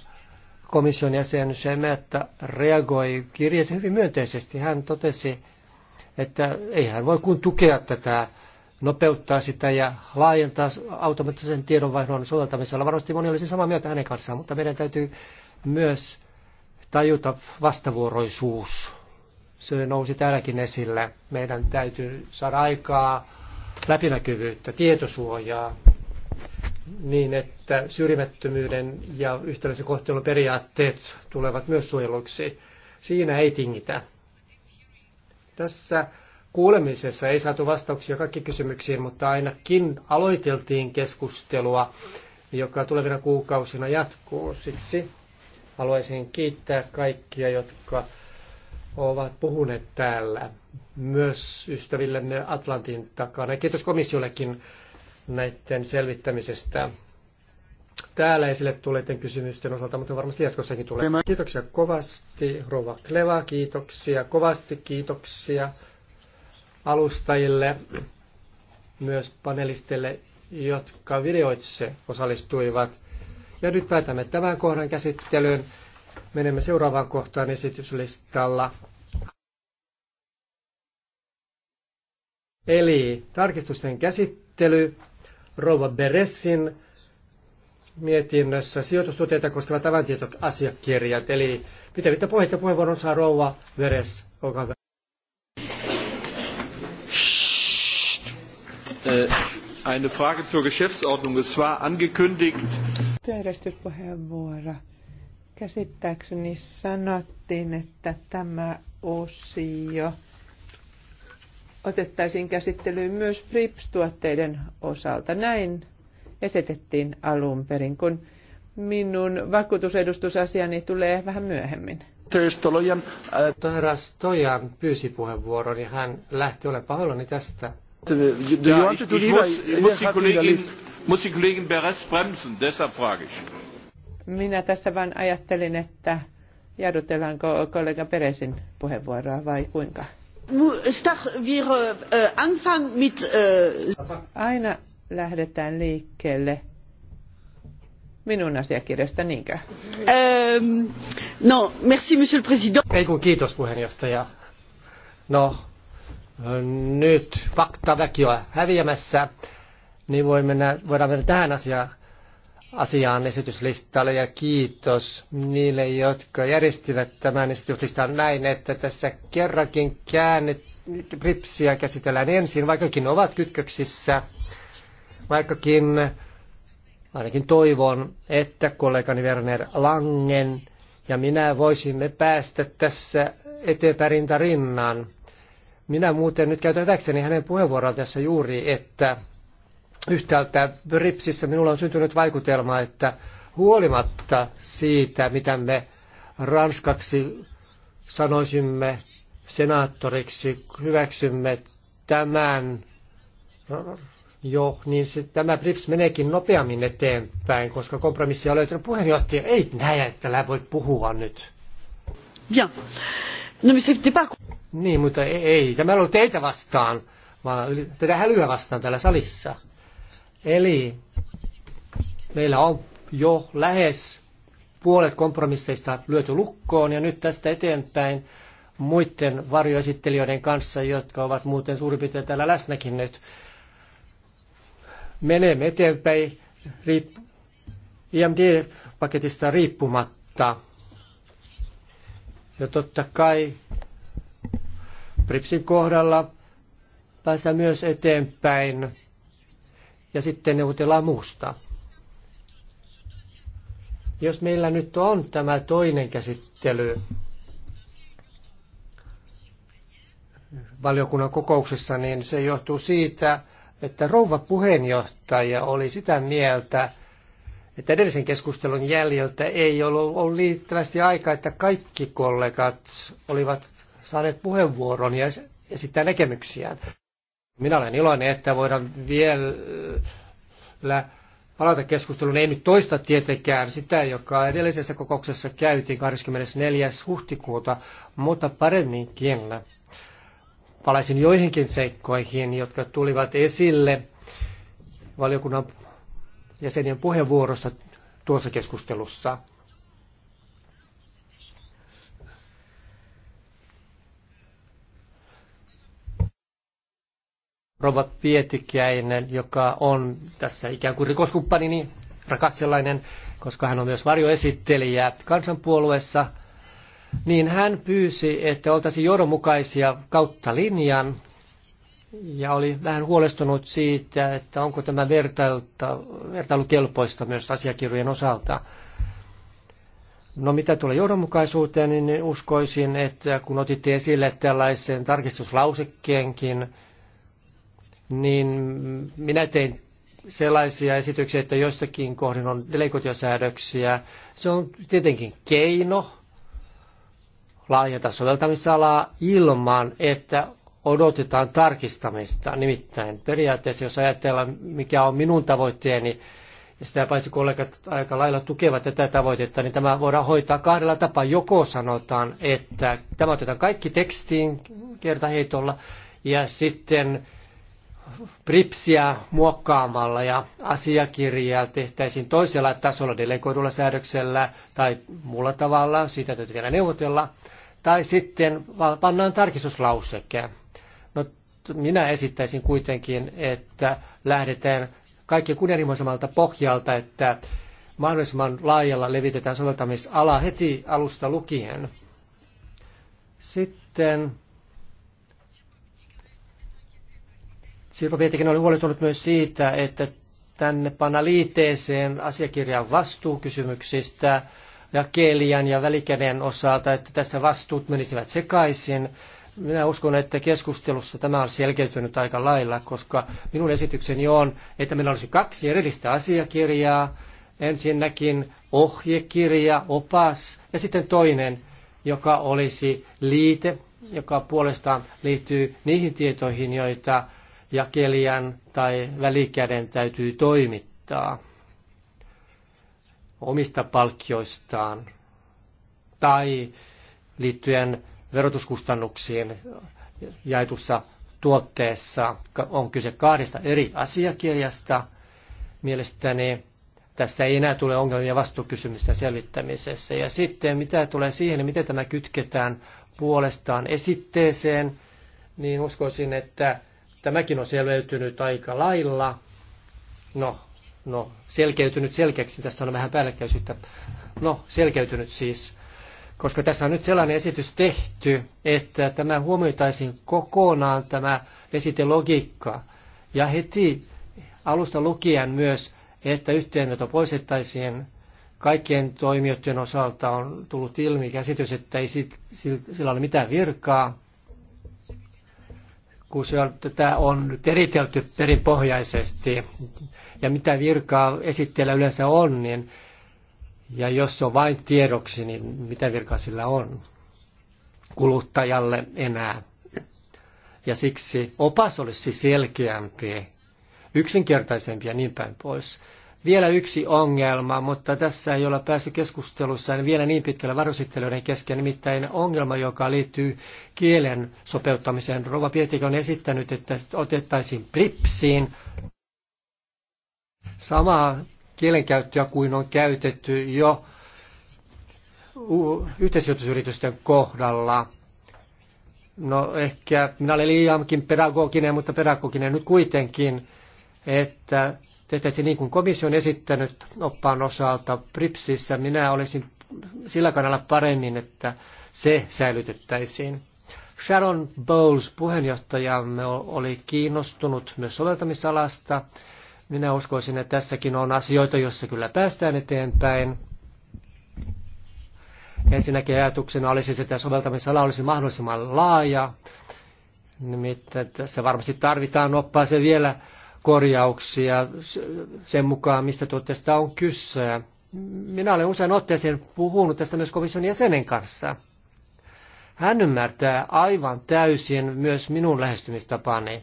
Komission jäsen Shemetta reagoi kirjeeseen hyvin myönteisesti. Hän totesi, että ei hän voi kuin tukea tätä nopeuttaa sitä ja laajentaa automaattisen tiedonvaihdon soveltamisella. Varmasti moni olisi samaa mieltä hänen kanssaan, mutta meidän täytyy myös tajuta vastavuoroisuus. Se nousi täälläkin esille. Meidän täytyy saada aikaa läpinäkyvyyttä, tietosuojaa, niin että syrjimättömyyden ja yhtäläisen kohtelun periaatteet tulevat myös suojeluksi. Siinä ei tingitä. Tässä kuulemisessa ei saatu vastauksia kaikki kysymyksiin, mutta ainakin aloiteltiin keskustelua, joka tulevina kuukausina jatkuu. Siksi haluaisin kiittää kaikkia, jotka ovat puhuneet täällä, myös ystävillemme Atlantin takana. Kiitos komissiollekin näiden selvittämisestä täällä esille tulleiden kysymysten osalta, mutta varmasti jatkossakin tulee. Kiitoksia kovasti, Rova Kleva, kiitoksia, kovasti kiitoksia alustajille, myös panelisteille, jotka videoitse osallistuivat. Ja nyt päätämme tämän kohdan käsittelyyn. Menemme seuraavaan kohtaan esityslistalla. Eli tarkistusten käsittely Rova Beressin mietinnössä sijoitustuotteita koskevat avaintietoasiakirjat. Eli pitävittä puheita puheenvuoron saa Rova Beres. Olkaa hyvä. Äh, eine Frage zur Geschäftsordnung. Es war angekündigt. Työjärjestyspuheenvuoro. Käsittääkseni sanottiin, että tämä osio otettaisiin käsittelyyn myös PRIPS-tuotteiden osalta. Näin esitettiin alun perin, kun minun vakuutusedustusasiani tulee vähän myöhemmin. Töystojan, äh, pyysi puheenvuoron ja hän lähti, olen pahoillani tästä. Äh, äh, äh, ja, ich, ich muss, ich muss, muss die Kollegin Beres bremsen, deshalb frage ich. Minä tässä vain ajattelin, että jarrutellaanko kollega Peresin puheenvuoroa vai kuinka? Aina lähdetään liikkeelle minun asiakirjasta, niinkö? Ähm, no, merci, monsieur le président. Ei kun kiitos puheenjohtaja. No, nyt faktaväki on häviämässä, niin voi mennä, voidaan mennä tähän asiaan, asiaan esityslistalle ja kiitos niille, jotka järjestivät tämän esityslistan näin, että tässä kerrankin käännet, ripsiä käsitellään ensin, vaikkakin ovat kytköksissä, vaikkakin ainakin toivon, että kollegani Werner Langen ja minä voisimme päästä tässä eteenpäin rinnan minä muuten nyt käytän väkseni hänen puheenvuoroa tässä juuri, että yhtäältä Ripsissä minulla on syntynyt vaikutelma, että huolimatta siitä, mitä me ranskaksi sanoisimme senaattoriksi, hyväksymme tämän jo, niin se, tämä BRIPS meneekin nopeammin eteenpäin, koska kompromissia on löytynyt puheenjohtaja. Ei näe, että voi puhua nyt. Bien. No, mais niin, mutta ei, ei. tämä ei ollut teitä vastaan, vaan yli, tätä hälyä vastaan täällä salissa. Eli meillä on jo lähes puolet kompromisseista lyöty lukkoon ja nyt tästä eteenpäin muiden varjoesittelijöiden kanssa, jotka ovat muuten suurin piirtein täällä läsnäkin nyt, menemme eteenpäin riip- IMD-paketista riippumatta. Ja totta kai Pripsin kohdalla päästään myös eteenpäin ja sitten neuvotellaan muusta. Jos meillä nyt on tämä toinen käsittely valiokunnan kokouksessa, niin se johtuu siitä, että rouva puheenjohtaja oli sitä mieltä, että edellisen keskustelun jäljiltä ei ollut, ollut liittävästi aikaa, että kaikki kollegat olivat saaneet puheenvuoron ja esittää näkemyksiään. Minä olen iloinen, että voidaan vielä palata keskusteluun. Ei nyt toista tietenkään sitä, joka edellisessä kokouksessa käytiin 24. huhtikuuta, mutta paremminkin palaisin joihinkin seikkoihin, jotka tulivat esille valiokunnan jäsenien puheenvuorosta tuossa keskustelussa. Rova Pietikäinen, joka on tässä ikään kuin rikoskumppanini, niin rakas sellainen, koska hän on myös varjoesittelijä kansanpuolueessa, niin hän pyysi, että oltaisiin johdonmukaisia kautta linjan, ja oli vähän huolestunut siitä, että onko tämä vertailukelpoista myös asiakirjojen osalta. No mitä tulee johdonmukaisuuteen, niin uskoisin, että kun otitte esille tällaisen tarkistuslausekkeenkin, niin minä tein sellaisia esityksiä, että jostakin kohdin on delegotiosäädöksiä. Se on tietenkin keino laajentaa soveltamisalaa ilman, että odotetaan tarkistamista. Nimittäin periaatteessa, jos ajatellaan, mikä on minun tavoitteeni, ja sitä paitsi kollegat aika lailla tukevat tätä tavoitetta, niin tämä voidaan hoitaa kahdella tapaa. Joko sanotaan, että tämä otetaan kaikki tekstiin kertaheitolla, ja sitten PRIPSiä muokkaamalla ja asiakirjaa tehtäisiin toisella tasolla delegoidulla säädöksellä tai muulla tavalla, siitä täytyy vielä neuvotella, tai sitten pannaan tarkistuslauseke. No, minä esittäisin kuitenkin, että lähdetään kaikki kunnianhimoisemmalta pohjalta, että mahdollisimman laajalla levitetään soveltamisala heti alusta lukien. Sitten Sirpa Pietikin oli huolestunut myös siitä, että tänne panna liitteeseen asiakirjan vastuukysymyksistä ja kelian ja välikäden osalta, että tässä vastuut menisivät sekaisin. Minä uskon, että keskustelussa tämä on selkeytynyt aika lailla, koska minun esitykseni on, että meillä olisi kaksi erillistä asiakirjaa. Ensinnäkin ohjekirja, opas ja sitten toinen, joka olisi liite, joka puolestaan liittyy niihin tietoihin, joita jakelijan tai välikäden täytyy toimittaa omista palkkioistaan tai liittyen verotuskustannuksiin jaetussa tuotteessa on kyse kahdesta eri asiakirjasta. Mielestäni tässä ei enää tule ongelmia vastuukysymysten selvittämisessä. Ja sitten mitä tulee siihen, miten tämä kytketään puolestaan esitteeseen, niin uskoisin, että Tämäkin on selveytynyt aika lailla. No, no selkeytynyt selkeäksi, tässä on vähän päällekkäisyyttä. No, selkeytynyt siis. Koska tässä on nyt sellainen esitys tehty, että tämä huomioitaisiin kokonaan tämä esitelogiikka. Ja heti alusta lukien myös, että yhteenveto poistettaisiin kaikkien toimijoiden osalta on tullut ilmi käsitys, että ei sillä ole mitään virkaa se tätä on eritelty perinpohjaisesti ja mitä virkaa esittäjällä yleensä on, niin, ja jos se on vain tiedoksi, niin mitä virkaa sillä on kuluttajalle enää. Ja siksi opas olisi selkeämpi, yksinkertaisempi ja niin päin pois vielä yksi ongelma, mutta tässä ei olla päässyt keskustelussa vielä niin pitkällä varusittelijoiden kesken, nimittäin ongelma, joka liittyy kielen sopeuttamiseen. Rova Pietik on esittänyt, että otettaisiin pripsiin samaa kielenkäyttöä kuin on käytetty jo yhteisjoitusyritysten kohdalla. No ehkä minä olen liiankin pedagoginen, mutta pedagoginen nyt kuitenkin että tehtäisiin niin kuin komissio on esittänyt oppaan osalta PRIPSissä. Minä olisin sillä kannalla paremmin, että se säilytettäisiin. Sharon Bowles puheenjohtajamme oli kiinnostunut myös soveltamisalasta. Minä uskoisin, että tässäkin on asioita, joissa kyllä päästään eteenpäin. Ensinnäkin ajatuksena olisi, siis, että soveltamisala olisi mahdollisimman laaja. Nimittäin tässä varmasti tarvitaan se vielä korjauksia sen mukaan, mistä tuotteesta on kyse. Minä olen usein otteeseen puhunut tästä myös komission jäsenen kanssa. Hän ymmärtää aivan täysin myös minun lähestymistapani.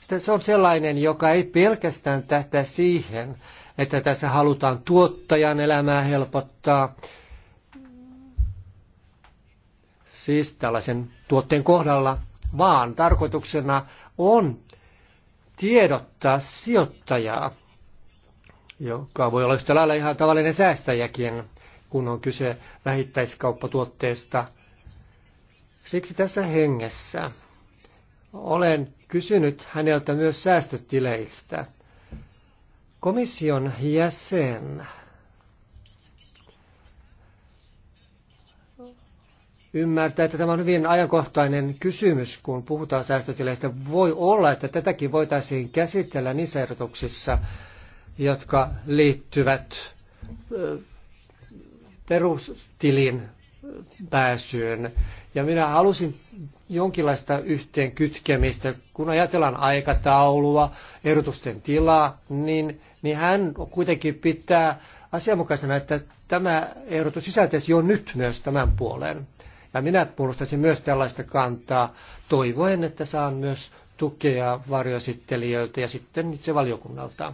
Sitten se on sellainen, joka ei pelkästään tähtää siihen, että tässä halutaan tuottajan elämää helpottaa, siis tällaisen tuotteen kohdalla, vaan tarkoituksena on tiedottaa sijoittajaa, joka voi olla yhtä lailla ihan tavallinen säästäjäkin, kun on kyse vähittäiskauppatuotteesta. Siksi tässä hengessä olen kysynyt häneltä myös säästötileistä. Komission jäsen ymmärtää, että tämä on hyvin ajankohtainen kysymys, kun puhutaan säästötileistä. Voi olla, että tätäkin voitaisiin käsitellä niissä ehdotuksissa, jotka liittyvät perustilin pääsyyn. Ja minä halusin jonkinlaista yhteen kytkemistä. Kun ajatellaan aikataulua, erotusten tilaa, niin, niin hän kuitenkin pitää asianmukaisena, että tämä ehdotus sisältäisi jo nyt myös tämän puolen. Ja minä puolustaisin myös tällaista kantaa, toivoen, että saan myös tukea varjoesittelijöiltä ja sitten itse valiokunnalta.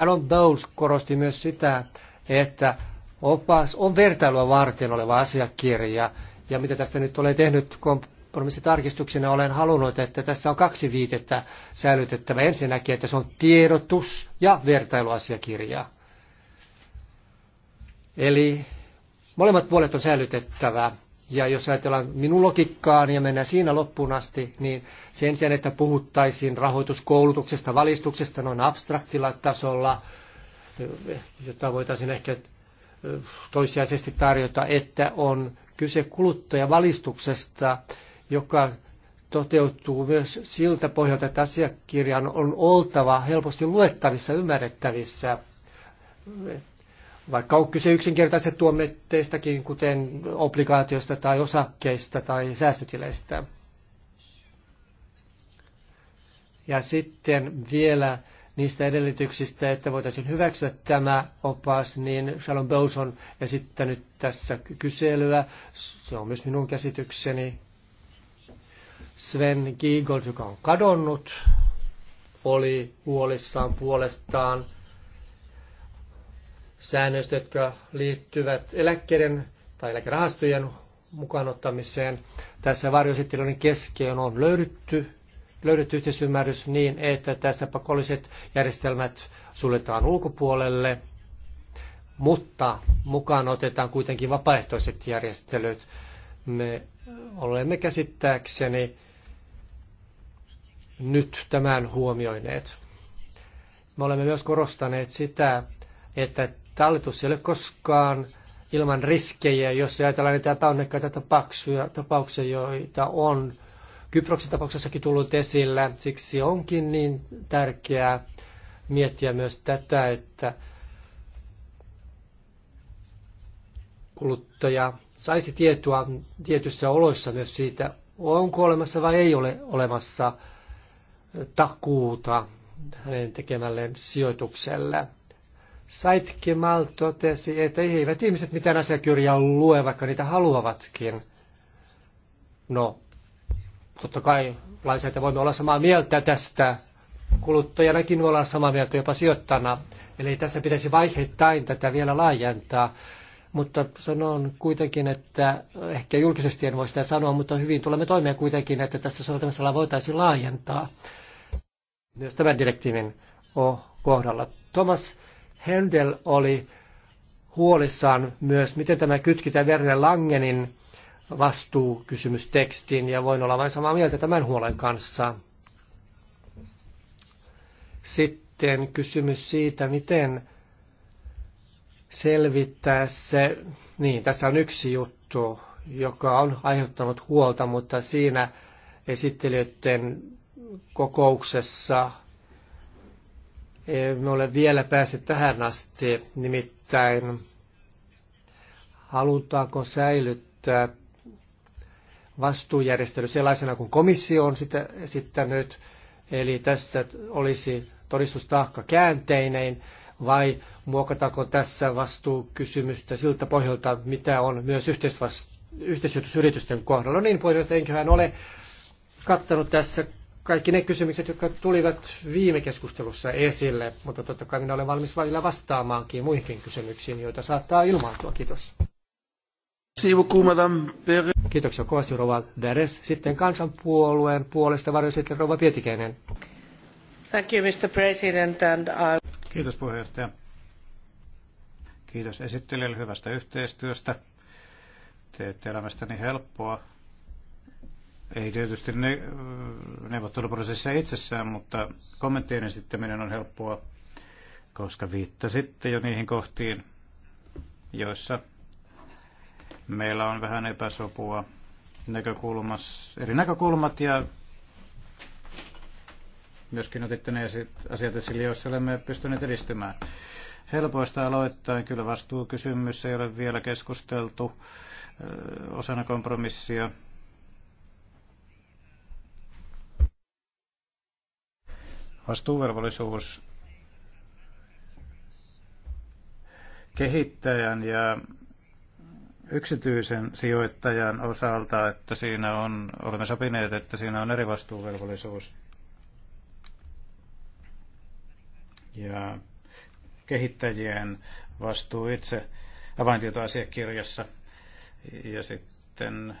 Alan Bowles korosti myös sitä, että opas on vertailua varten oleva asiakirja, ja mitä tästä nyt olen tehnyt kompromissitarkistuksena, olen halunnut, että tässä on kaksi viitettä säilytettävä. Ensinnäkin, että se on tiedotus- ja vertailuasiakirja. Eli Molemmat puolet on säilytettävä. Ja jos ajatellaan minun logiikkaan ja mennään siinä loppuun asti, niin sen sijaan, että puhuttaisiin rahoituskoulutuksesta, valistuksesta noin abstraktilla tasolla, jota voitaisiin ehkä toissijaisesti tarjota, että on kyse kuluttajavalistuksesta, joka toteutuu myös siltä pohjalta, että asiakirjan on oltava helposti luettavissa, ymmärrettävissä, vaikka on kyse yksinkertaisesta tuomitteistakin, kuten obligaatiosta tai osakkeista tai säästötileistä. Ja sitten vielä niistä edellytyksistä, että voitaisiin hyväksyä tämä opas, niin Shalom Bowes on esittänyt tässä kyselyä. Se on myös minun käsitykseni. Sven Giegold, joka on kadonnut, oli huolissaan puolestaan – säännöistä, jotka liittyvät eläkkeiden tai eläkerahastojen mukaanottamiseen. Tässä varjoesittelyn keskeen on löydetty, löydetty yhteisymmärrys niin, että tässä pakolliset järjestelmät suljetaan ulkopuolelle, mutta mukaan otetaan kuitenkin vapaaehtoiset järjestelyt. Me olemme käsittääkseni nyt tämän huomioineet. Me olemme myös korostaneet sitä, että Talletus ei ole koskaan ilman riskejä, jos ajatellaan niitä epäonnekkaita tapauksia, tapauksia, joita on Kyproksen tapauksessakin tullut esillä. Siksi onkin niin tärkeää miettiä myös tätä, että kuluttaja saisi tietoa tietyissä oloissa myös siitä, onko olemassa vai ei ole olemassa takuuta hänen tekemälleen sijoitukselle. Sait Kemal totesi, että ei, eivät ihmiset mitään asiakirjaa lue, vaikka niitä haluavatkin. No, totta kai lainsäätä voimme olla samaa mieltä tästä. Kuluttajanakin voi olla samaa mieltä jopa sijoittajana. Eli tässä pitäisi vaiheittain tätä vielä laajentaa. Mutta sanon kuitenkin, että ehkä julkisesti en voi sitä sanoa, mutta hyvin tulemme toimia kuitenkin, että tässä soveltamisella voitaisiin laajentaa myös tämän direktiivin kohdalla. Thomas Händel oli huolissaan myös, miten tämä kytkitään Werner Langenin vastuukysymystekstiin, ja voin olla vain samaa mieltä tämän huolen kanssa. Sitten kysymys siitä, miten selvittää se, niin tässä on yksi juttu, joka on aiheuttanut huolta, mutta siinä esittelijöiden kokouksessa emme ole vielä päässeet tähän asti, nimittäin halutaanko säilyttää vastuujärjestely sellaisena kuin komissio on sitä esittänyt, eli tässä olisi todistustaakka käänteinen, vai muokataanko tässä vastuukysymystä siltä pohjalta, mitä on myös yhteisvastu- yhteisyritysten kohdalla. No niin, puheenjohtaja, enköhän ole kattanut tässä kaikki ne kysymykset, jotka tulivat viime keskustelussa esille, mutta totta kai minä olen valmis välillä vastaamaankin muihinkin kysymyksiin, joita saattaa ilmaantua. Kiitos. Kiitoksia kovasti Rova Veres. Sitten kansanpuolueen puolesta varjoesittely Rova Pietikäinen. Thank you, Mr. President, and I... Kiitos puheenjohtaja. Kiitos esittelijälle hyvästä yhteistyöstä. Teette elämästäni helppoa ei tietysti ne, äh, neuvotteluprosessia itsessään, mutta kommenttien esittäminen on helppoa, koska viittasitte jo niihin kohtiin, joissa meillä on vähän epäsopua näkökulmas, eri näkökulmat ja myöskin otitte ne asiat esille, joissa olemme pystyneet edistymään. Helpoista aloittaa, kyllä vastuukysymys ei ole vielä keskusteltu äh, osana kompromissia. Vastuuvelvollisuus kehittäjän ja yksityisen sijoittajan osalta, että siinä on, olemme sopineet, että siinä on eri vastuuvelvollisuus. Ja kehittäjien vastuu itse avaintietoasiakirjassa ja sitten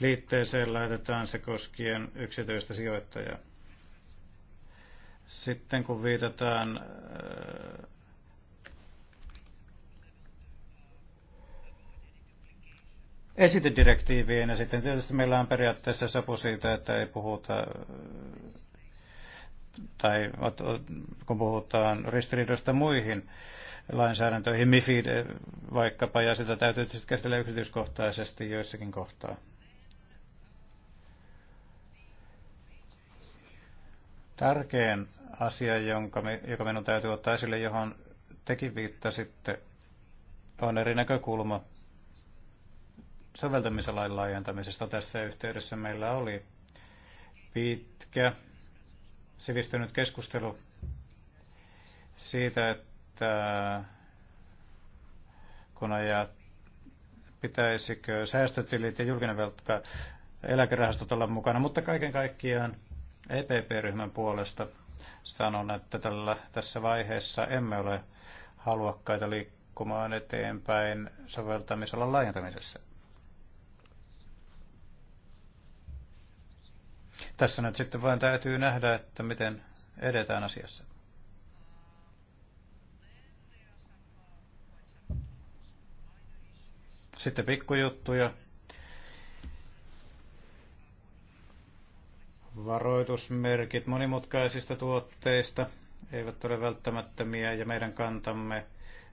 liitteeseen laitetaan se koskien yksityistä sijoittajaa. Sitten kun viitataan äh, esitedirektiiviin, ja sitten tietysti meillä on periaatteessa sopu siitä, että ei puhuta äh, tai kun puhutaan ristiriidoista muihin lainsäädäntöihin, MIFID äh, vaikkapa, ja sitä täytyy tietysti käsitellä yksityiskohtaisesti joissakin kohtaa. Tärkein asia, jonka me, joka minun täytyy ottaa esille, johon tekin viittasitte, on eri näkökulma soveltamisalain laajentamisesta. Tässä yhteydessä meillä oli pitkä sivistynyt keskustelu siitä, että kun ajat, pitäisikö säästötilit ja julkinen velka eläkerahastot olla mukana, mutta kaiken kaikkiaan EPP-ryhmän puolesta sanon, että tällä, tässä vaiheessa emme ole halukkaita liikkumaan eteenpäin soveltamisalan laajentamisessa. Tässä nyt sitten vain täytyy nähdä, että miten edetään asiassa. Sitten pikkujuttuja. Varoitusmerkit monimutkaisista tuotteista eivät ole välttämättömiä ja meidän kantamme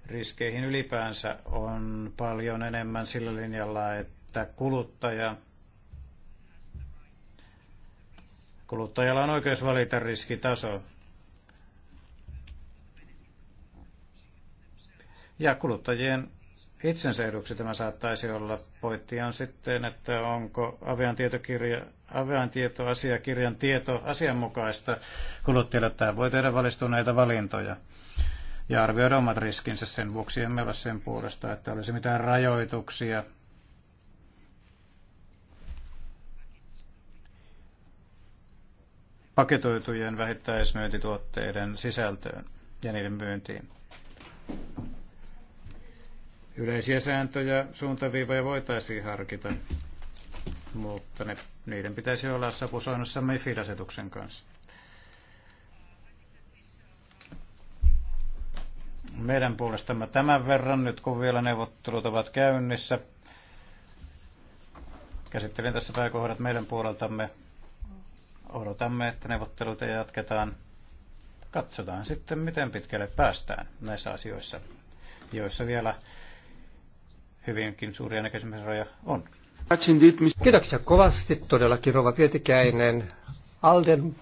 riskeihin ylipäänsä on paljon enemmän sillä linjalla, että kuluttaja Kuluttajalla on oikeus valita riskitaso. Ja kuluttajien itsensä eduksi tämä saattaisi olla. poittiaan on sitten, että onko avian tietokirja avaintietoasiakirjan tieto asianmukaista kuluttajille. Tämä voi tehdä valistuneita valintoja ja arvioida omat riskinsä. Sen vuoksi emme ole sen puolesta, että olisi mitään rajoituksia paketoitujen vähittäismyyntituotteiden sisältöön ja niiden myyntiin. Yleisiä sääntöjä suuntaviivoja voitaisiin harkita mutta ne, niiden pitäisi olla sapusoinnussa MIFID-asetuksen kanssa. Meidän puolestamme tämän verran, nyt kun vielä neuvottelut ovat käynnissä, käsittelin tässä pääkohdat meidän puoleltamme. Odotamme, että neuvotteluita jatketaan. Katsotaan sitten, miten pitkälle päästään näissä asioissa, joissa vielä hyvinkin suuria näkemyseroja on. Kiitoksia kovasti todellakin, Rova Pietikäinen. Alden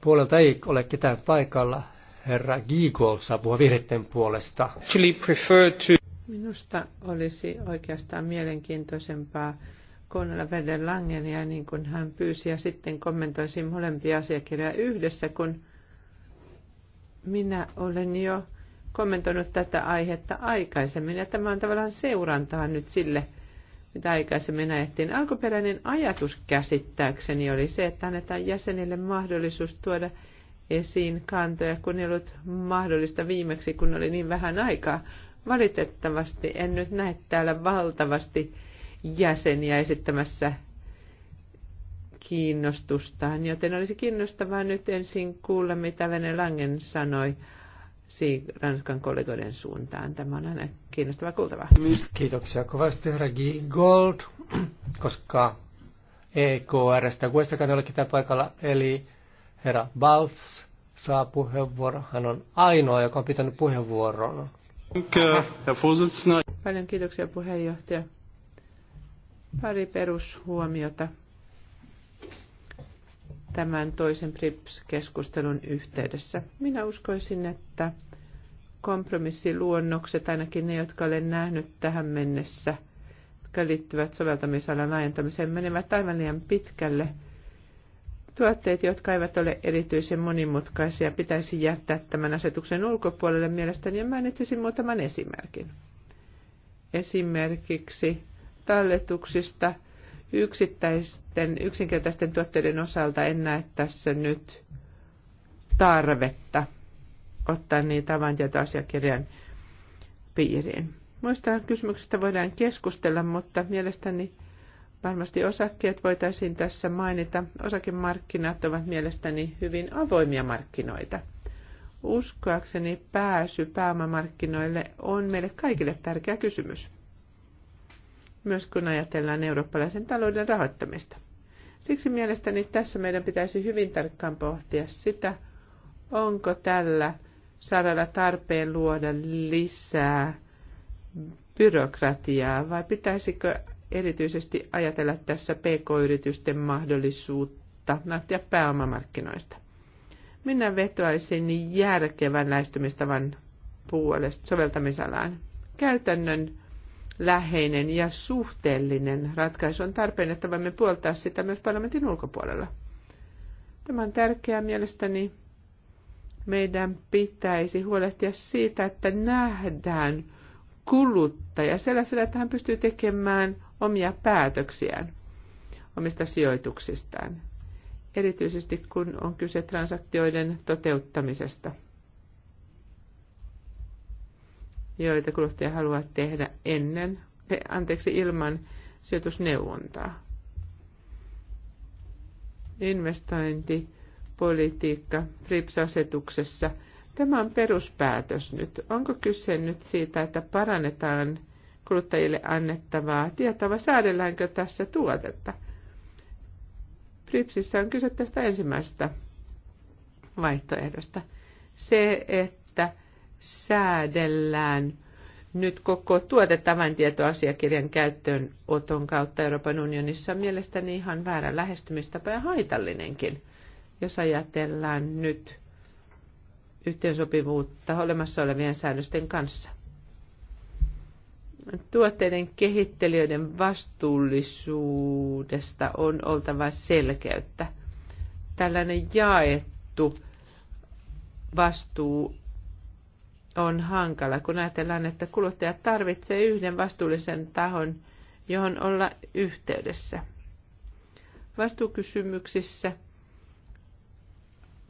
puolelta ei ole ketään paikalla. Herra Giegol saa puhua vihreiden puolesta. Minusta olisi oikeastaan mielenkiintoisempaa kuunnella Veden Langenia niin kuin hän pyysi ja sitten kommentoisin molempia asiakirjoja yhdessä, kun minä olen jo kommentoinut tätä aihetta aikaisemmin ja tämä on tavallaan seurantaa nyt sille – mitä aikaisemmin ajettiin. Alkuperäinen ajatus käsittääkseni oli se, että annetaan jäsenille mahdollisuus tuoda esiin kantoja, kun ei ollut mahdollista viimeksi, kun oli niin vähän aikaa. Valitettavasti en nyt näe täällä valtavasti jäseniä esittämässä kiinnostustaan, joten olisi kiinnostavaa nyt ensin kuulla, mitä Vene Langen sanoi Ranskan kollegoiden suuntaan. Tämä on aina kiinnostava kuultava. Kiitoksia kovasti, herra Gold, koska EKRstä kuistakaan olikin tämä paikalla, eli herra Baltz saa puheenvuoron. Hän on ainoa, joka on pitänyt puheenvuoron. Paljon kiitoksia puheenjohtaja. Pari perushuomiota tämän toisen PRIPS-keskustelun yhteydessä. Minä uskoisin, että kompromissiluonnokset, ainakin ne, jotka olen nähnyt tähän mennessä, jotka liittyvät soveltamisalan laajentamiseen, menevät aivan liian pitkälle. Tuotteet, jotka eivät ole erityisen monimutkaisia, pitäisi jättää tämän asetuksen ulkopuolelle mielestäni, ja mainitsisin muutaman esimerkin. Esimerkiksi talletuksista – yksittäisten, yksinkertaisten tuotteiden osalta en näe tässä nyt tarvetta ottaa niitä avaintietoasiakirjan piiriin. Muista kysymyksistä voidaan keskustella, mutta mielestäni varmasti osakkeet voitaisiin tässä mainita. Osakemarkkinat ovat mielestäni hyvin avoimia markkinoita. Uskoakseni pääsy pääomamarkkinoille on meille kaikille tärkeä kysymys myös kun ajatellaan eurooppalaisen talouden rahoittamista. Siksi mielestäni tässä meidän pitäisi hyvin tarkkaan pohtia sitä, onko tällä saralla tarpeen luoda lisää byrokratiaa vai pitäisikö erityisesti ajatella tässä pk-yritysten mahdollisuutta nauttia pääomamarkkinoista. Minä vetoaisin järkevän lähestymistavan puolesta soveltamisalaan. Käytännön läheinen ja suhteellinen ratkaisu on tarpeen, että voimme puoltaa sitä myös parlamentin ulkopuolella. Tämä on tärkeää mielestäni. Meidän pitäisi huolehtia siitä, että nähdään kuluttaja sellaisella, että hän pystyy tekemään omia päätöksiään omista sijoituksistaan, erityisesti kun on kyse transaktioiden toteuttamisesta – joita kuluttaja haluaa tehdä ennen, eh, anteeksi, ilman sijoitusneuvontaa. Investointipolitiikka PRIPS-asetuksessa. Tämä on peruspäätös nyt. Onko kyse nyt siitä, että parannetaan kuluttajille annettavaa tietoa vai säädelläänkö tässä tuotetta? PRIPSissä on kyse tästä ensimmäisestä vaihtoehdosta. Se, että säädellään nyt koko tuotettavan tietoasiakirjan käyttöönoton kautta Euroopan unionissa on mielestäni ihan väärä lähestymistapa ja haitallinenkin, jos ajatellaan nyt yhteensopivuutta olemassa olevien säännösten kanssa. Tuotteiden kehittelijöiden vastuullisuudesta on oltava selkeyttä. Tällainen jaettu vastuu on hankala, kun ajatellaan, että kuluttajat tarvitsevat yhden vastuullisen tahon, johon olla yhteydessä. Vastuukysymyksissä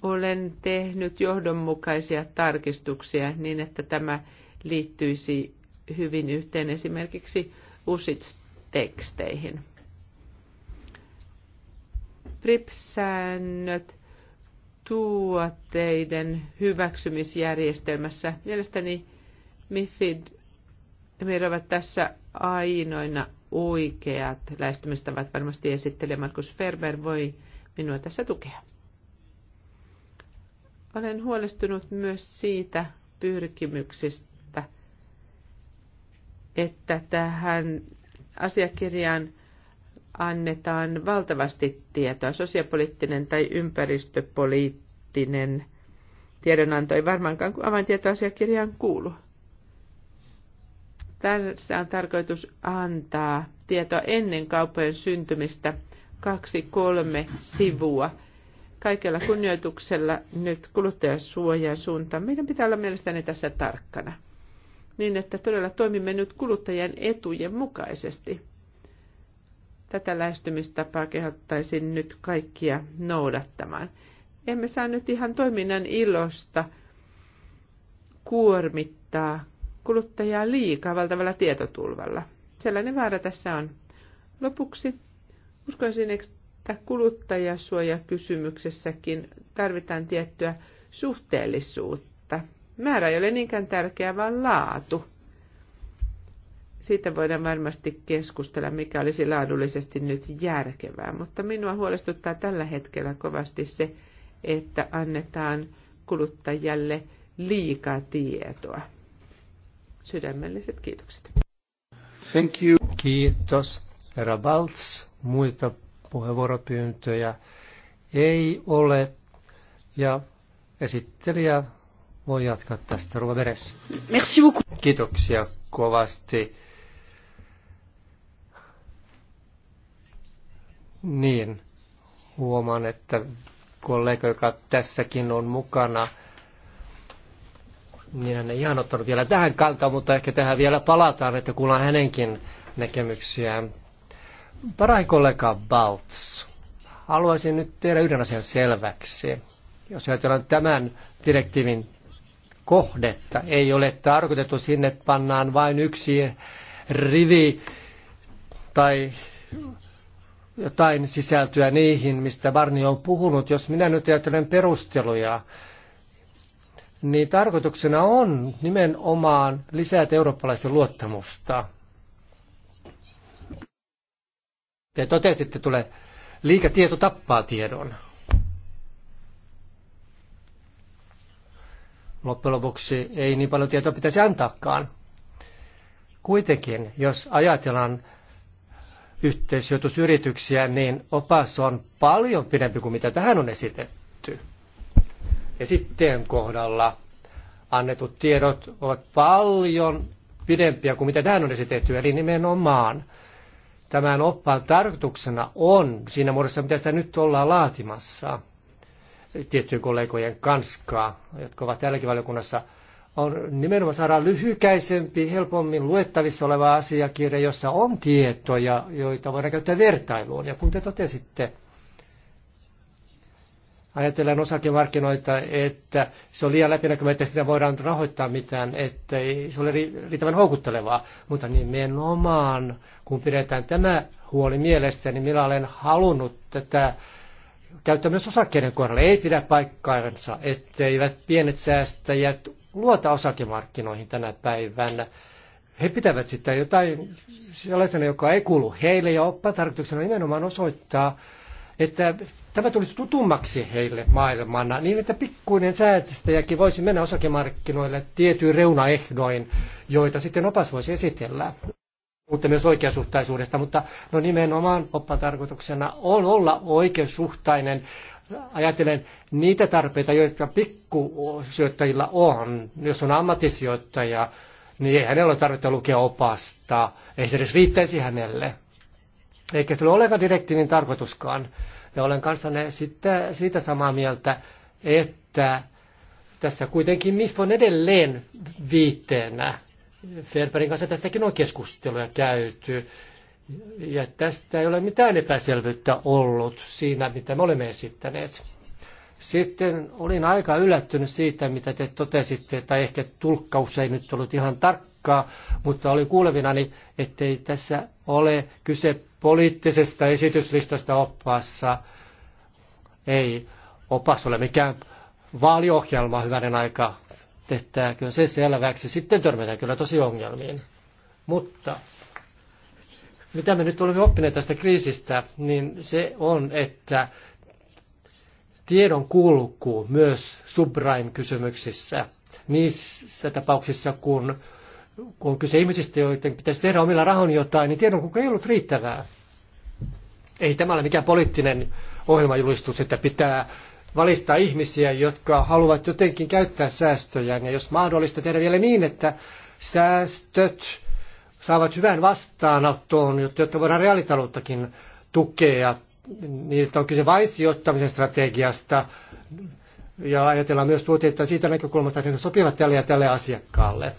olen tehnyt johdonmukaisia tarkistuksia niin, että tämä liittyisi hyvin yhteen esimerkiksi USITS-teksteihin. PRIP-säännöt tuotteiden hyväksymisjärjestelmässä. Mielestäni MIFID meillä ovat tässä ainoina oikeat lähestymistavat varmasti esittelee Markus Ferber voi minua tässä tukea. Olen huolestunut myös siitä pyrkimyksistä, että tähän asiakirjaan annetaan valtavasti tietoa. Sosiopoliittinen tai ympäristöpoliittinen tiedonanto ei varmaankaan avaintietoasiakirjaan kuulu. Tässä on tarkoitus antaa tietoa ennen kauppojen syntymistä kaksi kolme sivua. Kaikella kunnioituksella nyt kuluttajasuojan suuntaan. Meidän pitää olla mielestäni tässä tarkkana, niin että todella toimimme nyt kuluttajien etujen mukaisesti – Tätä lähestymistapaa kehottaisin nyt kaikkia noudattamaan. Emme saa nyt ihan toiminnan ilosta kuormittaa kuluttajaa liikaa valtavalla tietotulvalla. Sellainen vaara tässä on. Lopuksi uskoisin, että kuluttajasuojakysymyksessäkin tarvitaan tiettyä suhteellisuutta. Määrä ei ole niinkään tärkeä, vaan laatu siitä voidaan varmasti keskustella, mikä olisi laadullisesti nyt järkevää, mutta minua huolestuttaa tällä hetkellä kovasti se, että annetaan kuluttajalle liikaa tietoa. Sydämelliset kiitokset. Thank you. Kiitos. Herra Baltz, muita puheenvuoropyyntöjä ei ole. Ja esittelijä voi jatkaa tästä ruoveressä. Kiitoksia kovasti Niin, huomaan, että kollega, joka tässäkin on mukana, niin hän ei ihan ottanut vielä tähän kantaa, mutta ehkä tähän vielä palataan, että kuullaan hänenkin näkemyksiään. Parain kollega Baltz, haluaisin nyt tehdä yhden asian selväksi. Jos ajatellaan tämän direktiivin kohdetta, ei ole tarkoitettu sinne, että pannaan vain yksi rivi tai jotain sisältöä niihin, mistä Barni on puhunut. Jos minä nyt ajattelen perusteluja, niin tarkoituksena on nimenomaan lisätä eurooppalaisten luottamusta. Te totesitte, tulee liikatieto tappaa tiedon. Loppujen lopuksi ei niin paljon tietoa pitäisi antaakaan. Kuitenkin, jos ajatellaan yhteisijoitusyrityksiä, niin opas on paljon pidempi kuin mitä tähän on esitetty. Ja sitten kohdalla annetut tiedot ovat paljon pidempiä kuin mitä tähän on esitetty, eli nimenomaan tämän oppaan tarkoituksena on, siinä muodossa mitä sitä nyt ollaan laatimassa, tiettyjen kollegojen kanskaa, jotka ovat jälkivaliokunnassa valiokunnassa on nimenomaan saada lyhykäisempi, helpommin luettavissa oleva asiakirja, jossa on tietoja, joita voidaan käyttää vertailuun. Ja kun te totesitte, ajatellaan osakemarkkinoita, että se on liian läpinäkyvä, että sitä voidaan rahoittaa mitään, että ei se ole riittävän houkuttelevaa. Mutta nimenomaan, kun pidetään tämä huoli mielessä, niin minä olen halunnut tätä käyttää myös osakkeiden kohdalla. Ei pidä paikkaansa, etteivät pienet säästäjät luota osakemarkkinoihin tänä päivänä. He pitävät sitä jotain sellaisena, joka ei kuulu heille, ja oppatarkoituksena nimenomaan osoittaa, että tämä tulisi tutummaksi heille maailmana, niin että pikkuinen säätästäjäkin voisi mennä osakemarkkinoille tietyin reunaehdoin, joita sitten opas voisi esitellä mutta myös oikeasuhtaisuudesta, mutta no nimenomaan oppatarkoituksena on olla oikeasuhtainen ajatellen niitä tarpeita, joita pikkusijoittajilla on. Jos on ammattisijoittaja, niin ei hänellä ole tarvetta lukea opasta. Ei se edes riittäisi hänelle. Eikä se ole olekaan direktiivin tarkoituskaan. Ja olen kanssanne sitten siitä samaa mieltä, että tässä kuitenkin MIF on edelleen viitteenä. Ferberin kanssa tästäkin on keskusteluja käyty. Ja tästä ei ole mitään epäselvyyttä ollut siinä, mitä me olemme esittäneet. Sitten olin aika yllättynyt siitä, mitä te totesitte, tai ehkä tulkkaus ei nyt ollut ihan tarkkaa, mutta oli kuulevinani, ettei tässä ole kyse poliittisesta esityslistasta oppaassa. Ei opas ole mikään vaaliohjelma hyvänen aika. Tehtääkö se selväksi? Sitten törmätään kyllä tosi ongelmiin. Mutta mitä me nyt olemme oppineet tästä kriisistä, niin se on, että tiedon kulku myös subprime-kysymyksissä, niissä tapauksissa, kun, kun on kyse ihmisistä, joiden pitäisi tehdä omilla rahoilla jotain, niin tiedon kulku ei ollut riittävää. Ei tämä ole mikään poliittinen ohjelmajulistus, että pitää valistaa ihmisiä, jotka haluavat jotenkin käyttää säästöjä, ja jos mahdollista tehdä vielä niin, että säästöt saavat hyvän vastaanottoon, jotta voidaan reaalitalouttakin tukea. Niin, että on kyse vain sijoittamisen strategiasta ja ajatellaan myös tuotteita siitä näkökulmasta, että ne sopivat tälle ja tälle asiakkaalle.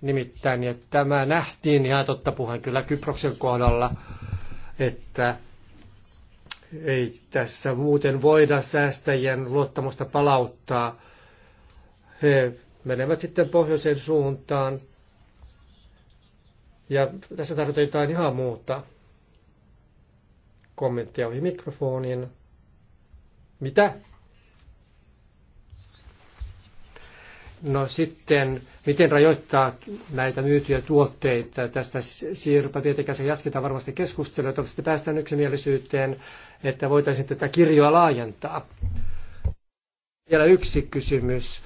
Nimittäin, että tämä nähtiin ihan totta puheen kyllä Kyproksen kohdalla, että ei tässä muuten voida säästäjien luottamusta palauttaa. He menevät sitten pohjoisen suuntaan ja tässä tarvitaan jotain ihan muuta. Kommenttia ohi mikrofonin. Mitä? No sitten, miten rajoittaa näitä myytyjä tuotteita? Tästä siirrypä tietenkään se jatketaan varmasti keskustelua, toivottavasti päästään yksimielisyyteen, että voitaisiin tätä kirjoa laajentaa. Vielä yksi kysymys,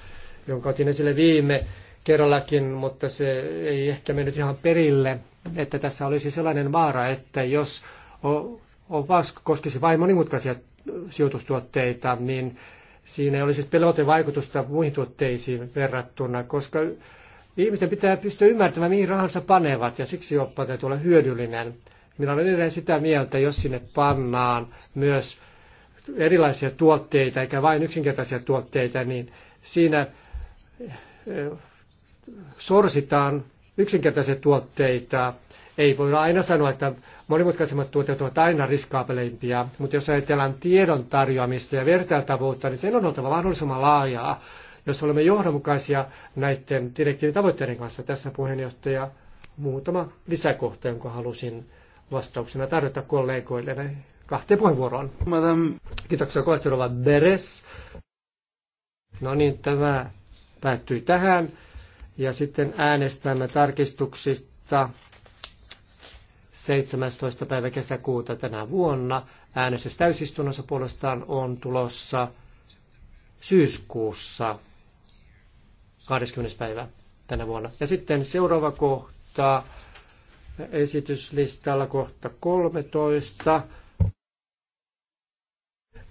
jonka otin esille viime kerrallakin, mutta se ei ehkä mennyt ihan perille, että tässä olisi sellainen vaara, että jos OVAS koskisi vain monimutkaisia sijoitustuotteita, niin siinä ei olisi pelotevaikutusta muihin tuotteisiin verrattuna, koska ihmisten pitää pystyä ymmärtämään, mihin rahansa panevat, ja siksi oppa täytyy olla hyödyllinen. Minä olen edelleen sitä mieltä, jos sinne pannaan myös erilaisia tuotteita, eikä vain yksinkertaisia tuotteita, niin siinä sorsitaan yksinkertaisia tuotteita. Ei voida aina sanoa, että monimutkaisemmat tuotteet ovat aina riskaapeleimpia, mutta jos ajatellaan tiedon tarjoamista ja vertailtavuutta, niin sen on oltava mahdollisimman laajaa, jos olemme johdonmukaisia näiden direktiivitavoitteiden kanssa. Tässä puheenjohtaja muutama lisäkohta, jonka halusin vastauksena tarjota kollegoille näin kahteen puheenvuoroon. Madam. Kiitoksia kovasti Rova Beres. No niin, tämä päättyi tähän. Ja sitten äänestämme tarkistuksista 17. päivä kesäkuuta tänä vuonna. Äänestys täysistunnossa puolestaan on tulossa syyskuussa 20. päivä tänä vuonna. Ja sitten seuraava kohta esityslistalla kohta 13.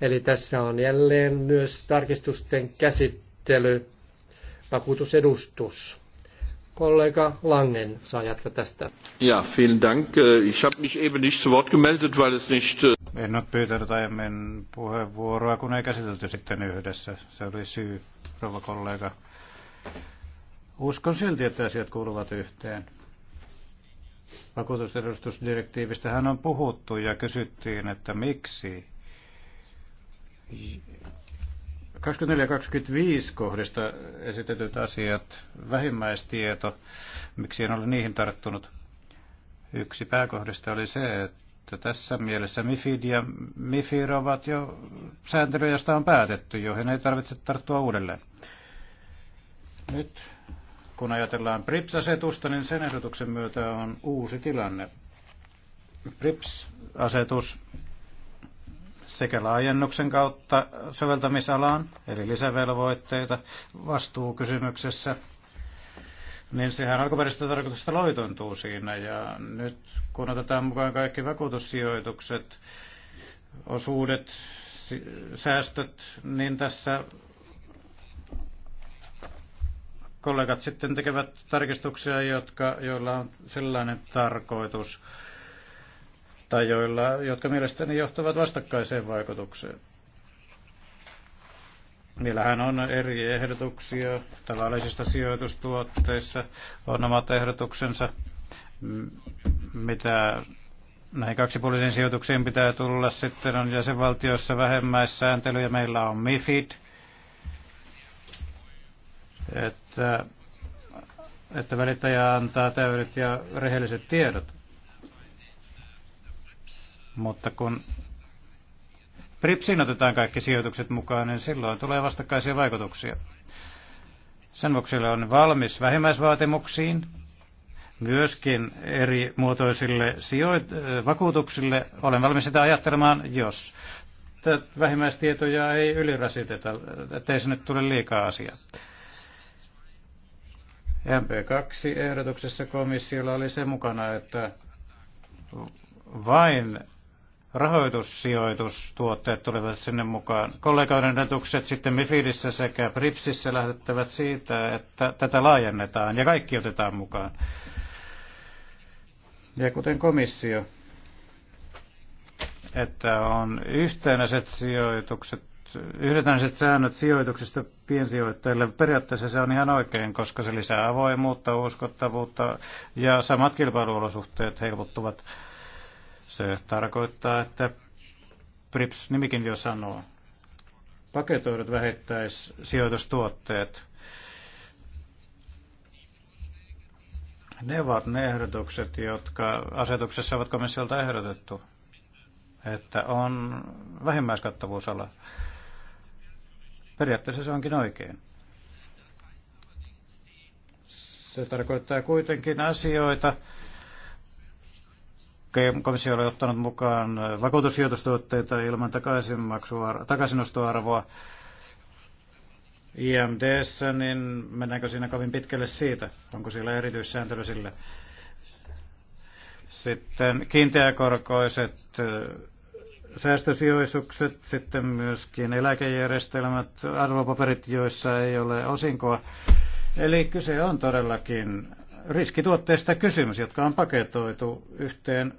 Eli tässä on jälleen myös tarkistusten käsittely vakuutusedustus. Kollega Langen saa jatkaa tästä. Ja, vielen dank. Äh, ich habe mich eben nicht zu Wort gemeldet, weil es nicht... Äh, en ole pyytänyt aiemmin puheenvuoroa, kun ei käsitelty sitten yhdessä. Se oli syy, rouva kollega. Uskon silti, että asiat kuuluvat yhteen. Vakuutusedustusdirektiivistä hän on puhuttu ja kysyttiin, että miksi 24.25 kohdista esitetyt asiat, vähimmäistieto, miksi en ole niihin tarttunut. Yksi pääkohdista oli se, että tässä mielessä MIFID ja MIFIR ovat jo sääntelyjä, josta on päätetty, joihin ei tarvitse tarttua uudelleen. Nyt kun ajatellaan PRIPS-asetusta, niin sen ehdotuksen myötä on uusi tilanne. PRIPS-asetus sekä laajennuksen kautta soveltamisalaan, eli lisävelvoitteita vastuukysymyksessä, niin sehän alkuperäisestä tarkoituksesta loitontuu siinä. Ja nyt kun otetaan mukaan kaikki vakuutussijoitukset, osuudet, säästöt, niin tässä kollegat sitten tekevät tarkistuksia, jotka, joilla on sellainen tarkoitus, tai joilla, jotka mielestäni johtavat vastakkaiseen vaikutukseen. Niillähän on eri ehdotuksia tavallisista sijoitustuotteissa, on omat ehdotuksensa, mitä näihin kaksipuolisiin sijoituksiin pitää tulla. Sitten on jäsenvaltioissa vähemmäissääntely ja meillä on MIFID, että, että välittäjä antaa täydet ja rehelliset tiedot. Mutta kun PRIPSiin otetaan kaikki sijoitukset mukaan, niin silloin tulee vastakkaisia vaikutuksia. Sen vuoksi on valmis vähimmäisvaatimuksiin, myöskin eri muotoisille sijoit- äh, vakuutuksille. Olen valmis sitä ajattelemaan, jos vähimmäistietoja ei ylirasiteta, ettei nyt tule liikaa asiaa. MP2-ehdotuksessa komissiolla oli se mukana, että vain rahoitussijoitustuotteet tulevat sinne mukaan. Kollegoiden edukset sitten Mifidissä sekä Pripsissä lähettävät siitä, että tätä laajennetaan ja kaikki otetaan mukaan. Ja kuten komissio, että on yhtenäiset sijoitukset, yhdenäiset säännöt sijoituksista piensijoittajille. Periaatteessa se on ihan oikein, koska se lisää avoimuutta, uskottavuutta ja samat kilpailuolosuhteet helpottuvat se tarkoittaa, että PRIPS-nimikin jo sanoo, paketoidut sijoitustuotteet. ne ovat ne ehdotukset, jotka asetuksessa ovat komissiolta ehdotettu, että on vähimmäiskattavuusala. Periaatteessa se onkin oikein. Se tarkoittaa kuitenkin asioita, Komissio oli ottanut mukaan vakuutussijoitustuotteita ilman takaisinostoarvoa. IMDssä, niin mennäänkö siinä kovin pitkälle siitä? Onko siellä erityissääntely sille? Sitten kiinteäkorkoiset säästösijoitukset, sitten myöskin eläkejärjestelmät, arvopaperit, joissa ei ole osinkoa. Eli kyse on todellakin riskituotteista kysymys, jotka on paketoitu yhteen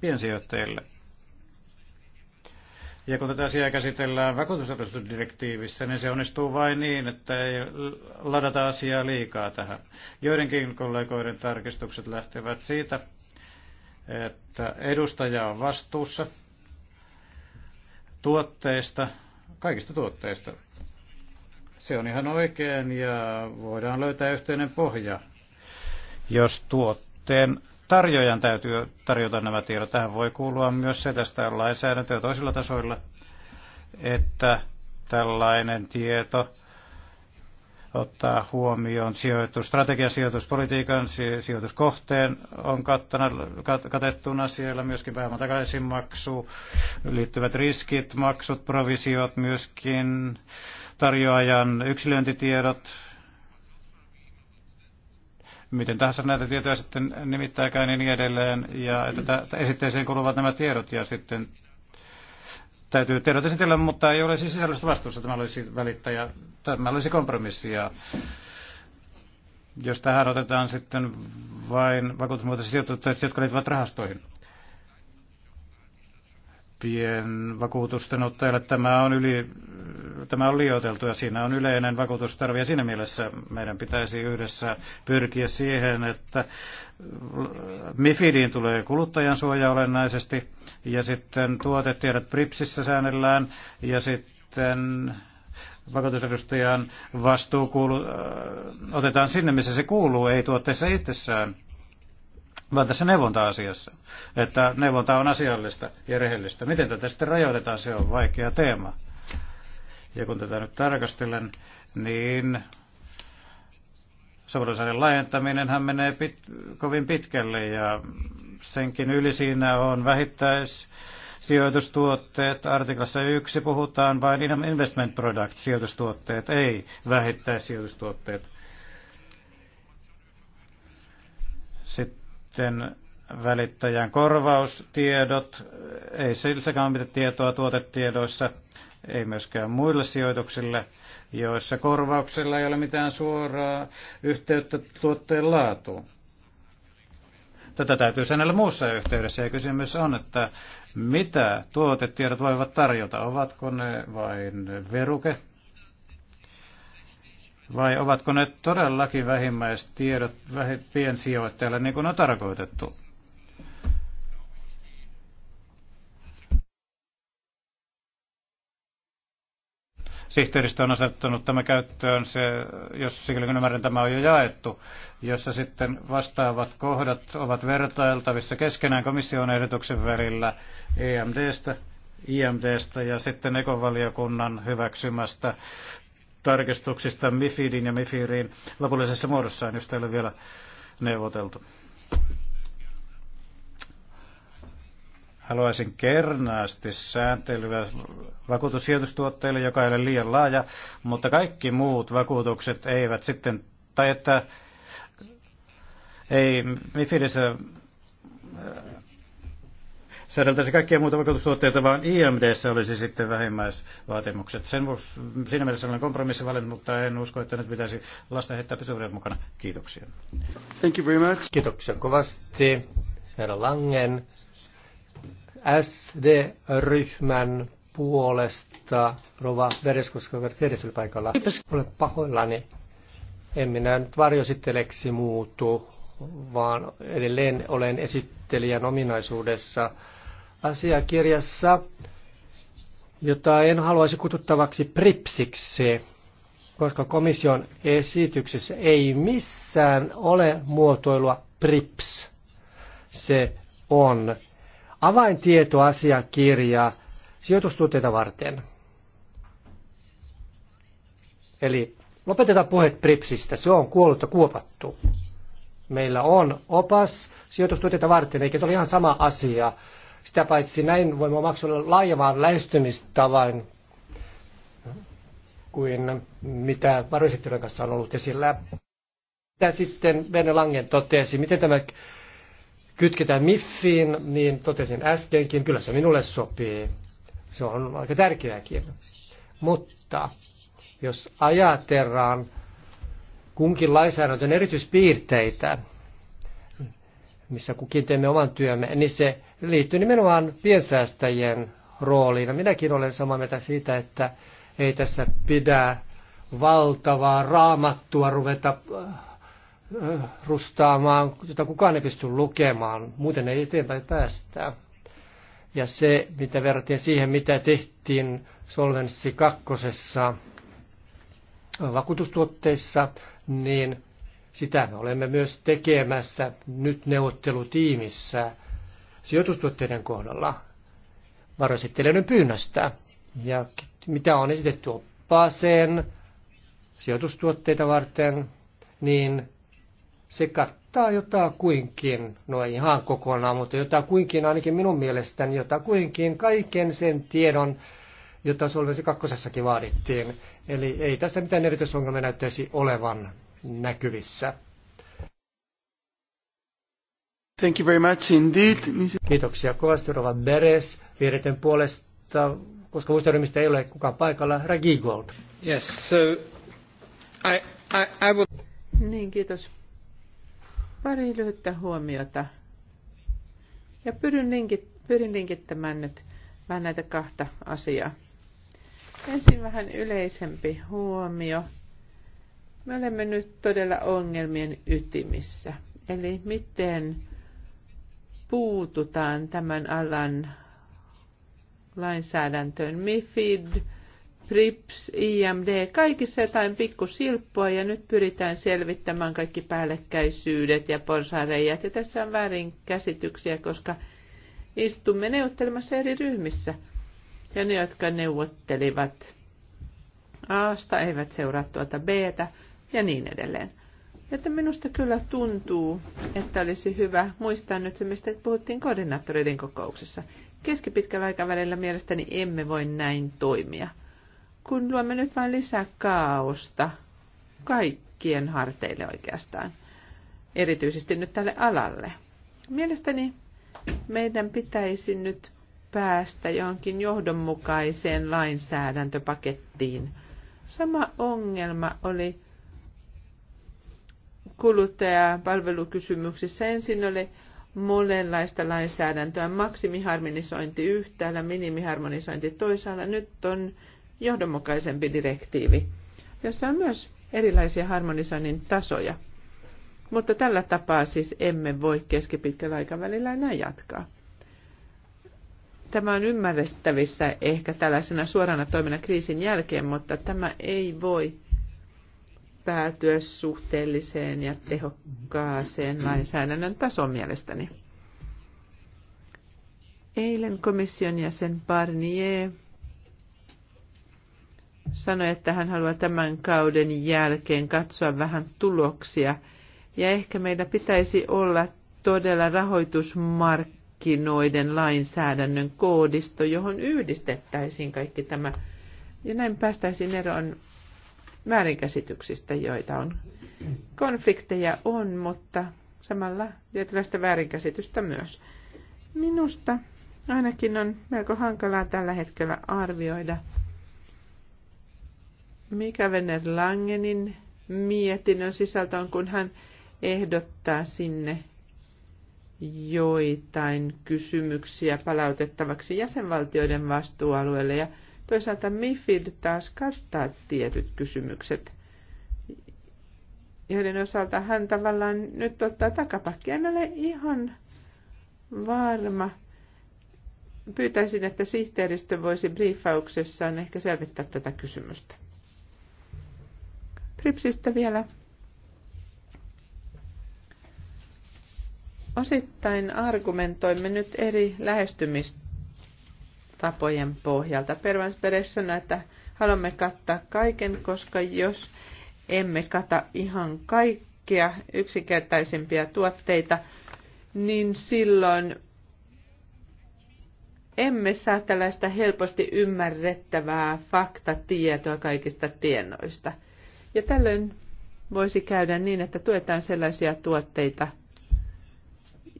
piensijoittajille. Ja kun tätä asiaa käsitellään vakuutusratkaisudirektiivissä, niin se onnistuu vain niin, että ei ladata asiaa liikaa tähän. Joidenkin kollegoiden tarkistukset lähtevät siitä, että edustaja on vastuussa tuotteista, kaikista tuotteista, se on ihan oikein ja voidaan löytää yhteinen pohja. Jos tuotteen tarjoajan täytyy tarjota nämä tiedot, tähän voi kuulua myös se tästä lainsäädäntöä toisilla tasoilla, että tällainen tieto ottaa huomioon sijoitus, strategian sijoituspolitiikan, sijoituskohteen on kattana, kat, katettuna siellä myöskin pääoman maksu, liittyvät riskit, maksut, provisiot, myöskin tarjoajan yksilöintitiedot, miten tahansa näitä tietoja sitten nimittääkään niin edelleen, ja että esitteeseen kuluvat nämä tiedot, ja sitten täytyy tiedot esitellä, mutta ei ole siis sisällöstä vastuussa, tämä olisi välittäjä, tämä olisi kompromissi, ja jos tähän otetaan sitten vain vakuutusmuotoiset sijoitukset, jotka liittyvät rahastoihin. Pien vakuutusten ottajille tämä on, yli, tämä on liioiteltu ja siinä on yleinen vakuutustarve ja siinä mielessä meidän pitäisi yhdessä pyrkiä siihen, että MIFIDiin tulee kuluttajan suoja olennaisesti ja sitten tuotetiedot PRIPSissä säännellään ja sitten vakuutusedustajan vastuu kuulu, äh, otetaan sinne, missä se kuuluu, ei tuotteessa itsessään vaan tässä neuvonta-asiassa, että neuvonta on asiallista ja rehellistä. Miten tätä sitten rajoitetaan, se on vaikea teema. Ja kun tätä nyt tarkastelen, niin sovellusalan laajentaminenhan menee pit, kovin pitkälle ja senkin yli siinä on vähittäis sijoitustuotteet. Artiklassa 1 puhutaan vain investment product sijoitustuotteet, ei vähittäis sijoitustuotteet. Sitten välittäjän korvaustiedot, ei silläkään ole mitään tietoa tuotetiedoissa, ei myöskään muille sijoituksille, joissa korvauksella ei ole mitään suoraa yhteyttä tuotteen laatuun. Tätä täytyy säännellä muussa yhteydessä ja kysymys on, että mitä tuotetiedot voivat tarjota, ovatko ne vain veruke vai ovatko ne todellakin vähimmäistiedot piensijoittajille, niin kuin on tarkoitettu? sihteeristö on asettanut tämä käyttöön, se, jos sikäli kun ymmärrän, tämä on jo jaettu, jossa sitten vastaavat kohdat ovat vertailtavissa keskenään komission ehdotuksen välillä EMDstä, IMDstä ja sitten ekovaliokunnan hyväksymästä tarkistuksista MIFIDin ja MIFIRin lopullisessa muodossaan, josta ei ole vielä neuvoteltu. Haluaisin kernaasti sääntelyä vakuutussijoitustuotteille, joka ei ole liian laaja, mutta kaikki muut vakuutukset eivät sitten, tai että ei MIFIDissä säädeltäisi kaikkia muita vakuutustuotteita, vaan IMDssä olisi sitten vähimmäisvaatimukset. Sen vuos, siinä mielessä olen kompromissi valinnut, mutta en usko, että nyt pitäisi lasta heittää pesuveden mukana. Kiitoksia. Thank you very much. Kiitoksia kovasti. Herra Langen, SD-ryhmän puolesta, Rova Vereskoska Verteres oli paikalla. Olen pahoillani. En minä nyt varjositteleksi muutu, vaan edelleen olen esittelijän ominaisuudessa asiakirjassa, jota en haluaisi kututtavaksi pripsiksi, koska komission esityksessä ei missään ole muotoilua prips. Se on avaintietoasiakirja sijoitustuotteita varten. Eli lopetetaan puhet pripsistä, se on kuollutta kuopattu. Meillä on opas sijoitustuotteita varten, eikä se ole ihan sama asia sitä paitsi näin voimme omaksua laajemman lähestymistavan kuin mitä varoisettelun kanssa on ollut esillä. Mitä sitten Vene Langen totesi, miten tämä kytketään Miffiin, niin totesin äskenkin, kyllä se minulle sopii. Se on aika tärkeäkin. Mutta jos ajatellaan kunkin lainsäädäntön erityispiirteitä, missä kukin teemme oman työmme, niin se liittyy nimenomaan piensäästäjien rooliin. Ja minäkin olen samaa mieltä siitä, että ei tässä pidä valtavaa raamattua ruveta äh, rustaamaan, jota kukaan ei pysty lukemaan, muuten ei eteenpäin päästä. Ja se, mitä verrattiin siihen, mitä tehtiin Solvenssi kakkosessa vakuutustuotteissa, niin sitä me olemme myös tekemässä nyt neuvottelutiimissä sijoitustuotteiden kohdalla varoesittelijöiden pyynnöstä. Ja mitä on esitetty oppaaseen sijoitustuotteita varten, niin se kattaa kuinkin, no ei ihan kokonaan, mutta jotain kuinkin ainakin minun mielestäni, jotain kuinkin kaiken sen tiedon, jota Solvesi kakkosessakin vaadittiin. Eli ei tässä mitään erityisongelmia näyttäisi olevan näkyvissä. Thank you very much indeed. Kiitoksia kovasti Rova Beres vihreiden puolesta, koska muista ryhmistä ei ole kukaan paikalla. Gold. Yes, so I, I, I would... Niin, kiitos. Pari lyhyttä huomiota. Ja pyrin, linkit, pyrin linkittämään nyt vähän näitä kahta asiaa. Ensin vähän yleisempi huomio me olemme nyt todella ongelmien ytimissä. Eli miten puututaan tämän alan lainsäädäntöön. MIFID, PRIPS, IMD, kaikissa jotain pikkusilppua ja nyt pyritään selvittämään kaikki päällekkäisyydet ja porsareijat. Ja tässä on väärin käsityksiä, koska istumme neuvottelemassa eri ryhmissä. Ja ne, jotka neuvottelivat Aasta, eivät seuraa tuota Btä, ja niin edelleen. että minusta kyllä tuntuu, että olisi hyvä muistaa nyt se, mistä puhuttiin koordinaattoreiden kokouksessa. Keskipitkällä aikavälillä mielestäni emme voi näin toimia, kun luomme nyt vain lisää kaaosta kaikkien harteille oikeastaan, erityisesti nyt tälle alalle. Mielestäni meidän pitäisi nyt päästä johonkin johdonmukaiseen lainsäädäntöpakettiin. Sama ongelma oli kuluttajapalvelukysymyksissä ensin oli monenlaista lainsäädäntöä, maksimiharmonisointi yhtäällä, minimiharmonisointi toisaalla. Nyt on johdonmukaisempi direktiivi, jossa on myös erilaisia harmonisoinnin tasoja. Mutta tällä tapaa siis emme voi keskipitkällä aikavälillä enää jatkaa. Tämä on ymmärrettävissä ehkä tällaisena suorana toimena kriisin jälkeen, mutta tämä ei voi päätyä suhteelliseen ja tehokkaaseen lainsäädännön tason mielestäni. Eilen komission jäsen Barnier sanoi, että hän haluaa tämän kauden jälkeen katsoa vähän tuloksia. Ja ehkä meillä pitäisi olla todella rahoitusmarkkinoiden lainsäädännön koodisto, johon yhdistettäisiin kaikki tämä. Ja näin päästäisiin eroon väärinkäsityksistä, joita on. Konflikteja on, mutta samalla tietynlaista väärinkäsitystä myös. Minusta ainakin on melko hankalaa tällä hetkellä arvioida, mikä Venner Langenin mietinnön sisältö on, kun hän ehdottaa sinne joitain kysymyksiä palautettavaksi jäsenvaltioiden vastuualueelle ja Toisaalta MIFID taas kattaa tietyt kysymykset, joiden osalta hän tavallaan nyt ottaa takapakkia. En ole ihan varma. Pyytäisin, että sihteeristö voisi briefauksessaan ehkä selvittää tätä kysymystä. Pripsistä vielä. Osittain argumentoimme nyt eri lähestymistä tapojen pohjalta. Pervansperes sanoi, että haluamme kattaa kaiken, koska jos emme kata ihan kaikkia yksinkertaisimpia tuotteita, niin silloin emme saa tällaista helposti ymmärrettävää faktatietoa kaikista tiennoista. Ja tällöin voisi käydä niin, että tuetaan sellaisia tuotteita,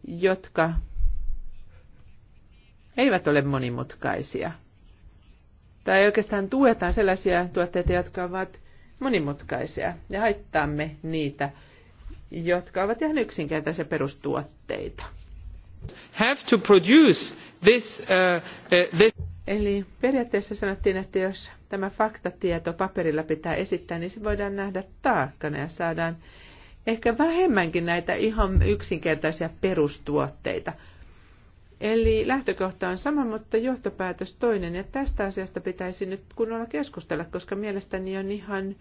jotka eivät ole monimutkaisia. Tai oikeastaan tuetaan sellaisia tuotteita, jotka ovat monimutkaisia ja haittaamme niitä, jotka ovat ihan yksinkertaisia perustuotteita. Have to produce this, uh, uh, this. Eli periaatteessa sanottiin, että jos tämä faktatieto paperilla pitää esittää, niin se voidaan nähdä taakkana ja saadaan ehkä vähemmänkin näitä ihan yksinkertaisia perustuotteita – Eli lähtökohta on sama, mutta johtopäätös toinen. Ja tästä asiasta pitäisi nyt kunnolla keskustella, koska mielestäni on ihan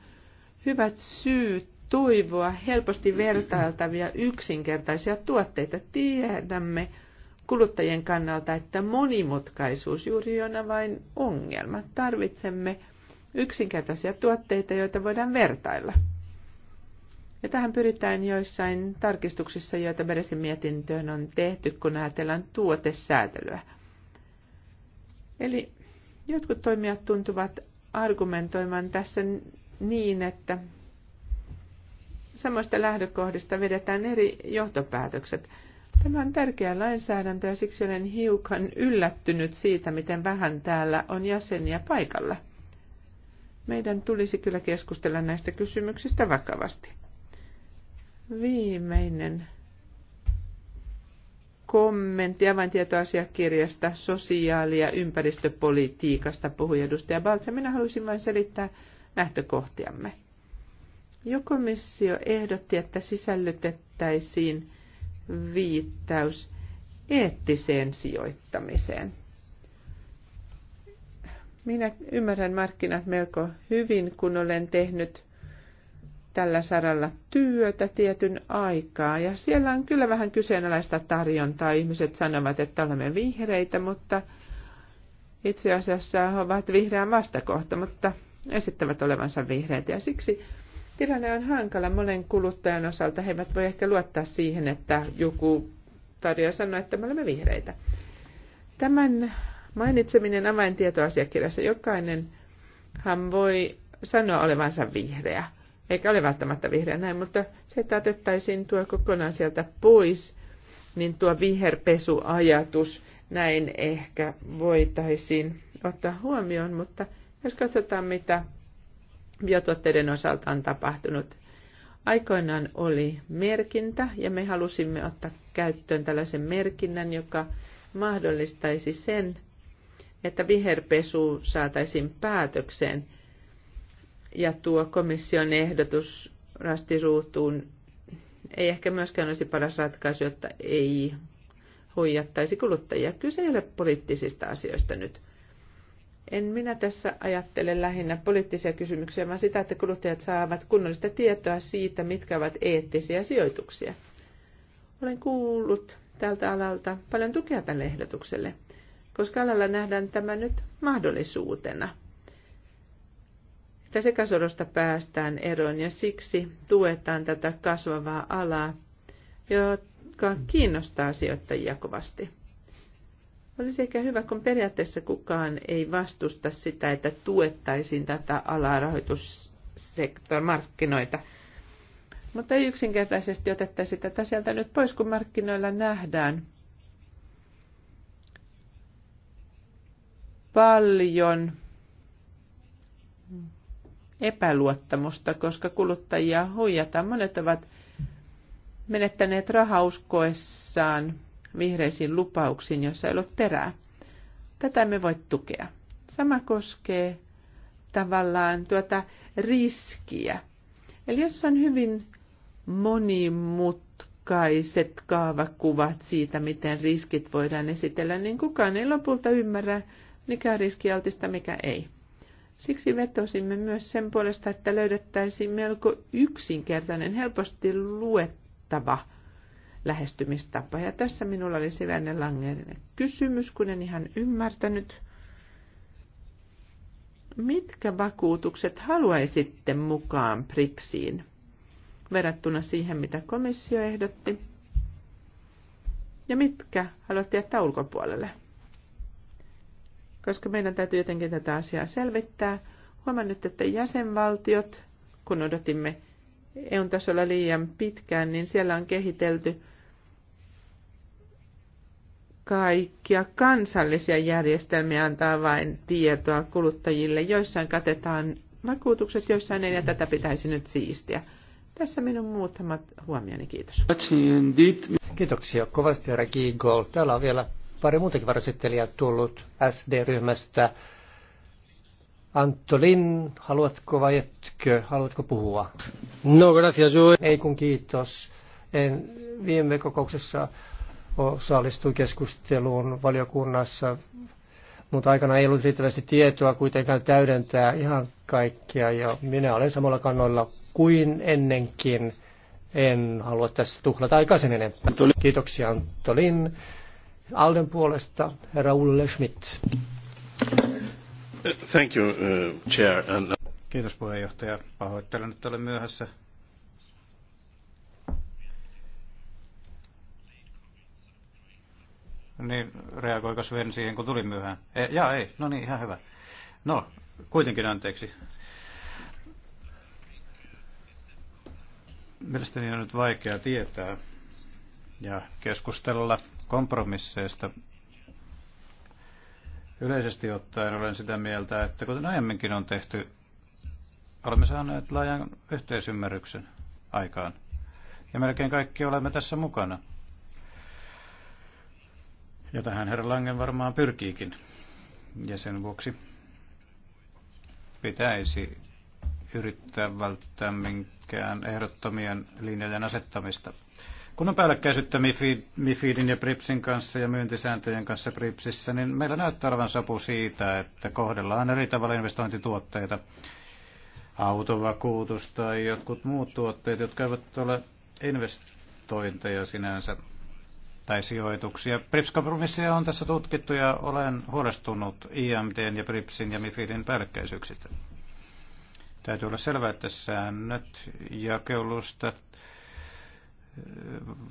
hyvät syyt toivoa helposti vertailtavia yksinkertaisia tuotteita. Tiedämme kuluttajien kannalta, että monimutkaisuus juuri on vain ongelma. Tarvitsemme yksinkertaisia tuotteita, joita voidaan vertailla. Ja tähän pyritään joissain tarkistuksissa, joita Beresin mietintöön on tehty, kun ajatellaan tuotesäätelyä. Eli jotkut toimijat tuntuvat argumentoimaan tässä niin, että samoista lähdökohdista vedetään eri johtopäätökset. Tämä on tärkeä lainsäädäntö ja siksi olen hiukan yllättynyt siitä, miten vähän täällä on jäseniä paikalla. Meidän tulisi kyllä keskustella näistä kysymyksistä vakavasti viimeinen kommentti avaintietoasiakirjasta sosiaali- ja ympäristöpolitiikasta puhui edustaja Baltsa. Minä haluaisin vain selittää lähtökohtiamme. Jokomissio ehdotti, että sisällytettäisiin viittaus eettiseen sijoittamiseen. Minä ymmärrän markkinat melko hyvin, kun olen tehnyt tällä saralla työtä tietyn aikaa. Ja siellä on kyllä vähän kyseenalaista tarjontaa. Ihmiset sanovat, että olemme vihreitä, mutta itse asiassa ovat vihreä vastakohta, mutta esittävät olevansa vihreitä. Ja siksi tilanne on hankala monen kuluttajan osalta. He eivät voi ehkä luottaa siihen, että joku tarjoaa sanoa, että me olemme vihreitä. Tämän mainitseminen avaintietoasiakirjassa jokainen hän voi sanoa olevansa vihreä eikä ole välttämättä vihreä näin, mutta se, että otettaisiin tuo kokonaan sieltä pois, niin tuo viherpesuajatus näin ehkä voitaisiin ottaa huomioon, mutta jos katsotaan, mitä biotuotteiden osalta on tapahtunut, aikoinaan oli merkintä ja me halusimme ottaa käyttöön tällaisen merkinnän, joka mahdollistaisi sen, että viherpesu saataisiin päätökseen – ja tuo komission ehdotus rastisuutuun ei ehkä myöskään olisi paras ratkaisu, että ei huijattaisi kuluttajia. Kyse ei ole poliittisista asioista nyt. En minä tässä ajattele lähinnä poliittisia kysymyksiä, vaan sitä, että kuluttajat saavat kunnollista tietoa siitä, mitkä ovat eettisiä sijoituksia. Olen kuullut tältä alalta paljon tukea tälle ehdotukselle, koska alalla nähdään tämä nyt mahdollisuutena – että sekasorosta päästään eroon ja siksi tuetaan tätä kasvavaa alaa, joka kiinnostaa sijoittajia kovasti. Olisi ehkä hyvä, kun periaatteessa kukaan ei vastusta sitä, että tuettaisiin tätä alaa rahoitussektorin markkinoita. Mutta ei yksinkertaisesti otettaisi tätä sieltä nyt pois, kun markkinoilla nähdään paljon epäluottamusta, koska kuluttajia huijataan. Monet ovat menettäneet rahauskoessaan vihreisiin lupauksiin, joissa ei ole terää. Tätä me voi tukea. Sama koskee tavallaan tuota riskiä. Eli jos on hyvin monimutkaiset kaavakuvat siitä, miten riskit voidaan esitellä, niin kukaan ei lopulta ymmärrä, mikä on riskialtista, mikä ei. Siksi vetosimme myös sen puolesta, että löydettäisiin melko yksinkertainen, helposti luettava lähestymistapa. Ja tässä minulla oli Siväinen Langerinen kysymys, kun en ihan ymmärtänyt. Mitkä vakuutukset haluaisitte mukaan PRIPSiin verrattuna siihen, mitä komissio ehdotti? Ja mitkä haluatte jättää ulkopuolelle? koska meidän täytyy jotenkin tätä asiaa selvittää. Huomaan nyt, että jäsenvaltiot, kun odotimme EUn tasolla liian pitkään, niin siellä on kehitelty kaikkia kansallisia järjestelmiä antaa vain tietoa kuluttajille. Joissain katetaan vakuutukset, joissain ei, ja tätä pitäisi nyt siistiä. Tässä minun muutamat huomioni, kiitos. Kiitoksia kovasti, herra Kiigol. Täällä on vielä pari muutakin varoittelijaa tullut SD-ryhmästä. Antolin, haluatko vai etkö? Haluatko puhua? No, gracias. Yo... Ei kun kiitos. En viime kokouksessa osallistui keskusteluun valiokunnassa, mutta aikana ei ollut riittävästi tietoa kuitenkaan täydentää ihan kaikkea. Ja minä olen samalla kannoilla kuin ennenkin. En halua tässä tuhlata aikaisen enempää. Kiitoksia Antolin. Alden puolesta herra Ulle Schmidt. Thank you, uh, chair. And... Uh, Kiitos puheenjohtaja. Pahoittelen, että olen myöhässä. Niin, reagoiko Sven siihen, kun tuli myöhään? E, jaa, ei. No niin, ihan hyvä. No, kuitenkin anteeksi. Mielestäni on nyt vaikea tietää ja keskustella kompromisseista. Yleisesti ottaen olen sitä mieltä, että kuten aiemminkin on tehty, olemme saaneet laajan yhteisymmärryksen aikaan. Ja melkein kaikki olemme tässä mukana. Ja tähän herra Langen varmaan pyrkiikin. Ja sen vuoksi pitäisi yrittää välttää minkään ehdottomien linjojen asettamista. Kun on päällekkäisyyttä MIFID, MIFIDin ja PRIPSin kanssa ja myyntisääntöjen kanssa PRIPSissä, niin meillä näyttää olevan sapu siitä, että kohdellaan eri tavalla investointituotteita, autovakuutus tai jotkut muut tuotteet, jotka eivät ole investointeja sinänsä tai sijoituksia. PRIPS-kompromisseja on tässä tutkittu ja olen huolestunut IMDn ja PRIPSin ja MIFIDin päällekkäisyyksistä. Täytyy olla selvää, että säännöt jakelusta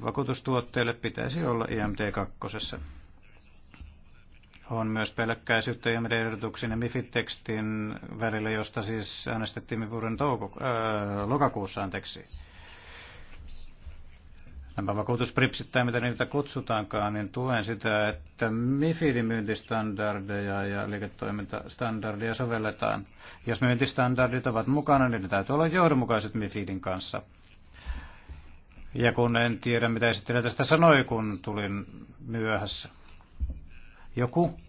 vakuutustuotteille pitäisi olla IMT2. On myös pelkkäisyyttä IMD-ehdotuksen ja MIFID-tekstin välillä, josta siis äänestettiin vuoden touko, ää, äh, lokakuussa. Anteeksi. Nämä vakuutuspripsit tai mitä niitä kutsutaankaan, niin tuen sitä, että MIFIDin myyntistandardeja ja liiketoimintastandardeja sovelletaan. Jos myyntistandardit ovat mukana, niin ne täytyy olla johdonmukaiset MIFIDin kanssa – ja kun en tiedä, mitä esittelijä tästä sanoi, kun tulin myöhässä. Joku,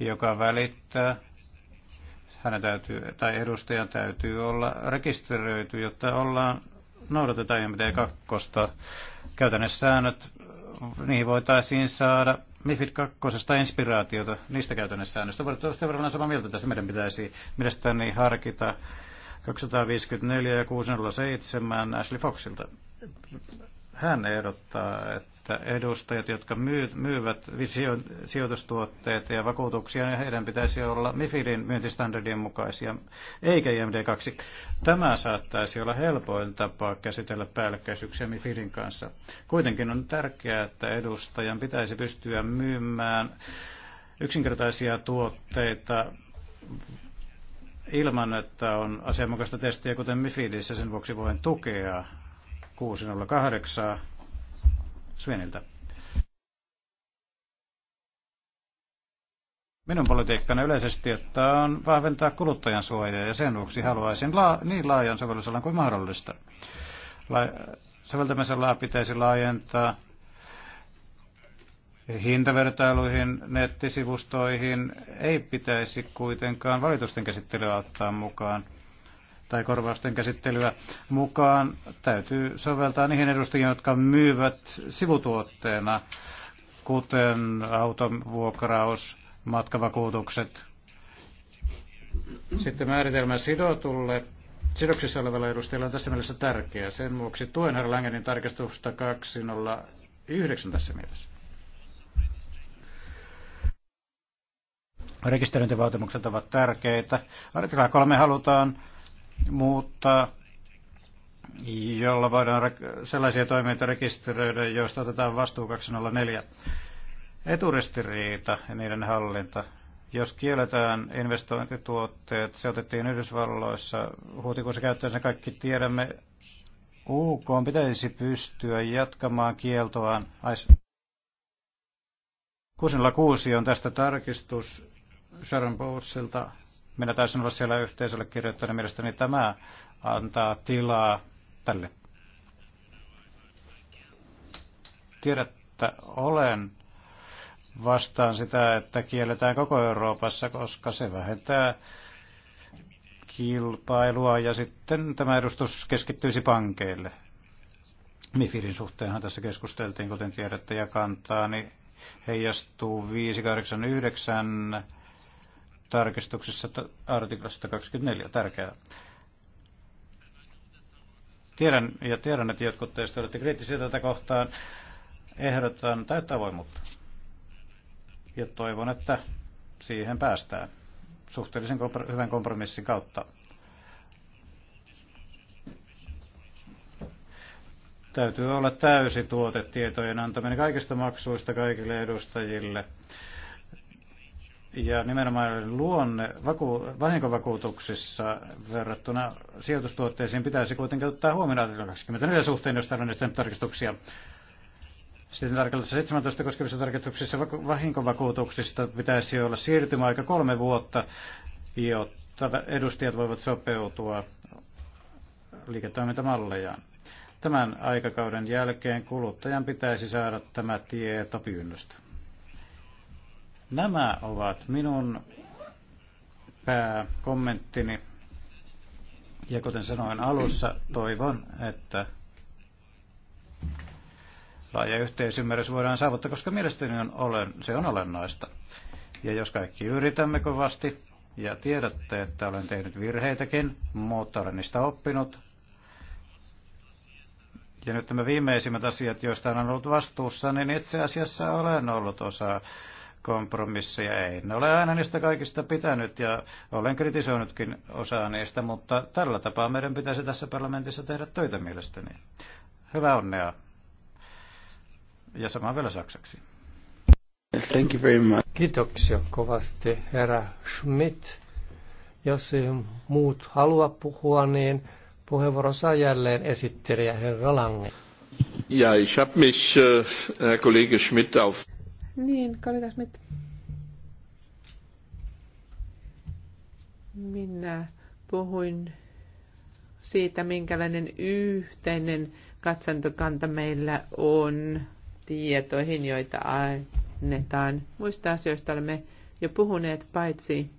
joka välittää, hänen täytyy, tai edustajan täytyy olla rekisteröity, jotta ollaan noudatetaan IMD kakkosta. Käytännössä säännöt, niihin voitaisiin saada MIFID 2. inspiraatiota niistä käytännössä säännöistä. Valitettavasti ollaan samaa mieltä tässä. Meidän pitäisi mielestäni harkita 254 ja 607 Ashley Foxilta. Hän ehdottaa, että edustajat, jotka myy, myyvät sijoitustuotteita ja vakuutuksia, niin heidän pitäisi olla MIFIDin myyntistandardien mukaisia, eikä IMD2. Tämä saattaisi olla helpoin tapa käsitellä päällekkäisyyksiä MIFIDin kanssa. Kuitenkin on tärkeää, että edustajan pitäisi pystyä myymään yksinkertaisia tuotteita ilman, että on asianmukaista testiä, kuten Mifidissä. Sen vuoksi voin tukea 608 Sveniltä. Minun politiikkani yleisesti, että on vahventaa kuluttajan suojaa ja sen vuoksi haluaisin laa, niin laajan sovellusalan kuin mahdollista. La, laa pitäisi laajentaa hintavertailuihin, nettisivustoihin ei pitäisi kuitenkaan valitusten käsittelyä ottaa mukaan tai korvausten käsittelyä mukaan. Täytyy soveltaa niihin edustajiin, jotka myyvät sivutuotteena, kuten autovuokraus, matkavakuutukset. Sitten määritelmä sidotulle sidoksissa olevalla edustajalla on tässä mielessä tärkeä. Sen vuoksi tuen herra Langenin tarkistusta 209 tässä mielessä. rekisteröintivaatimukset ovat tärkeitä. Artikla 3 halutaan muuttaa, jolla voidaan sellaisia toimijoita rekisteröidä, joista otetaan vastuu 204. Eturistiriita ja niiden hallinta. Jos kielletään investointituotteet, se otettiin Yhdysvalloissa huhtikuussa käyttöön, sen kaikki tiedämme. UK pitäisi pystyä jatkamaan kieltoaan. Kuusilla kuusi on tästä tarkistus, Sharon Bowlesilta. Minä taisin olla siellä yhteisölle kirjoittanut. Mielestäni tämä antaa tilaa tälle. että olen vastaan sitä, että kielletään koko Euroopassa, koska se vähentää kilpailua ja sitten tämä edustus keskittyisi pankeille. Mifidin suhteenhan tässä keskusteltiin, kuten tiedätte, ja kantaa, niin heijastuu 589 tarkistuksessa artiklasta 24. Tärkeää. Tiedän ja tiedän, että jotkut teistä olette kriittisiä tätä kohtaan. Ehdotan täyttä avoimuutta. Ja toivon, että siihen päästään suhteellisen kompro- hyvän kompromissin kautta. Täytyy olla täysi tuotetietojen antaminen kaikista maksuista kaikille edustajille. Ja nimenomaan luonne vaku, vahinkovakuutuksissa verrattuna sijoitustuotteisiin pitäisi kuitenkin ottaa huomioon artikla 24 suhteen, jos täällä on tarkistuksia. Sitten tarkoitus 17 koskevissa tarkistuksissa vahinkovakuutuksista pitäisi olla siirtymäaika kolme vuotta, jotta edustajat voivat sopeutua liiketoimintamallejaan. Tämän aikakauden jälkeen kuluttajan pitäisi saada tämä tieto pyynnöstä. Nämä ovat minun pääkommenttini. Ja kuten sanoin alussa, toivon, että laaja yhteisymmärrys voidaan saavuttaa, koska mielestäni on olen, se on olennaista. Ja jos kaikki yritämme kovasti, ja tiedätte, että olen tehnyt virheitäkin, mutta olen niistä oppinut. Ja nyt nämä viimeisimmät asiat, joista olen ollut vastuussa, niin itse asiassa olen ollut osa kompromisseja. Ei ne ole aina niistä kaikista pitänyt ja olen kritisoinutkin osaa niistä, mutta tällä tapaa meidän pitäisi tässä parlamentissa tehdä töitä mielestäni. Hyvää onnea. Ja sama vielä saksaksi. Thank you very much. Kiitoksia kovasti, herra Schmidt. Jos ei muut halua puhua, niin puheenvuoro saa jälleen esittelijä herra Lange. Ja, ich habe mich, äh, Herr Kollege Schmidt, auf niin, katsotaan Smith. Minä puhuin siitä, minkälainen yhteinen katsantokanta meillä on tietoihin, joita annetaan. Muista asioista olemme jo puhuneet, paitsi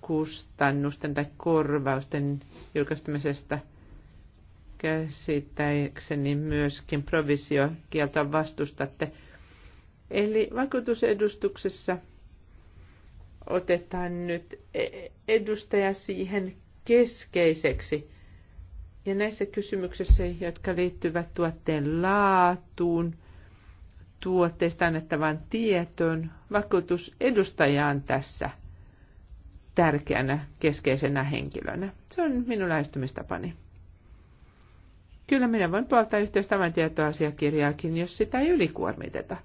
kustannusten tai korvausten julkaistamisesta käsittääkseni myöskin provisiokieltoa vastustatte. Eli vakuutusedustuksessa otetaan nyt e- edustaja siihen keskeiseksi. Ja näissä kysymyksissä, jotka liittyvät tuotteen laatuun, tuotteesta annettavan tietoon, vakuutusedustaja on tässä tärkeänä keskeisenä henkilönä. Se on minun lähestymistapani. Kyllä minä voin puoltaa yhteistä tietoasiakirjaakin, jos sitä ei ylikuormiteta –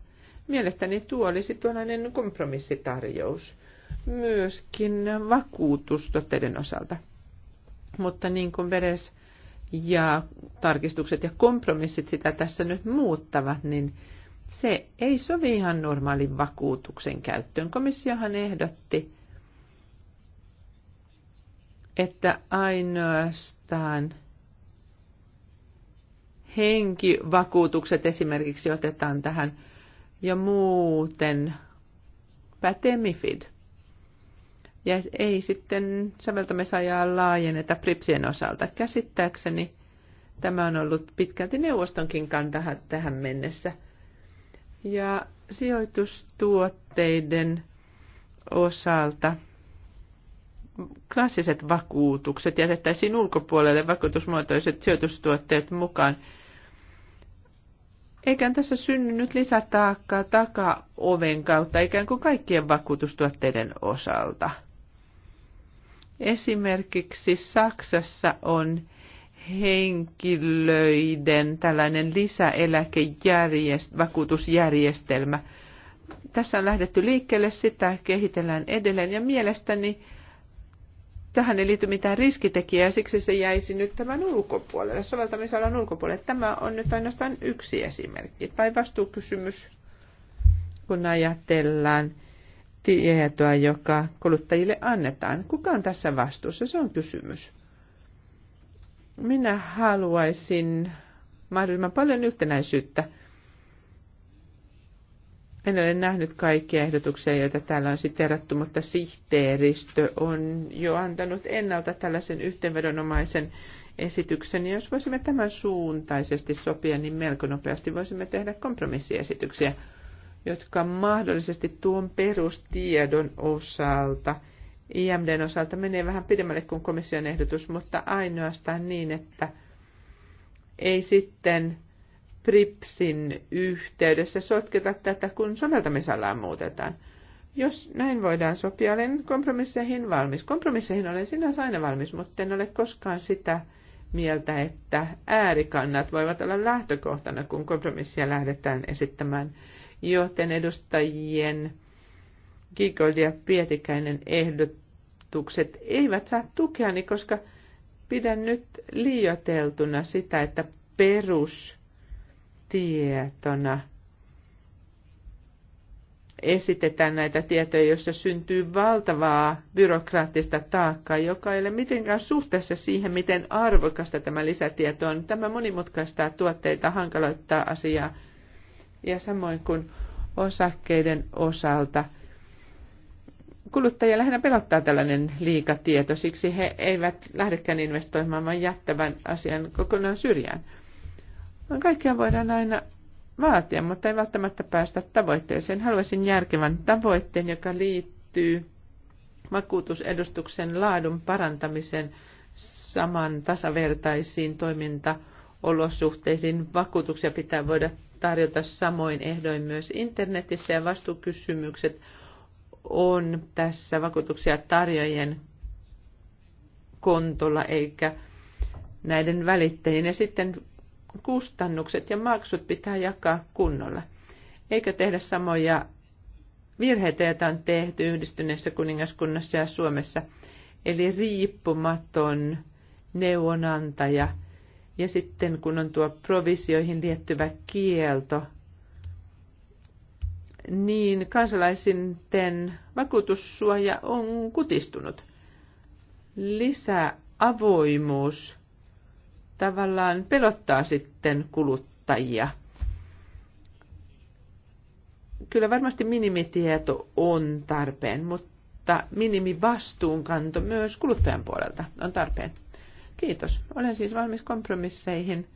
Mielestäni tuo olisi tuollainen kompromissitarjous myöskin vakuutustuotteiden osalta. Mutta niin kuin veres ja tarkistukset ja kompromissit sitä tässä nyt muuttavat, niin se ei sovi ihan normaalin vakuutuksen käyttöön. Komissiohan ehdotti, että ainoastaan henkivakuutukset esimerkiksi otetaan tähän ja muuten pätee MIFID. Ja ei sitten säveltämisajaa laajenneta PRIPSien osalta. Käsittääkseni tämä on ollut pitkälti neuvostonkin kanta tähän mennessä. Ja sijoitustuotteiden osalta klassiset vakuutukset jätettäisiin ulkopuolelle vakuutusmuotoiset sijoitustuotteet mukaan – eikä tässä synny nyt lisätaakkaa takaoven kautta, ikään kuin kaikkien vakuutustuotteiden osalta. Esimerkiksi Saksassa on henkilöiden tällainen lisäeläkevakuutusjärjestelmä. Tässä on lähdetty liikkeelle, sitä kehitellään edelleen ja mielestäni tähän ei liity mitään riskitekijää, siksi se jäisi nyt tämän ulkopuolelle, soveltamisalan ulkopuolelle. Tämä on nyt ainoastaan yksi esimerkki. Tai vastuukysymys, kun ajatellaan tietoa, joka kuluttajille annetaan. Kuka on tässä vastuussa? Se on kysymys. Minä haluaisin mahdollisimman paljon yhtenäisyyttä en ole nähnyt kaikkia ehdotuksia, joita täällä on siteerattu, mutta sihteeristö on jo antanut ennalta tällaisen yhteenvedonomaisen esityksen. Jos voisimme tämän suuntaisesti sopia, niin melko nopeasti voisimme tehdä kompromissiesityksiä, jotka mahdollisesti tuon perustiedon osalta, IMDn osalta menee vähän pidemmälle kuin komission ehdotus, mutta ainoastaan niin, että ei sitten PRIPSin yhteydessä sotketa tätä, kun soveltamisalaa muutetaan. Jos näin voidaan sopia, olen kompromisseihin valmis. Kompromisseihin olen sinänsä aina valmis, mutta en ole koskaan sitä mieltä, että äärikannat voivat olla lähtökohtana, kun kompromissia lähdetään esittämään. Joten edustajien Gigold ja Pietikäinen ehdotukset eivät saa tukeani, koska pidän nyt liioteltuna sitä, että perus tietona esitetään näitä tietoja, joissa syntyy valtavaa byrokraattista taakkaa, joka ei ole mitenkään suhteessa siihen, miten arvokasta tämä lisätieto on. Tämä monimutkaistaa tuotteita, hankaloittaa asiaa. Ja samoin kuin osakkeiden osalta kuluttajia lähinnä pelottaa tällainen liikatieto, siksi he eivät lähdekään investoimaan, vaan jättävän asian kokonaan syrjään. No, kaikkea voidaan aina vaatia, mutta ei välttämättä päästä tavoitteeseen. Haluaisin järkevän tavoitteen, joka liittyy vakuutusedustuksen laadun parantamisen saman tasavertaisiin toimintaolosuhteisiin. Vakuutuksia pitää voida tarjota samoin ehdoin myös internetissä ja vastuukysymykset on tässä vakuutuksia tarjoajien kontolla eikä näiden välittäjien. Ja sitten kustannukset ja maksut pitää jakaa kunnolla, eikä tehdä samoja virheitä, joita on tehty yhdistyneessä kuningaskunnassa ja Suomessa. Eli riippumaton neuvonantaja ja sitten kun on tuo provisioihin liittyvä kielto, niin kansalaisinten vakuutussuoja on kutistunut. Lisää avoimuus tavallaan pelottaa sitten kuluttajia. Kyllä varmasti minimitieto on tarpeen, mutta minimivastuunkanto myös kuluttajan puolelta on tarpeen. Kiitos. Olen siis valmis kompromisseihin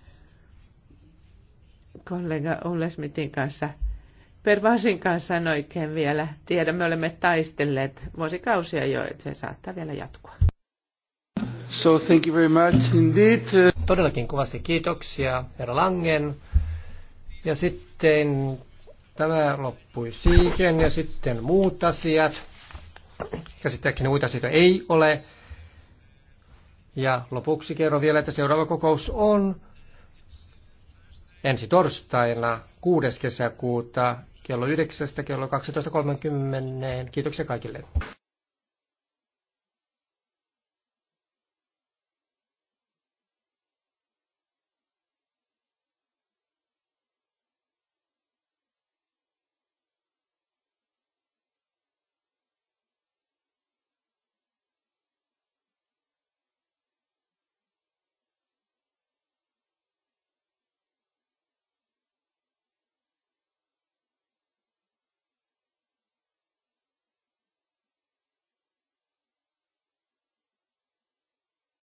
kollega Ulle Smithin kanssa. Pervasin kanssa en oikein vielä tiedä. Me olemme taistelleet vuosikausia jo, että se saattaa vielä jatkua. So thank you very much indeed. Todellakin kovasti kiitoksia, herra Langen. Ja sitten tämä loppui siihen ja sitten muut asiat. Käsittääkseni muita asioita ei ole. Ja lopuksi kerron vielä, että seuraava kokous on ensi torstaina 6. kesäkuuta kello 9 kello 12.30. Kiitoksia kaikille.